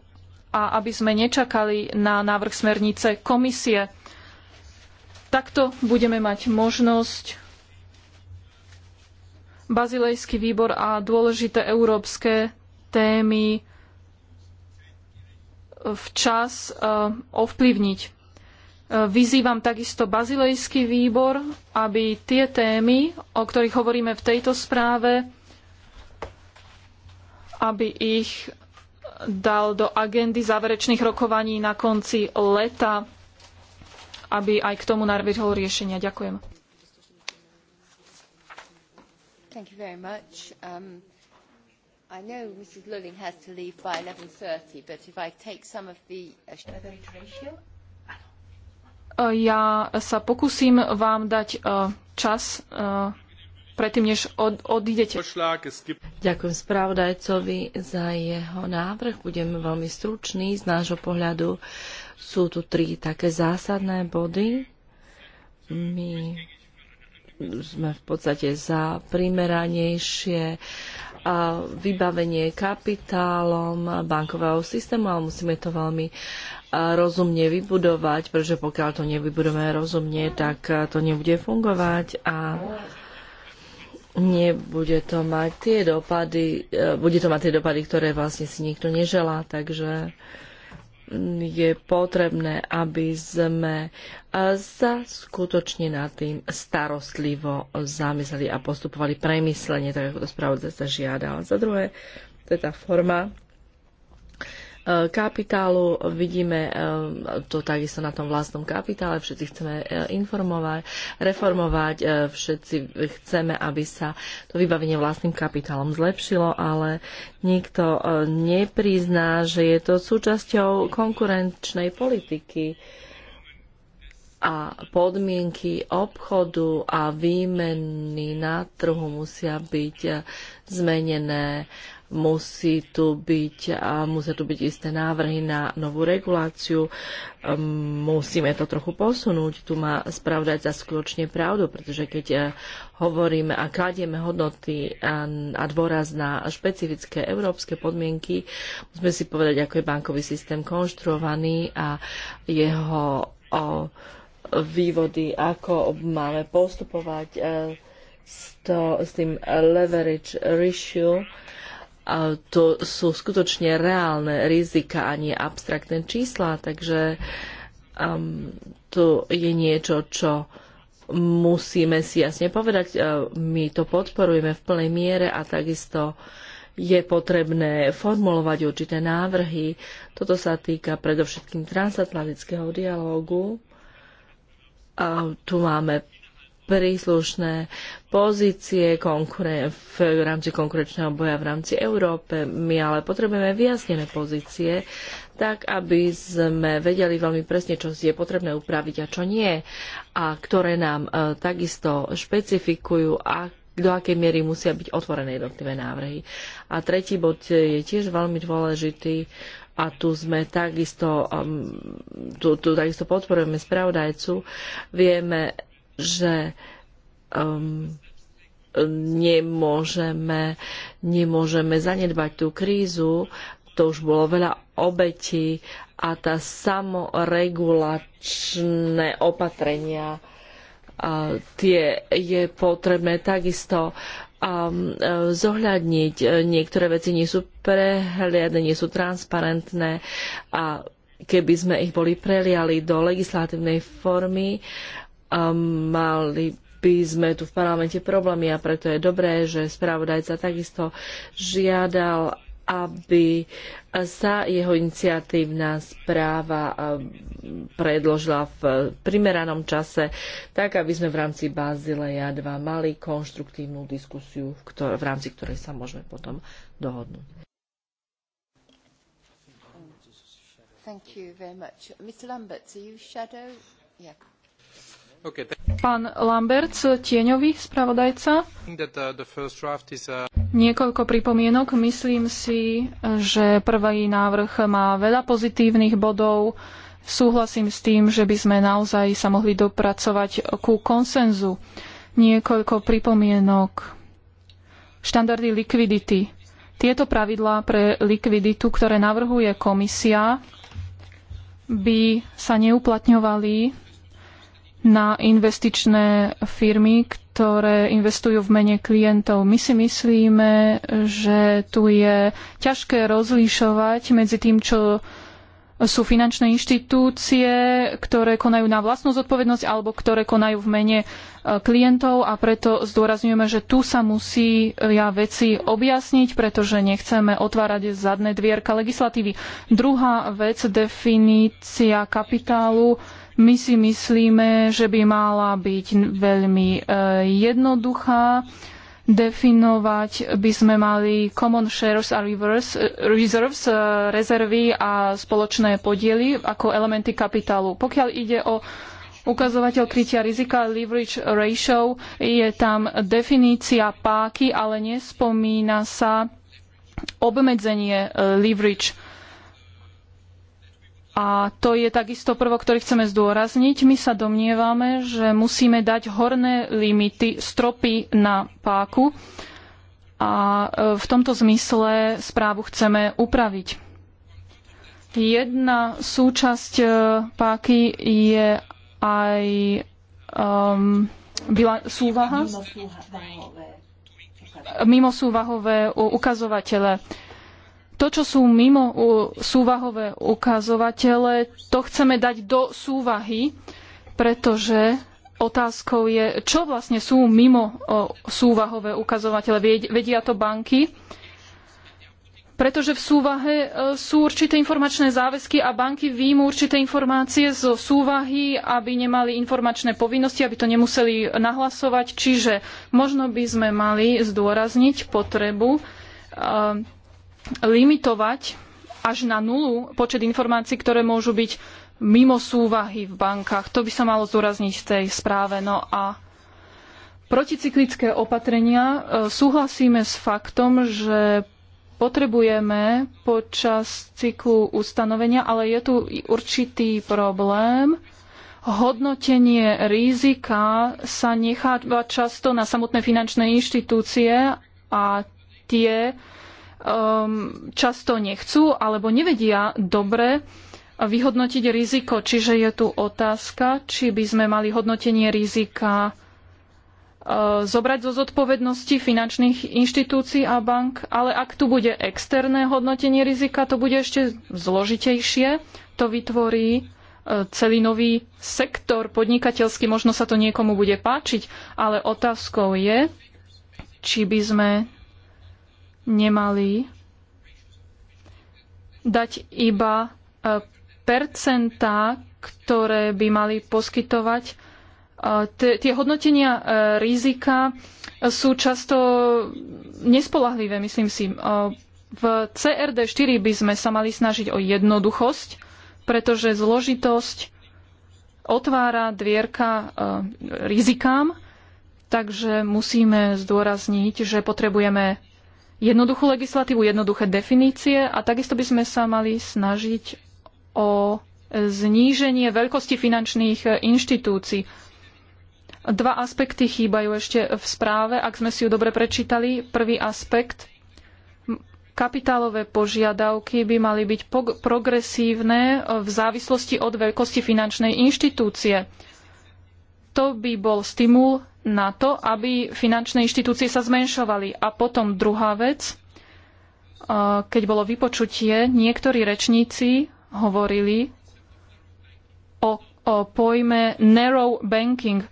a aby sme nečakali na návrh smernice komisie. Takto budeme mať možnosť Bazilejský výbor a dôležité európske témy včas eh, ovplyvniť. Vyzývam takisto Bazilejský výbor, aby tie témy, o ktorých hovoríme v tejto správe, aby ich dal do agendy záverečných rokovaní na konci leta, aby aj k tomu navrhol riešenia. Ďakujem. Um, I know Mrs. Lulling has to leave by 11.30, but if I take some of the... Uh, ja sa pokúsim vám dať e, čas e, predtým, než od, odídete. Ďakujem spravodajcovi za jeho návrh. Budem veľmi stručný. Z nášho pohľadu sú tu tri také zásadné body. My sme v podstate za primeranejšie e, vybavenie kapitálom bankového systému, ale musíme to veľmi rozumne vybudovať, pretože pokiaľ to nevybudujeme rozumne, tak e, to nebude fungovať a nebude to mať tie dopady, e, bude to mať tie dopady, ktoré vlastne si nikto neželá, takže je potrebné, aby sme e, sa skutočne nad tým starostlivo zamysleli a postupovali premyslenie, tak ako to spravodajca žiada. Ale za druhé, to je tá forma, Eh, kapitálu. Vidíme eh, to takisto na tom vlastnom kapitále. Všetci chceme eh, informovať, reformovať, všetci chceme, aby sa to vybavenie vlastným kapitálom zlepšilo, ale nikto neprizná, že je to súčasťou konkurenčnej politiky a podmienky obchodu a výmeny na trhu musia byť zmenené musí tu byť, a musia tu byť isté návrhy na novú reguláciu. Ehm, musíme to trochu posunúť. Tu má spravdať za skutočne pravdu, pretože keď eh, hovoríme a kladieme hodnoty a, dôraz na špecifické európske podmienky, musíme si povedať, ako je bankový systém konštruovaný a jeho vývody, ako máme postupovať eh, s, to, s tým leverage ratio to sú skutočne reálne rizika a nie abstraktné čísla, takže um, to je niečo, čo musíme si jasne povedať. Uh, my to podporujeme v plnej miere a takisto je potrebné formulovať určité návrhy. Toto sa týka predovšetkým transatlantického dialógu. A tu máme príslušné pozície v rámci konkurenčného boja v rámci Európe. My ale potrebujeme vyjasnené pozície, tak aby sme vedeli veľmi presne, čo je potrebné upraviť a čo nie, a ktoré nám e, takisto špecifikujú, a do akej miery musia byť otvorené jednotlivé návrhy. A tretí bod je tiež veľmi dôležitý a tu sme takisto, um, tu, tu takisto podporujeme spravodajcu. Vieme, že um, nemôžeme, nemôžeme zanedbať tú krízu. To už bolo veľa obetí a tá samoregulačné opatrenia a tie je potrebné takisto a um, zohľadniť. Niektoré veci nie sú prehliadne, nie sú transparentné a keby sme ich boli preliali do legislatívnej formy, mali by sme tu v parlamente problémy a preto je dobré, že spravodajca takisto žiadal, aby sa jeho iniciatívna správa predložila v primeranom čase, tak aby sme v rámci Bazileja 2 mali konštruktívnu diskusiu, v, v rámci ktorej sa môžeme potom dohodnúť. Thank you very much. Mr. Lambert, are you shadow? Yeah. Pán Lamberts tieňový spravodajca. Uh, uh, Niekoľko pripomienok. Myslím si, že prvý návrh má veľa pozitívnych bodov. Súhlasím s tým, že by sme naozaj sa mohli dopracovať ku konsenzu. Niekoľko pripomienok. Štandardy likvidity. Tieto pravidlá pre likviditu, ktoré navrhuje komisia, by sa neuplatňovali na investičné firmy, ktoré investujú v mene klientov. My si myslíme, že tu je ťažké rozlišovať medzi tým, čo sú finančné inštitúcie, ktoré konajú na vlastnú zodpovednosť alebo ktoré konajú v mene e, klientov a preto zdôrazňujeme, že tu sa musí ja veci objasniť, pretože nechceme otvárať zadné dvierka legislatívy. Druhá vec, definícia kapitálu my si myslíme, že by mala byť veľmi e, jednoduchá. Definovať by sme mali common shares a e, reserves, e, rezervy a spoločné podiely ako elementy kapitálu. Pokiaľ ide o ukazovateľ krytia rizika, leverage ratio, je tam definícia páky, ale nespomína sa obmedzenie leverage a to je takisto prvok, ktorý chceme zdôrazniť. My sa domnievame, že musíme dať horné limity, stropy na páku a e, v tomto zmysle správu chceme upraviť. Jedna súčasť e, páky je aj um, súvaha, mimosúvahové ukazovatele to, čo sú mimo súvahové ukazovatele, to chceme dať do súvahy, pretože otázkou je, čo vlastne sú mimo súvahové ukazovatele. Vedia to banky, pretože v súvahe e, sú určité informačné záväzky a banky výjmu určité informácie zo súvahy, aby nemali informačné povinnosti, aby to nemuseli nahlasovať. Čiže možno by sme mali zdôrazniť potrebu e, limitovať až na nulu počet informácií, ktoré môžu byť mimo súvahy v bankách. To by sa malo zdôrazniť v tej správe. No a proticyklické opatrenia. E, súhlasíme s faktom, že potrebujeme počas cyklu ustanovenia, ale je tu určitý problém. Hodnotenie rizika sa necháva často na samotné finančné inštitúcie a tie um, často nechcú alebo nevedia dobre vyhodnotiť riziko. Čiže je tu otázka, či by sme mali hodnotenie rizika uh, zobrať zo zodpovednosti finančných inštitúcií a bank, ale ak tu bude externé hodnotenie rizika, to bude ešte zložitejšie. To vytvorí uh, celý nový sektor podnikateľský, možno sa to niekomu bude páčiť, ale otázkou je, či by sme nemali dať iba e, percentá, ktoré by mali poskytovať. E, tie hodnotenia e, rizika sú často nespolahlivé, myslím si. V CRD4 by sme sa mali snažiť o jednoduchosť, pretože zložitosť otvára dvierka rizikám, takže musíme zdôrazniť, že potrebujeme jednoduchú legislatívu, jednoduché definície a takisto by sme sa mali snažiť o zníženie veľkosti finančných e, inštitúcií. Dva aspekty chýbajú ešte v správe, ak sme si ju dobre prečítali. Prvý aspekt kapitálové požiadavky by mali byť progresívne e, v závislosti od veľkosti finančnej inštitúcie. To by bol stimul na to, aby finančné inštitúcie sa zmenšovali. A potom druhá vec, e, keď bolo vypočutie, niektorí rečníci hovorili o, o pojme narrow banking.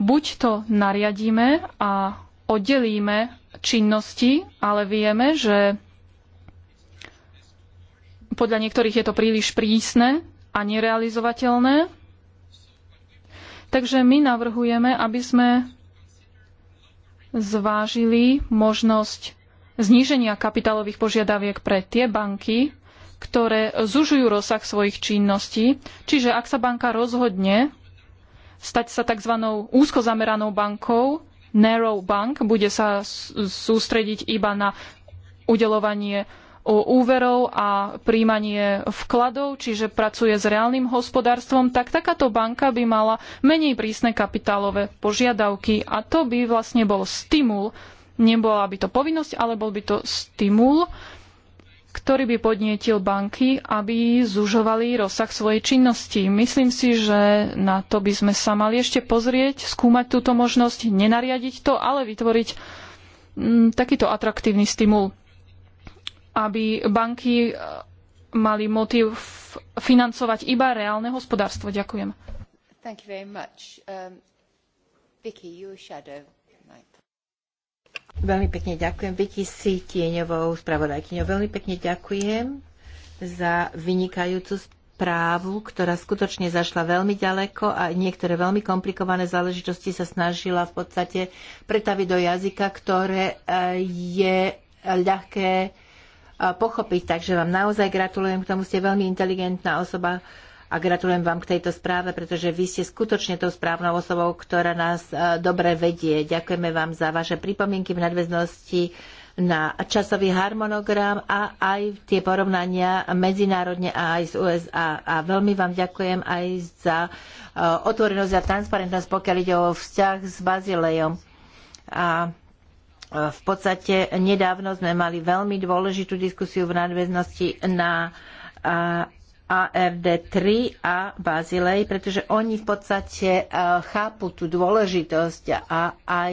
Buď to nariadíme a oddelíme činnosti, ale vieme, že podľa niektorých je to príliš prísne a nerealizovateľné Takže my navrhujeme, aby sme zvážili možnosť zníženia kapitálových požiadaviek pre tie banky, ktoré zužujú rozsah svojich činností. Čiže ak sa banka rozhodne stať sa tzv. úzko zameranou bankou, narrow bank, bude sa sústrediť iba na udelovanie úverov a príjmanie vkladov, čiže pracuje s reálnym hospodárstvom, tak takáto banka by mala menej prísne kapitálové požiadavky a to by vlastne bol stimul, nebola by to povinnosť, ale bol by to stimul, ktorý by podnietil banky, aby zužovali rozsah svojej činnosti. Myslím si, že na to by sme sa mali ešte pozrieť, skúmať túto možnosť, nenariadiť to, ale vytvoriť mm, takýto atraktívny stimul aby banky e, mali motív financovať iba reálne hospodárstvo. Ďakujem. Thank you very much. Um, Vicky, your shadow. Veľmi pekne ďakujem. Vicky si tieňovou spravodajkyňou. Veľmi pekne ďakujem za vynikajúcu správu, ktorá skutočne zašla veľmi ďaleko a niektoré veľmi komplikované záležitosti sa snažila v podstate pretaviť do jazyka, ktoré e, je ľahké pochopiť. Takže vám naozaj gratulujem k tomu, ste veľmi inteligentná osoba a gratulujem vám k tejto správe, pretože vy ste skutočne tou správnou osobou, ktorá nás e, dobre vedie. Ďakujeme vám za vaše pripomienky v nadväznosti na časový harmonogram a aj tie porovnania medzinárodne a aj z USA. A veľmi vám ďakujem aj za e, otvorenosť a transparentnosť, pokiaľ ide o vzťah s Bazilejom. A v podstate nedávno sme mali veľmi dôležitú diskusiu v nadväznosti na ARD 3 a Bazilej, pretože oni v podstate e, chápu tú dôležitosť a aj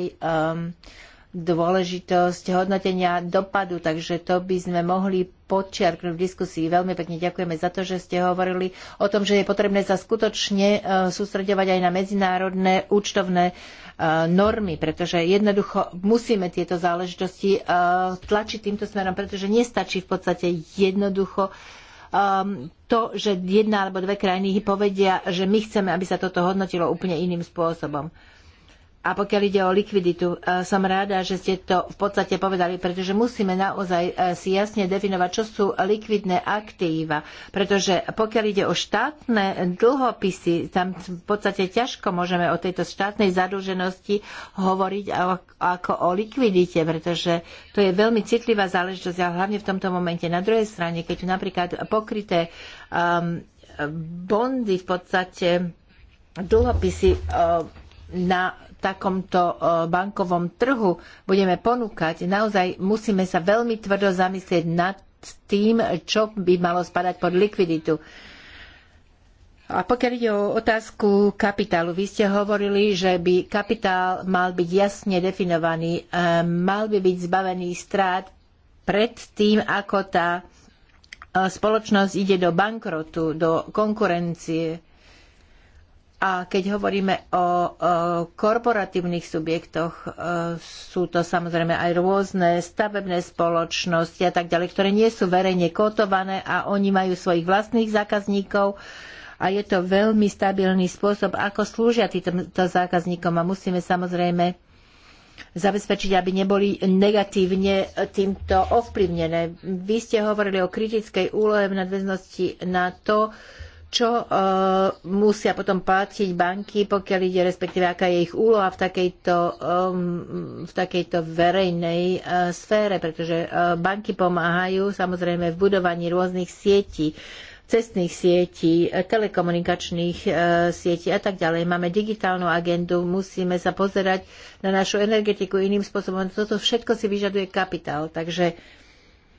dôležitosť hodnotenia dopadu, takže to by sme mohli podčiarknúť v diskusii. Veľmi pekne ďakujeme za to, že ste hovorili o tom, že je potrebné sa skutočne e, sústredovať aj na medzinárodné účtovné Eh, normy, pretože jednoducho musíme tieto záležitosti eh, tlačiť týmto smerom, pretože nestačí v podstate jednoducho um, to, že jedna alebo dve krajiny povedia, že my chceme, aby sa toto hodnotilo úplne iným spôsobom. A pokiaľ ide o likviditu, e, som rada, že ste to v podstate povedali, pretože musíme naozaj e, si jasne definovať, čo sú likvidné aktíva. Pretože pokiaľ ide o štátne dlhopisy, tam v podstate ťažko môžeme o tejto štátnej zadlženosti hovoriť ako o likvidite, pretože to je veľmi citlivá záležitosť a hlavne v tomto momente. Na druhej strane, keď tu napríklad pokryté um, bondy v podstate dlhopisy um, na takomto e, bankovom trhu budeme ponúkať, naozaj musíme sa veľmi tvrdo zamyslieť nad tým, čo by malo spadať pod likviditu. A pokiaľ ide o otázku kapitálu, vy ste hovorili, že by kapitál mal byť jasne definovaný, e, mal by byť zbavený strát pred tým, ako tá e, spoločnosť ide do bankrotu, do konkurencie. A keď hovoríme o korporatívnych subjektoch, e, sú to samozrejme aj rôzne stavebné spoločnosti a tak ďalej, ktoré nie sú verejne kotované a oni majú svojich vlastných zákazníkov a je to veľmi stabilný spôsob, ako slúžia týmto zákazníkom a musíme samozrejme zabezpečiť, aby neboli negatívne týmto ovplyvnené. Vy ste hovorili o kritickej úlohe v nadväznosti na to, čo uh, musia potom platiť banky, pokiaľ ide respektíve, aká je ich úloha v takejto, um, v takejto verejnej uh, sfére, pretože uh, banky pomáhajú samozrejme v budovaní rôznych sietí cestných sietí, telekomunikačných e, sietí a tak ďalej. Máme digitálnu agendu, musíme sa pozerať na našu energetiku iným spôsobom. Toto všetko si vyžaduje kapitál. Takže e,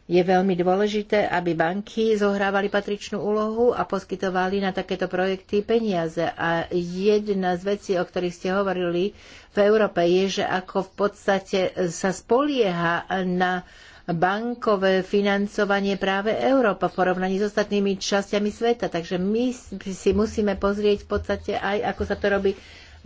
je veľmi dôležité, aby banky zohrávali patričnú úlohu a poskytovali na takéto projekty peniaze. A jedna z vecí, o ktorých ste hovorili v Európe, je, že ako v podstate sa spolieha na bankové financovanie práve Európa v porovnaní s ostatnými časťami sveta. Takže my si musíme pozrieť v podstate aj, ako sa to robí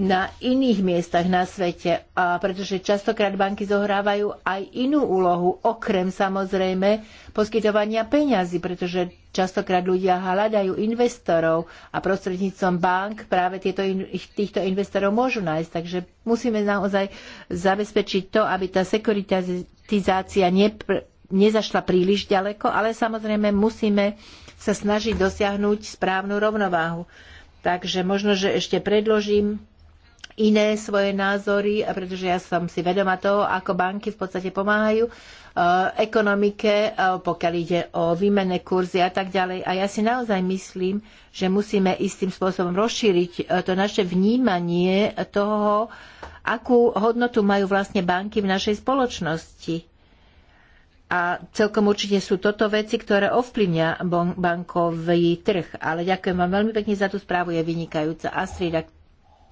na iných miestach na svete, a pretože častokrát banky zohrávajú aj inú úlohu, okrem samozrejme poskytovania peňazí, pretože častokrát ľudia hľadajú investorov a prostredníctvom bank práve tieto, týchto investorov môžu nájsť. Takže musíme naozaj zabezpečiť to, aby tá sekuritizácia nepr- nezašla príliš ďaleko, ale samozrejme musíme sa snažiť dosiahnuť správnu rovnováhu. Takže možno, že ešte predložím iné svoje názory, pretože ja som si vedoma toho, ako banky v podstate pomáhajú eh, ekonomike, eh, pokiaľ ide o výmenné kurzy a tak ďalej. A ja si naozaj myslím, že musíme istým spôsobom rozšíriť eh, to naše vnímanie toho, akú hodnotu majú vlastne banky v našej spoločnosti. A celkom určite sú toto veci, ktoré ovplyvňa bankový trh. Ale ďakujem vám veľmi pekne za tú správu, je vynikajúca. Astrid, ak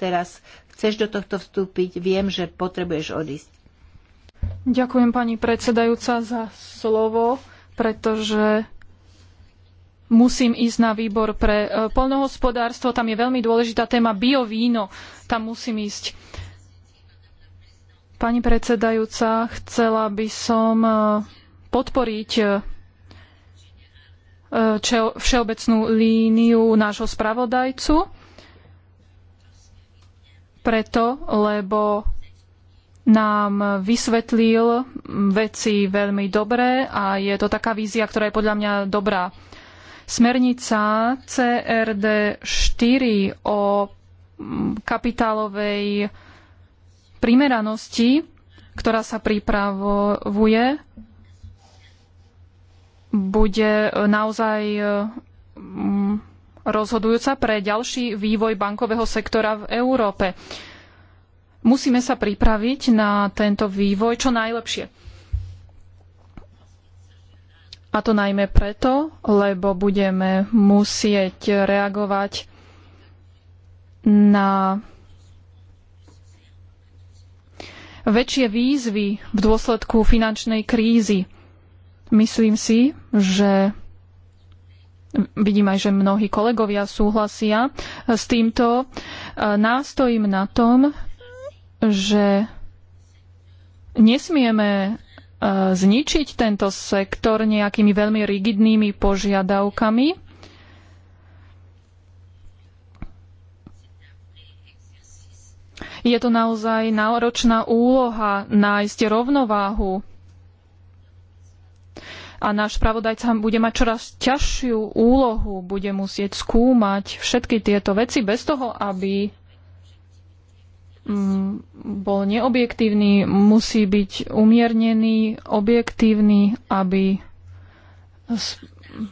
teraz chceš do tohto vstúpiť, viem, že potrebuješ odísť. Ďakujem pani predsedajúca za slovo, pretože musím ísť na výbor pre e, poľnohospodárstvo. Tam je veľmi dôležitá téma biovíno. Tam musím ísť. Pani predsedajúca, chcela by som e, podporiť e, všeobecnú líniu nášho spravodajcu preto, lebo nám vysvetlil veci veľmi dobre a je to taká vízia, ktorá je podľa mňa dobrá. Smernica CRD 4 o kapitálovej primeranosti, ktorá sa pripravuje, bude naozaj mm, rozhodujúca pre ďalší vývoj bankového sektora v Európe. Musíme sa pripraviť na tento vývoj čo najlepšie. A to najmä preto, lebo budeme musieť reagovať na väčšie výzvy v dôsledku finančnej krízy. Myslím si, že Vidím aj, že mnohí kolegovia súhlasia s týmto. E, nástojím na tom, že nesmieme e, zničiť tento sektor nejakými veľmi rigidnými požiadavkami. Je to naozaj náročná úloha nájsť rovnováhu a náš spravodajca bude mať čoraz ťažšiu úlohu, bude musieť skúmať všetky tieto veci bez toho, aby mm, bol neobjektívny, musí byť umiernený, objektívny, aby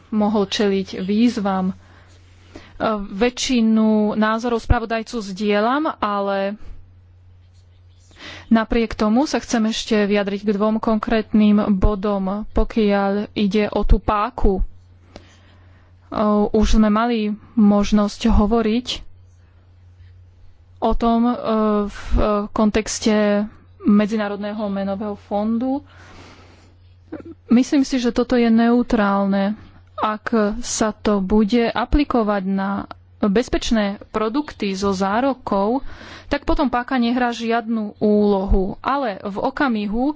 mohol čeliť výzvam. E, väčšinu názorov spravodajcu zdieľam, ale Napriek tomu sa chcem ešte vyjadriť k dvom konkrétnym bodom, pokiaľ ide o tú páku. Už sme mali možnosť hovoriť o tom e, v kontexte Medzinárodného menového fondu. Myslím si, že toto je neutrálne. Ak sa to bude aplikovať na bezpečné produkty so zárokou, tak potom páka nehrá žiadnu úlohu. Ale v okamihu,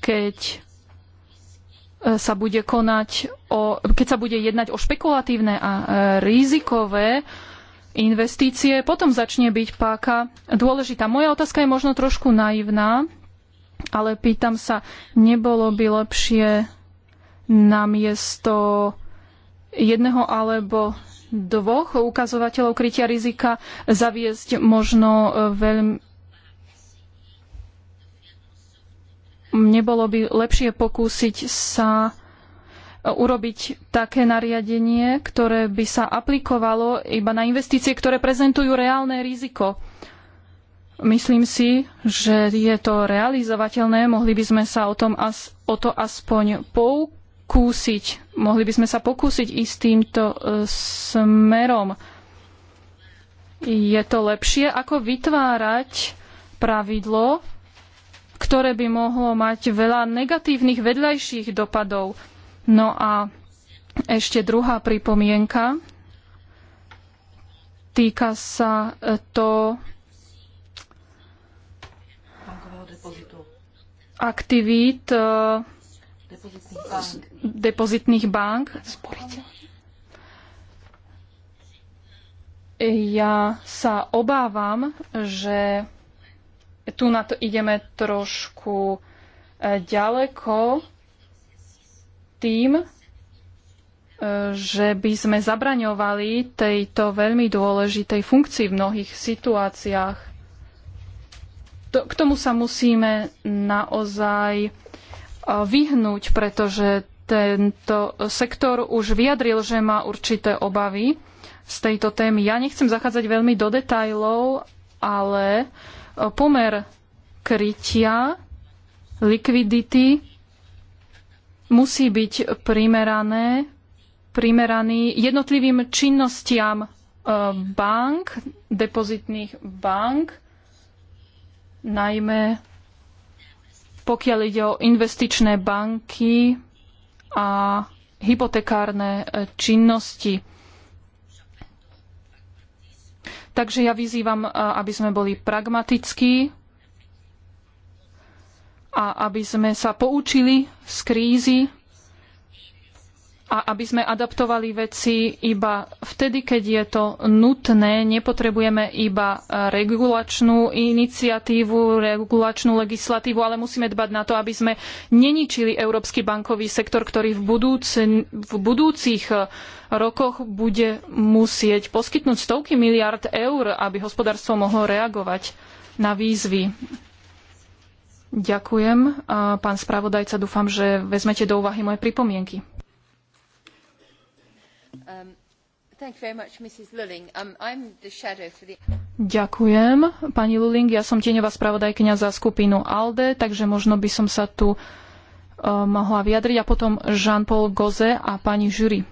keď e, sa bude konať o, keď sa bude jednať o špekulatívne a e, rizikové investície, potom začne byť páka dôležitá. Moja otázka je možno trošku naivná, ale pýtam sa, nebolo by lepšie namiesto jedného alebo dvoch ukazovateľov krytia rizika zaviesť možno e, veľmi nebolo by lepšie pokúsiť sa e, urobiť také nariadenie, ktoré by sa aplikovalo iba na investície, ktoré prezentujú reálne riziko. Myslím si, že je to realizovateľné. Mohli by sme sa o, tom as, o to aspoň pouk kúsiť. Mohli by sme sa pokúsiť ísť týmto e, smerom. Je to lepšie, ako vytvárať pravidlo, ktoré by mohlo mať veľa negatívnych vedľajších dopadov. No a ešte druhá pripomienka. Týka sa e, to aktivít e, depozitných bank. Ja sa obávam, že tu na to ideme trošku e, ďaleko tým, e, že by sme zabraňovali tejto veľmi dôležitej funkcii v mnohých situáciách. To, k tomu sa musíme naozaj vyhnúť, pretože tento sektor už vyjadril, že má určité obavy z tejto témy. Ja nechcem zachádzať veľmi do detajlov, ale e, pomer krytia, likvidity musí byť primerané, primeraný jednotlivým činnostiam e, bank, depozitných bank, najmä pokiaľ ide o investičné banky a hypotekárne e, činnosti. Takže ja vyzývam, e, aby sme boli pragmatickí a aby sme sa poučili z krízy a aby sme adaptovali veci iba vtedy, keď je to nutné. Nepotrebujeme iba regulačnú iniciatívu, regulačnú legislatívu, ale musíme dbať na to, aby sme neničili európsky bankový sektor, ktorý v, budúci, v budúcich rokoch bude musieť poskytnúť stovky miliard eur, aby hospodárstvo mohlo reagovať na výzvy. Ďakujem. Pán spravodajca, dúfam, že vezmete do úvahy moje pripomienky. Um, um, Ďakujem. Pani Luling, ja som tieňová spravodajkňa za skupinu ALDE, takže možno by som sa tu um, mohla vyjadriť. A potom Jean-Paul Goze a pani Žury.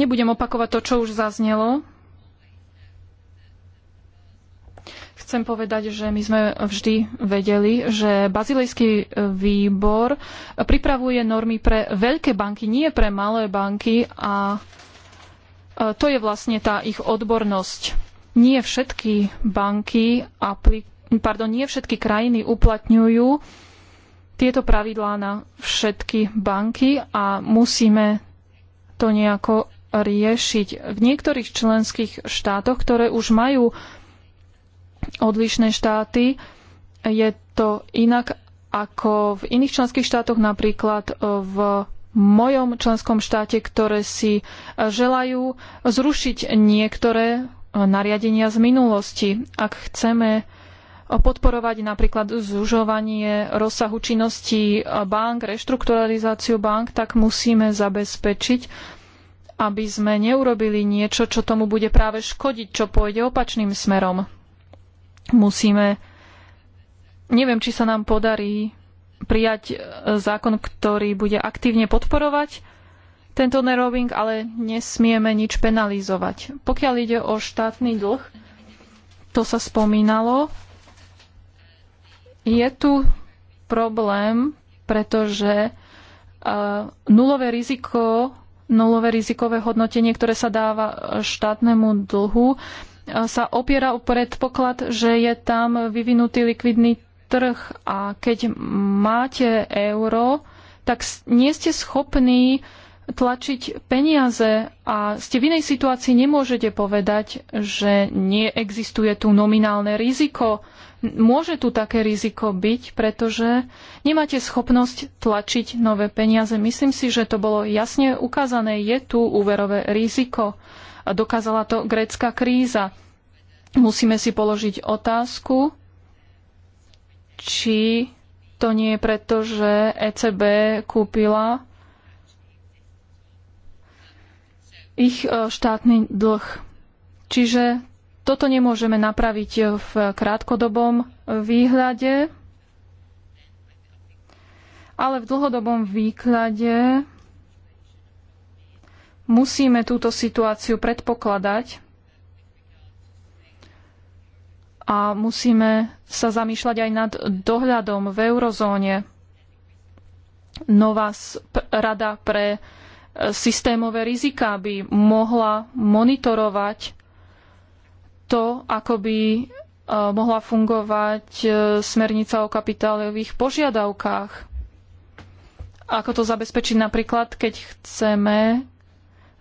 Nebudem opakovať to, čo už zaznelo. chcem povedať, že my sme vždy vedeli, že bazilejský e, výbor pripravuje normy pre veľké banky, nie pre malé banky a e, to je vlastne tá ich odbornosť. Nie všetky banky, pardon, nie všetky krajiny uplatňujú tieto pravidlá na všetky banky a musíme to nejako riešiť. V niektorých členských štátoch, ktoré už majú odlišné štáty. Je to inak ako v iných členských štátoch, napríklad v mojom členskom štáte, ktoré si želajú zrušiť niektoré nariadenia z minulosti. Ak chceme podporovať napríklad zužovanie rozsahu činnosti bank, reštrukturalizáciu bank, tak musíme zabezpečiť, aby sme neurobili niečo, čo tomu bude práve škodiť, čo pôjde opačným smerom musíme. Neviem, či sa nám podarí prijať e, zákon, ktorý bude aktívne podporovať tento nerobing, ale nesmieme nič penalizovať. Pokiaľ ide o štátny dlh, to sa spomínalo, je tu problém, pretože e, nulové riziko, nulové rizikové hodnotenie, ktoré sa dáva štátnemu dlhu, sa opiera o predpoklad, že je tam vyvinutý likvidný trh a keď máte euro, tak nie ste schopní tlačiť peniaze a ste v inej situácii, nemôžete povedať, že neexistuje tu nominálne riziko. Môže tu také riziko byť, pretože nemáte schopnosť tlačiť nové peniaze. Myslím si, že to bolo jasne ukázané. Je tu úverové riziko. Dokázala to grécka kríza. Musíme si položiť otázku, či to nie je preto, že ECB kúpila ich e, štátny dlh. Čiže toto nemôžeme napraviť v krátkodobom e, výhľade, ale v dlhodobom výklade Musíme túto situáciu predpokladať a musíme sa zamýšľať aj nad dohľadom v eurozóne. Nová rada pre e, systémové rizika by mohla monitorovať to, ako by e, mohla fungovať e, smernica o kapitálových požiadavkách. Ako to zabezpečiť napríklad, keď chceme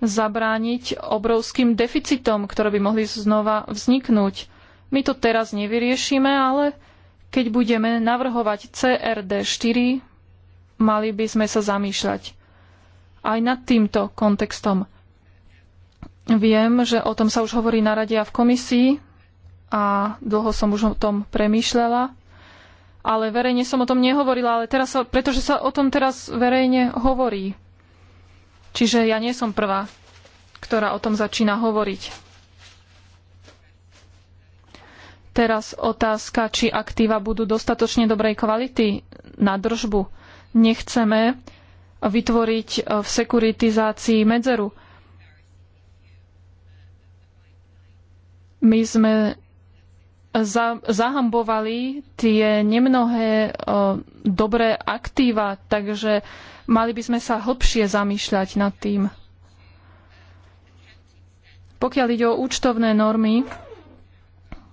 zabrániť obrovským deficitom, ktoré by mohli znova vzniknúť. My to teraz nevyriešime, ale keď budeme navrhovať CRD4, mali by sme sa zamýšľať aj nad týmto kontextom. Viem, že o tom sa už hovorí na rade a v komisii a dlho som už o tom premýšľala, ale verejne som o tom nehovorila, ale teraz sa, pretože sa o tom teraz verejne hovorí. Čiže ja nie som prvá, ktorá o tom začína hovoriť. Teraz otázka, či aktíva budú dostatočne dobrej kvality na držbu. Nechceme vytvoriť v sekuritizácii medzeru. My sme za, zahambovali tie nemnohé e, dobré aktíva, takže mali by sme sa hlbšie zamýšľať nad tým. Pokiaľ ide o účtovné normy,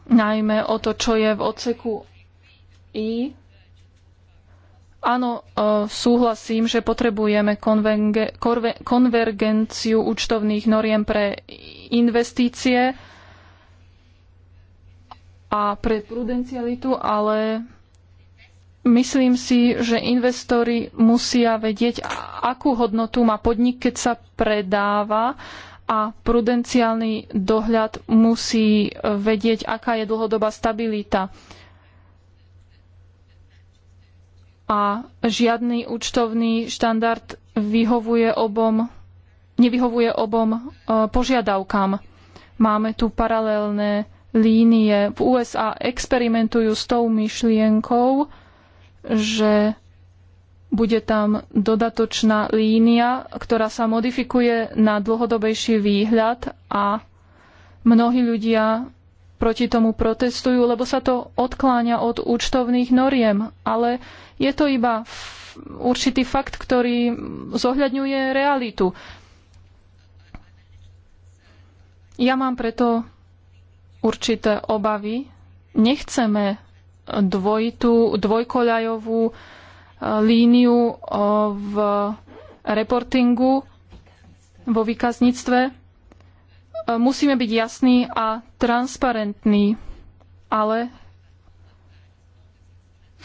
najmä o to, čo je v odseku I, áno, e, súhlasím, že potrebujeme konvenge, korve, konvergenciu účtovných noriem pre investície, a pre prudencialitu, ale myslím si, že investori musia vedieť, akú hodnotu má podnik, keď sa predáva a prudenciálny dohľad musí vedieť, aká je dlhodobá stabilita. A žiadny účtovný štandard vyhovuje obom, nevyhovuje obom e, požiadavkám. Máme tu paralelné línie. V USA experimentujú s tou myšlienkou, že bude tam dodatočná línia, ktorá sa modifikuje na dlhodobejší výhľad a mnohí ľudia proti tomu protestujú, lebo sa to odkláňa od účtovných noriem. Ale je to iba určitý fakt, ktorý zohľadňuje realitu. Ja mám preto určité obavy. Nechceme dvojitú, dvojkoľajovú e, líniu e, v reportingu vo výkazníctve. E, musíme byť jasní a transparentní, ale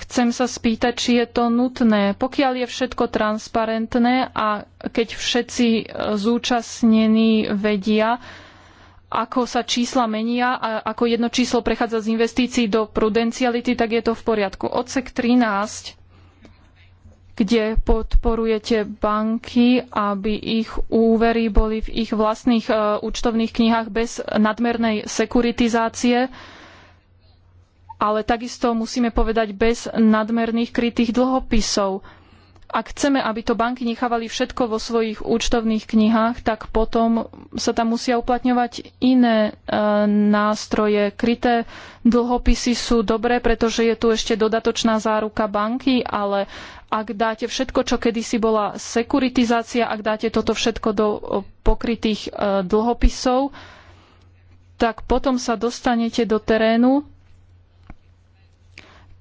chcem sa spýtať, či je to nutné. Pokiaľ je všetko transparentné a keď všetci zúčastnení vedia, ako sa čísla menia a ako jedno číslo prechádza z investícií do prudenciality, tak je to v poriadku. Odsek 13 kde podporujete banky, aby ich úvery boli v ich vlastných uh, účtovných knihách bez nadmernej sekuritizácie, ale takisto musíme povedať bez nadmerných krytých dlhopisov ak chceme, aby to banky nechávali všetko vo svojich účtovných knihách, tak potom sa tam musia uplatňovať iné e, nástroje. Kryté dlhopisy sú dobré, pretože je tu ešte dodatočná záruka banky, ale ak dáte všetko, čo kedysi bola sekuritizácia, ak dáte toto všetko do e, pokrytých e, dlhopisov, tak potom sa dostanete do terénu,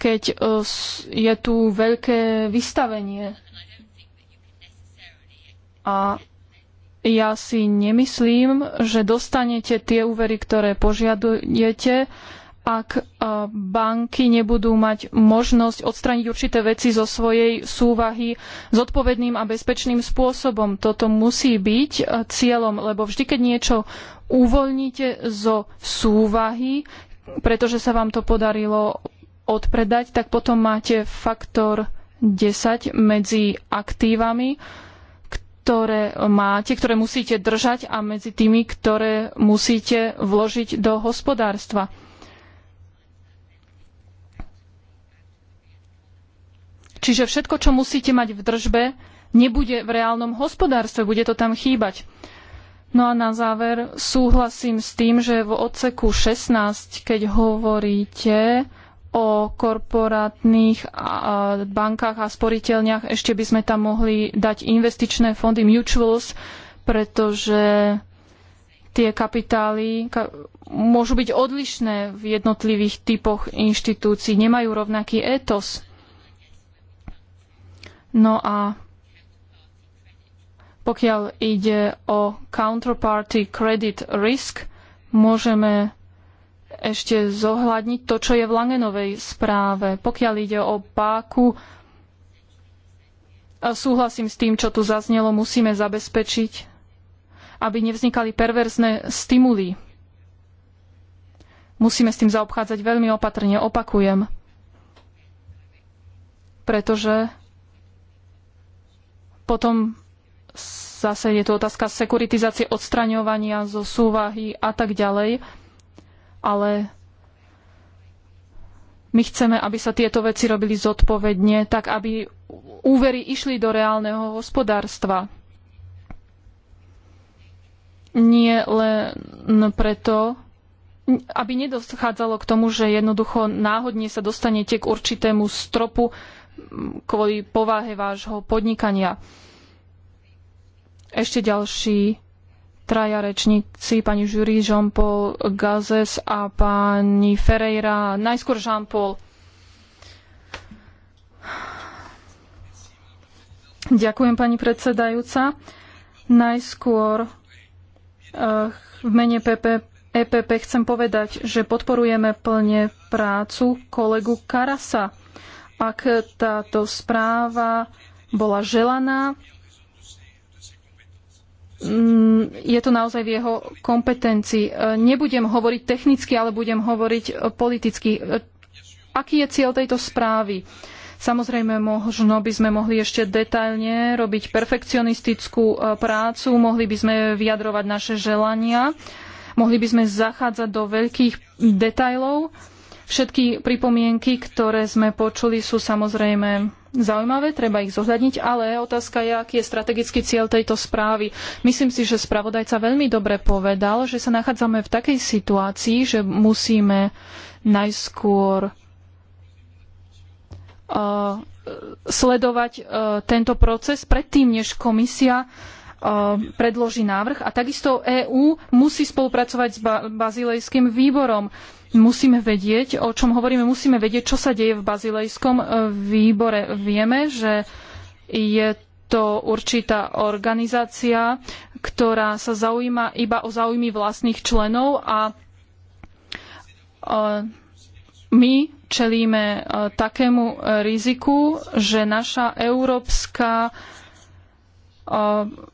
keď e, je tu veľké vystavenie. A ja si nemyslím, že dostanete tie úvery, ktoré požiadujete, ak e, banky nebudú mať možnosť odstrániť určité veci zo svojej súvahy zodpovedným a bezpečným spôsobom. Toto musí byť e, cieľom, lebo vždy, keď niečo uvoľníte zo súvahy, pretože sa vám to podarilo odpredať, tak potom máte faktor 10 medzi aktívami, ktoré máte, ktoré musíte držať a medzi tými, ktoré musíte vložiť do hospodárstva. Čiže všetko, čo musíte mať v držbe, nebude v reálnom hospodárstve, bude to tam chýbať. No a na záver súhlasím s tým, že v odseku 16, keď hovoríte o korporátnych bankách a sporiteľniach. Ešte by sme tam mohli dať investičné fondy mutuals, pretože tie kapitály môžu byť odlišné v jednotlivých typoch inštitúcií, nemajú rovnaký étos. No a pokiaľ ide o counterparty credit risk, môžeme ešte zohľadniť to, čo je v Langenovej správe. Pokiaľ ide o páku, súhlasím s tým, čo tu zaznelo, musíme zabezpečiť, aby nevznikali perverzné stimuly. Musíme s tým zaobchádzať veľmi opatrne, opakujem. Pretože potom zase je tu otázka sekuritizácie, odstraňovania zo súvahy a tak ďalej ale my chceme, aby sa tieto veci robili zodpovedne, tak aby úvery išli do reálneho hospodárstva. Nie len preto, aby nedochádzalo k tomu, že jednoducho náhodne sa dostanete k určitému stropu kvôli povahe vášho podnikania. Ešte ďalší traja rečníci, pani Žury, Jean-Paul Gazes a pani Ferreira. Najskôr Jean-Paul. Ďakujem, pani predsedajúca. Najskôr eh, v mene PP, EPP chcem povedať, že podporujeme plne prácu kolegu Karasa. Ak táto správa bola želaná, Mm, je to naozaj v jeho kompetencii. E, nebudem hovoriť technicky, ale budem hovoriť e, politicky. E, aký je cieľ tejto správy? Samozrejme, možno by sme mohli ešte detailne robiť perfekcionistickú prácu, mohli by sme vyjadrovať naše želania, mohli by sme zachádzať do veľkých detailov. Všetky pripomienky, ktoré sme počuli, sú samozrejme zaujímavé, treba ich zohľadniť, ale otázka je, aký je strategický cieľ tejto správy. Myslím si, že spravodajca veľmi dobre povedal, že sa nachádzame v takej situácii, že musíme najskôr uh, sledovať uh, tento proces predtým, než komisia E, predloží návrh. A takisto EÚ musí spolupracovať s bazilejským výborom. Musíme vedieť, o čom hovoríme, musíme vedieť, čo sa deje v bazilejskom e, výbore. Vieme, že je to určitá organizácia, ktorá sa zaujíma iba o záujmy vlastných členov a e, my čelíme takému riziku, že naša európska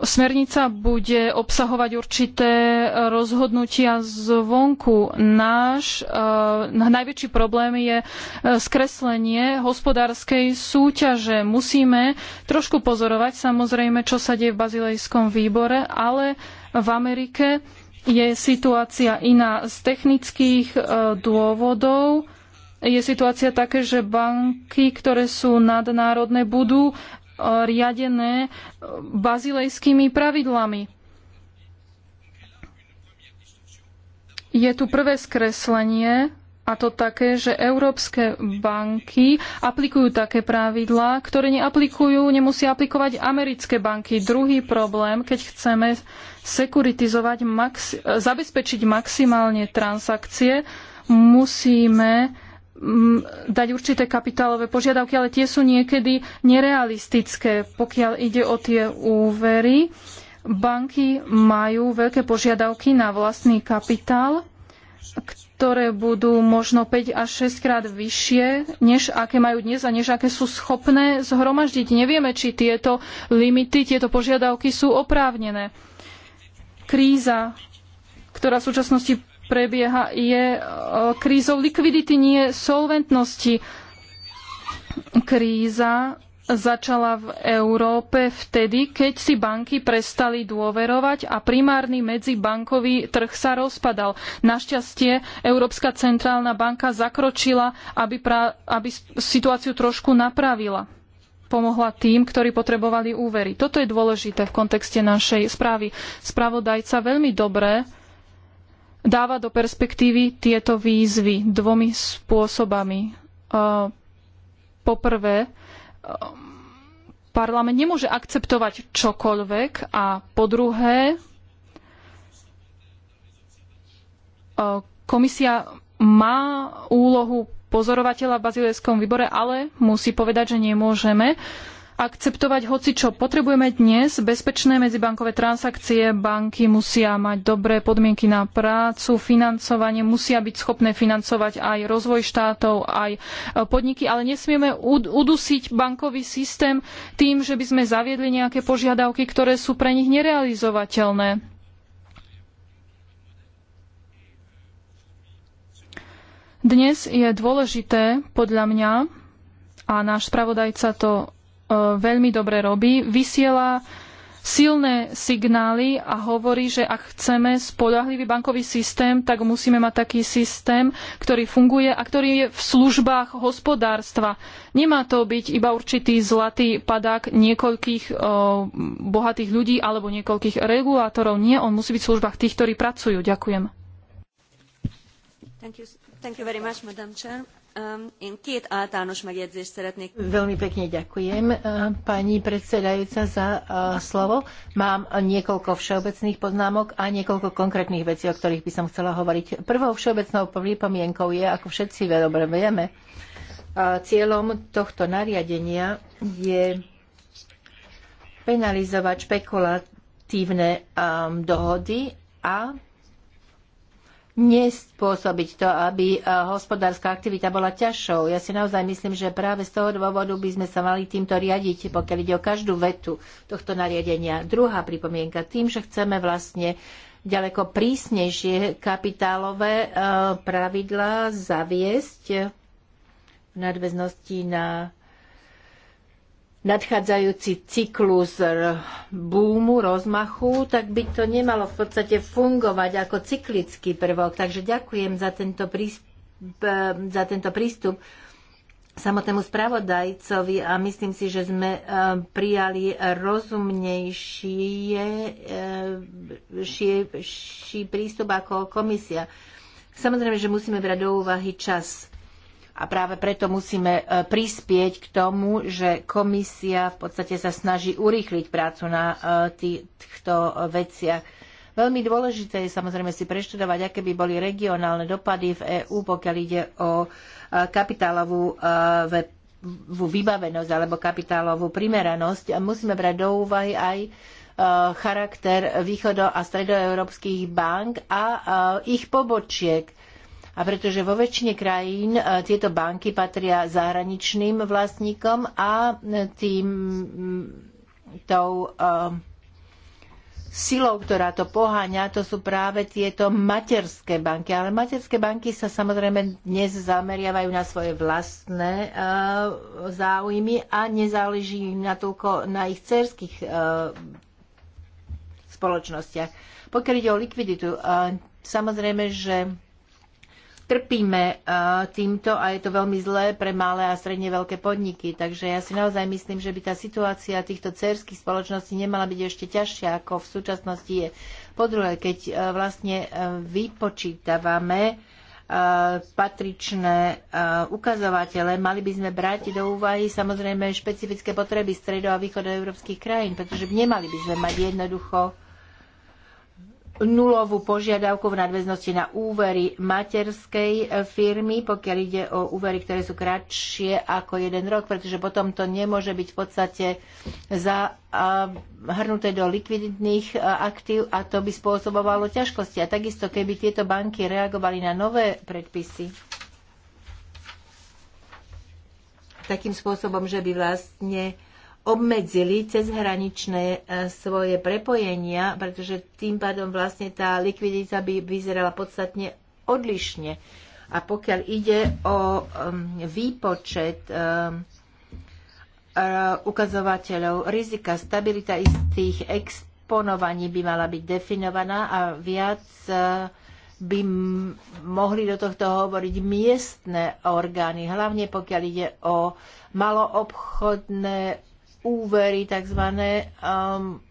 Smernica bude obsahovať určité e, rozhodnutia zvonku. Náš e, najväčší problém je e, skreslenie hospodárskej súťaže. Musíme trošku pozorovať samozrejme, čo sa deje v Bazilejskom výbore, ale v Amerike je situácia iná z technických dôvodov je situácia také, že banky, ktoré sú nadnárodné, budú riadené bazilejskými pravidlami. Je tu prvé skreslenie, a to také, že európske banky aplikujú také pravidlá, ktoré neaplikujú, nemusí aplikovať americké banky. Druhý problém, keď chceme sekuritizovať, zabezpečiť maximálne transakcie, musíme dať určité kapitálové požiadavky, ale tie sú niekedy nerealistické, pokiaľ ide o tie úvery. Banky majú veľké požiadavky na vlastný kapitál, ktoré budú možno 5 až 6 krát vyššie, než aké majú dnes a než aké sú schopné zhromaždiť. Nevieme, či tieto limity, tieto požiadavky sú oprávnené. Kríza, ktorá v súčasnosti prebieha, je e, krízou likvidity, nie solventnosti. Kríza začala v Európe vtedy, keď si banky prestali dôverovať a primárny medzibankový trh sa rozpadal. Našťastie Európska centrálna banka zakročila, aby, pra, aby situáciu trošku napravila pomohla tým, ktorí potrebovali úvery. Toto je dôležité v kontexte našej správy. Spravodajca veľmi dobre dáva do perspektívy tieto výzvy dvomi spôsobami. E, poprvé, e, parlament nemôže akceptovať čokoľvek a po druhé, e, komisia má úlohu pozorovateľa v bazilejskom výbore, ale musí povedať, že nemôžeme uh, akceptovať hoci čo. Potrebujeme dnes bezpečné medzibankové transakcie, banky musia mať dobré podmienky na prácu, financovanie, musia byť schopné financovať aj rozvoj štátov, aj e, podniky, ale nesmieme udusiť bankový systém tým, že by sme zaviedli nejaké požiadavky, ktoré sú pre nich nerealizovateľné. Dnes je dôležité podľa mňa, a náš spravodajca to E, veľmi dobre robí. Vysiela silné signály a hovorí, že ak chceme spolahlivý bankový systém, tak musíme mať taký systém, ktorý funguje a ktorý je v službách hospodárstva. Nemá to byť iba určitý zlatý padák niekoľkých o, e, bohatých ľudí alebo niekoľkých regulátorov. Nie, on musí byť v službách tých, ktorí pracujú. Ďakujem. Thank you. Thank you much, Ehm, Veľmi pekne ďakujem eh, pani predsedajúca za eh, slovo. Mám niekoľko všeobecných poznámok a niekoľko konkrétnych vecí, o ktorých by som chcela hovoriť. Prvou všeobecnou pripomienkou je, ako všetci dobre vieme, eh, cieľom tohto nariadenia je penalizovať špekulatívne ehm, dohody a nespôsobiť to, aby eh, hospodárska aktivita bola ťažšou. Ja si naozaj myslím, že práve z toho dôvodu by sme sa mali týmto riadiť, pokiaľ ide o každú vetu tohto nariadenia. Druhá pripomienka, tým, že chceme vlastne ďaleko prísnejšie kapitálové eh, pravidlá zaviesť v nadväznosti na nadchádzajúci cyklus búmu, rozmachu, tak by to nemalo v podstate fungovať ako cyklický prvok. Takže ďakujem za tento, prístup, za tento prístup samotnému spravodajcovi a myslím si, že sme e, prijali rozumnejší e, šie, prístup ako komisia. Samozrejme, že musíme brať do úvahy čas a práve preto musíme e, prispieť k tomu, že komisia v podstate sa snaží urýchliť prácu na e, týchto e, veciach. Veľmi dôležité je samozrejme si preštudovať, aké by boli regionálne dopady v EÚ, pokiaľ ide o kapitálovú vybavenosť alebo kapitálovú primeranosť. A musíme brať do úvahy aj charakter východo- a stredoeurópskych bank a ich pobočiek a pretože vo väčšine krajín e, tieto banky patria zahraničným vlastníkom a e, tým mm, tou e, silou, ktorá to poháňa, to sú práve tieto materské banky. Ale materské banky sa samozrejme dnes zameriavajú na svoje vlastné záujmy a nezáleží na, toľko, na ich cerských spoločnostiach. Pokiaľ ide o likviditu, samozrejme, že trpíme eh, týmto a je to veľmi zlé pre malé a stredne veľké podniky. Takže ja si naozaj myslím, že by tá situácia týchto cerských spoločností nemala byť ešte ťažšia, ako v súčasnosti je. Po druhé, keď eh, vlastne eh, vypočítavame patričné ukazovatele, mali by sme brať do úvahy samozrejme špecifické potreby stredo- a východoeurópskych krajín, pretože nemali by sme mať jednoducho nulovú požiadavku v nadväznosti na úvery materskej e, firmy, pokiaľ ide o úvery, ktoré sú kratšie ako jeden rok, pretože potom to nemôže byť v podstate zahrnuté do likviditných e, aktív a to by spôsobovalo ťažkosti. A takisto, keby tieto banky reagovali na nové predpisy takým spôsobom, že by vlastne obmedzili cezhraničné e, svoje prepojenia, pretože tým pádom vlastne tá likvidita by vyzerala podstatne odlišne. A pokiaľ ide o výpočet e, ukazovateľov rizika, stabilita istých exponovaní by mala byť definovaná a viac e, by mohli do tohto hovoriť miestne orgány, hlavne pokiaľ ide o maloobchodné úvery tzv. Um,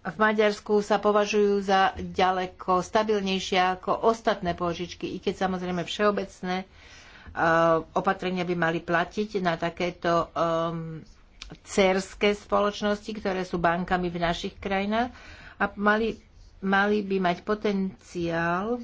v Maďarsku sa považujú za ďaleko stabilnejšie ako ostatné požičky, i keď samozrejme všeobecné uh, opatrenia by mali platiť na takéto um, cerské spoločnosti, ktoré sú bankami v našich krajinách a mali, mali by mať potenciál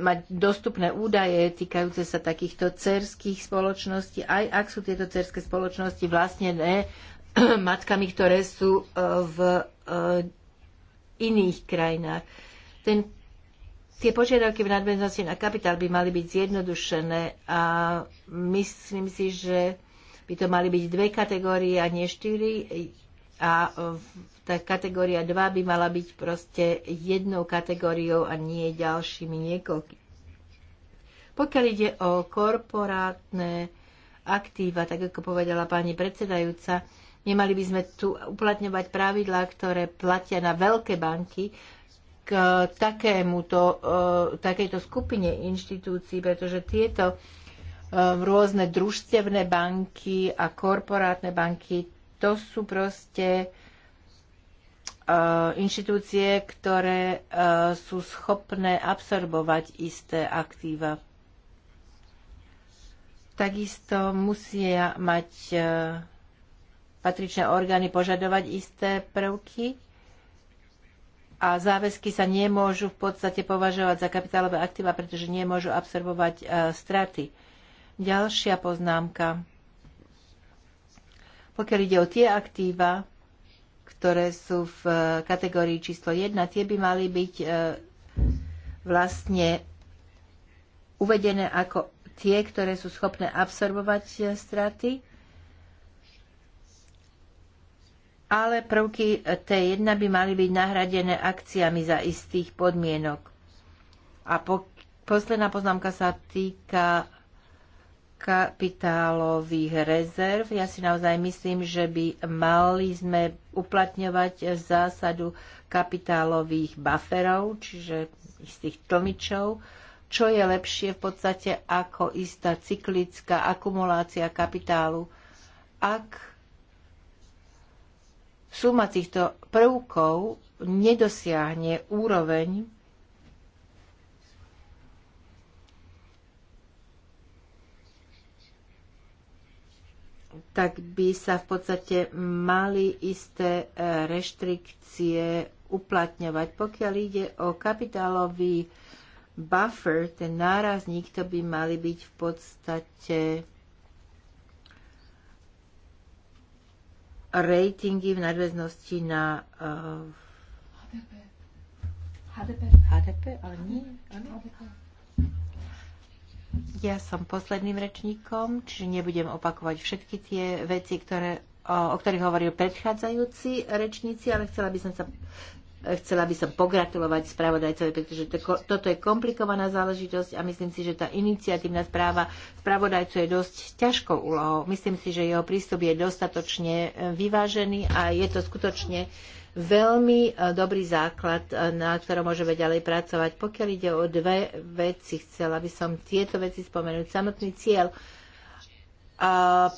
mať dostupné údaje týkajúce sa takýchto cerských spoločností, aj ak sú tieto cerské spoločnosti vlastne ne [CLEARS THROAT] matkami, ktoré sú e, v e, iných krajinách. Ten, tie požiadavky v nadväznosti na kapitál by mali byť zjednodušené a myslím si, že by to mali byť dve kategórie a nie štyri a e, tá kategória 2 by mala byť proste jednou kategóriou a nie ďalšími niekoľkými. Pokiaľ ide o korporátne aktíva, tak ako povedala pani predsedajúca, nemali by sme tu uplatňovať pravidlá, ktoré platia na veľké banky k takémuto, e, takejto skupine inštitúcií, pretože tieto e, rôzne družstevné banky a korporátne banky to sú proste eh, inštitúcie, ktoré eh, sú schopné absorbovať isté aktíva. Takisto musia mať eh, patričné orgány požadovať isté prvky a záväzky sa nemôžu v podstate považovať za kapitálové aktíva, pretože nemôžu absorbovať straty. Ďalšia poznámka pokiaľ ide o tie aktíva, ktoré sú v e, kategórii číslo 1, tie by mali byť e, vlastne uvedené ako tie, ktoré sú schopné absorbovať e, straty, ale prvky T1 by mali byť nahradené akciami za istých podmienok. A po, posledná poznámka sa týka kapitálových rezerv. Ja si naozaj myslím, že by mali sme uplatňovať zásadu kapitálových bufferov, čiže istých tlmičov, čo je lepšie v podstate ako istá cyklická akumulácia kapitálu. Ak suma týchto prvkov nedosiahne úroveň, tak by sa v podstate mali isté e, reštrikcie uplatňovať. Pokiaľ ide o kapitálový buffer, ten nárazník, to by mali byť v podstate ratingy v nadväznosti na uh, e, HDP. HDP. HDP, ale nie. HDP. Ja som posledným rečníkom, čiže nebudem opakovať všetky tie veci, ktoré, o, o ktorých hovoril predchádzajúci rečníci, ale chcela by som sa chcela by som pogratulovať spravodajcovi, pretože to, toto je komplikovaná záležitosť a myslím si, že tá iniciatívna správa spravodajcu je dosť ťažkou úlohou. Myslím si, že jeho prístup je dostatočne vyvážený a je to skutočne uh, veľmi e, dobrý základ, e, na ktorom môžeme ďalej pracovať. Pokiaľ ide o dve veci, chcela by som tieto veci spomenúť. Samotný cieľ e,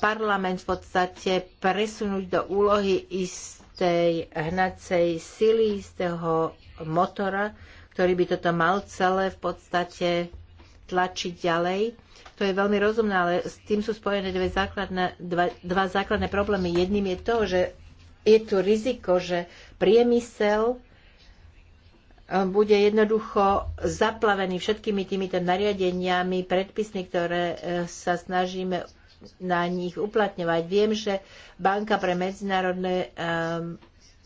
parlament v podstate presunúť do úlohy istej hnacej sily, istého motora, ktorý by toto mal celé v podstate tlačiť ďalej. To je veľmi rozumné, ale s tým sú spojené dve základné, dva, dva základné problémy. Jedným je to, že je tu riziko, že priemysel eh, bude jednoducho zaplavený všetkými týmito nariadeniami, predpismi, ktoré eh, sa snažíme na nich uplatňovať. Viem, že Banka pre medzinárodné eh,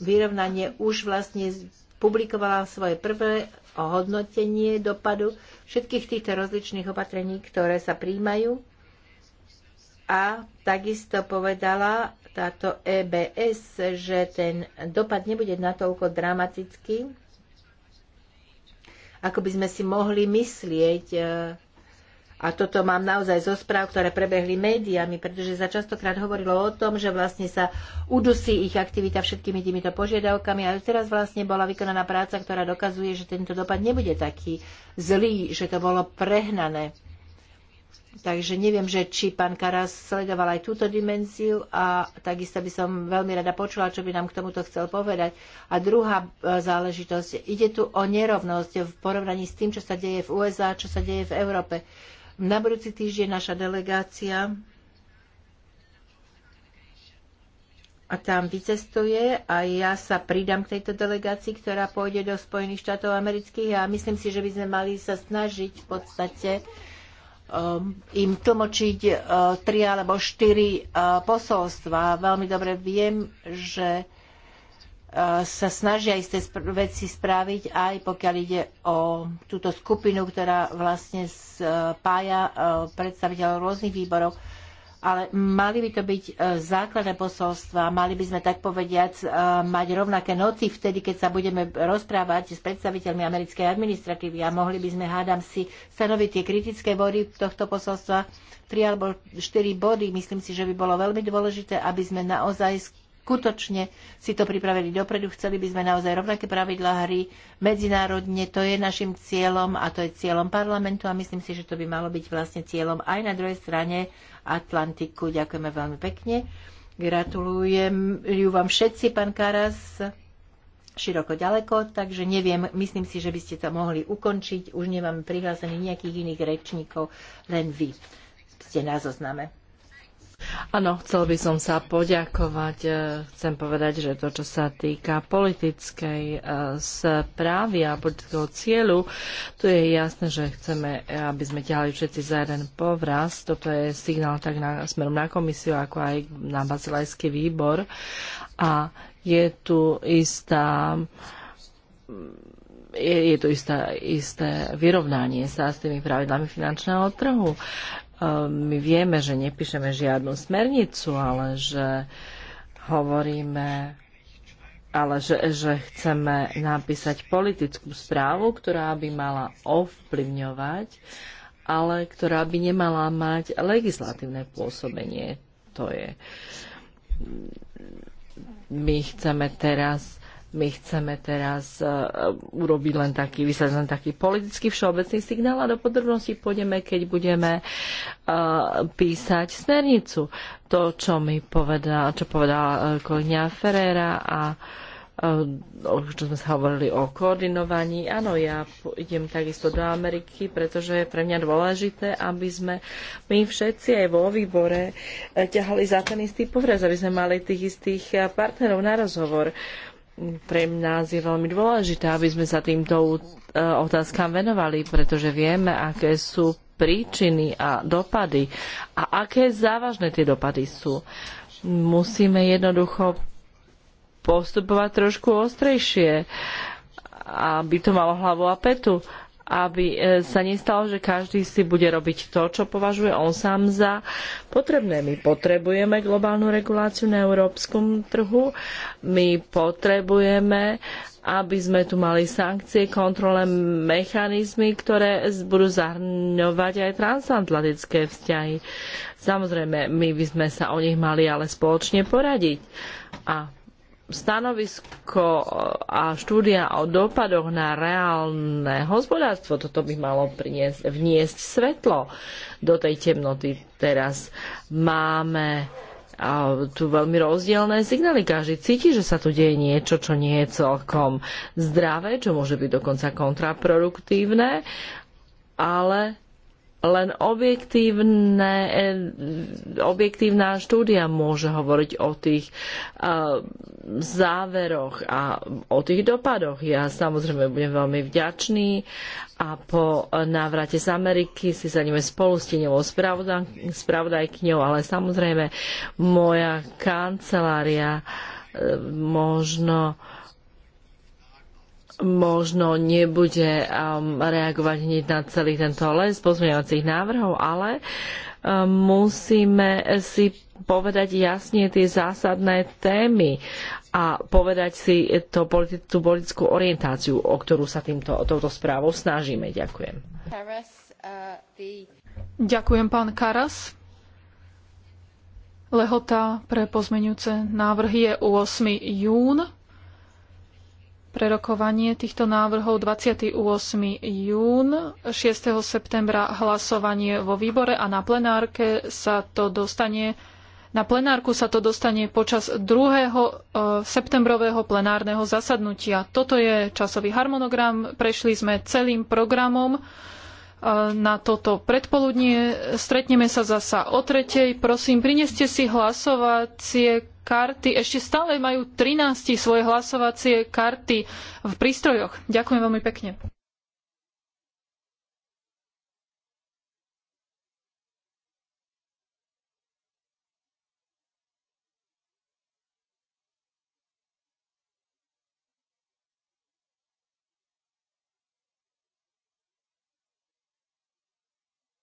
vyrovnanie už vlastne publikovala svoje prvé hodnotenie dopadu všetkých týchto rozličných opatrení, ktoré sa príjmajú. A takisto povedala, táto EBS, že ten dopad nebude natoľko dramatický, ako by sme si mohli myslieť. E, a toto mám naozaj zo správ, ktoré prebehli médiami, pretože sa častokrát hovorilo o tom, že vlastne sa udusí ich aktivita všetkými týmito požiadavkami. A teraz vlastne bola vykonaná práca, ktorá dokazuje, že tento dopad nebude taký zlý, že to bolo prehnané. Takže neviem, že či pán Karas sledoval aj túto dimenziu a takisto by som veľmi rada počula, čo by nám k tomuto chcel povedať. A druhá e, záležitosť, ide tu o nerovnosť v porovnaní s tým, čo sa deje v USA, čo sa deje v Európe. Na budúci týždeň naša delegácia a tam vycestuje a ja sa pridám k tejto delegácii, ktorá pôjde do Spojených štátov amerických a myslím si, že by sme mali sa snažiť v podstate Um, im tlmočiť uh, tri alebo štyri uh, posolstva. Veľmi dobre viem, že uh, sa snažia isté veci spraviť, aj pokiaľ ide o túto skupinu, ktorá vlastne spája predstaviteľov rôznych výborov ale mali by to byť e, základné posolstva, mali by sme tak povediať e, mať rovnaké noty vtedy, keď sa budeme rozprávať s predstaviteľmi americkej administratívy a mohli by sme, hádam si, stanoviť tie kritické body tohto posolstva, tri alebo štyri body. Myslím si, že by bolo veľmi dôležité, aby sme naozaj skutočne si to pripravili dopredu. Chceli by sme naozaj rovnaké pravidlá hry medzinárodne. To je našim cieľom a to je cieľom parlamentu a myslím si, že to by malo byť vlastne cieľom aj na druhej strane Atlantiku. Ďakujeme veľmi pekne. Gratulujem ju vám všetci, pán Karas, široko ďaleko, takže neviem, myslím si, že by ste to mohli ukončiť. Už nemám prihlásených nejakých iných rečníkov, len vy ste na zozname. Áno, chcel by som sa poďakovať. E, chcem povedať, že to, čo sa týka politickej e, správy a politického cieľu, tu je jasné, že chceme, e, aby sme ťahali všetci za jeden povraz. Toto je signál tak na, smerom na komisiu, ako aj na bazilajský výbor. A je tu istá je, je to isté, isté vyrovnanie sa s tými pravidlami finančného trhu my vieme, že nepíšeme žiadnu smernicu, ale že hovoríme, ale že, že chceme napísať politickú správu, ktorá by mala ovplyvňovať, ale ktorá by nemala mať legislatívne pôsobenie. To je. My chceme teraz my chceme teraz uh, urobiť len taký, vyslať len taký politický všeobecný signál a do podrobností pôjdeme, keď budeme uh, písať smernicu. To, čo mi povedala, čo povedala uh, e, kolegyňa Ferrera a čo sme sa hovorili o koordinovaní. Áno, ja idem takisto do Ameriky, pretože je pre mňa dôležité, aby sme my všetci aj vo výbore ťahali za ten istý povraz, aby sme mali tých istých partnerov na rozhovor pre nás je veľmi dôležité, aby sme sa týmto e, otázkam venovali, pretože vieme, aké sú príčiny a dopady a aké závažné tie dopady sú. Musíme jednoducho postupovať trošku ostrejšie, aby to malo hlavu a petu aby e, sa nestalo, že každý si bude robiť to, čo považuje on sám za potrebné. My potrebujeme globálnu reguláciu na európskom trhu, my potrebujeme aby sme tu mali sankcie, kontrole, mechanizmy, ktoré budú zahrňovať aj transatlantické vzťahy. Samozrejme, my by sme sa o nich mali ale spoločne poradiť. A stanovisko eh, a štúdia o dopadoch na reálne hospodárstvo, toto by malo priniesť, vniesť svetlo do tej temnoty. Teraz máme a eh, tu veľmi rozdielne signály. Každý cíti, že sa tu deje niečo, čo nie je celkom zdravé, čo môže byť dokonca kontraproduktívne, ale len objektívne, e, objektívna štúdia môže hovoriť o tých uh, záveroch a o tých dopadoch. Ja samozrejme budem veľmi vďačný a po návrate z Ameriky si sadíme spolu s tieňovou spravodajkňou, ale samozrejme moja kancelária uh, možno možno nebude um, reagovať hneď na celý tento les pozmeňovacích návrhov, ale um, musíme si povedať jasne tie zásadné témy a povedať si to, tú politickú orientáciu, o ktorú sa týmto, touto správou snažíme. Ďakujem. Uh, Ďakujem, pán Karas. Lehota pre pozmeňujúce návrhy je 8. jún prerokovanie týchto návrhov 28. jún, 6. septembra hlasovanie vo výbore a na plenárke sa to dostane na plenárku sa to dostane počas 2. E, septembrového plenárneho zasadnutia. Toto je časový harmonogram. Prešli sme celým programom e, na toto predpoludnie. Stretneme sa zasa o tretej. Prosím, prineste si hlasovacie karty ešte stále majú 13 svoje hlasovacie karty v prístrojoch. Ďakujem veľmi pekne.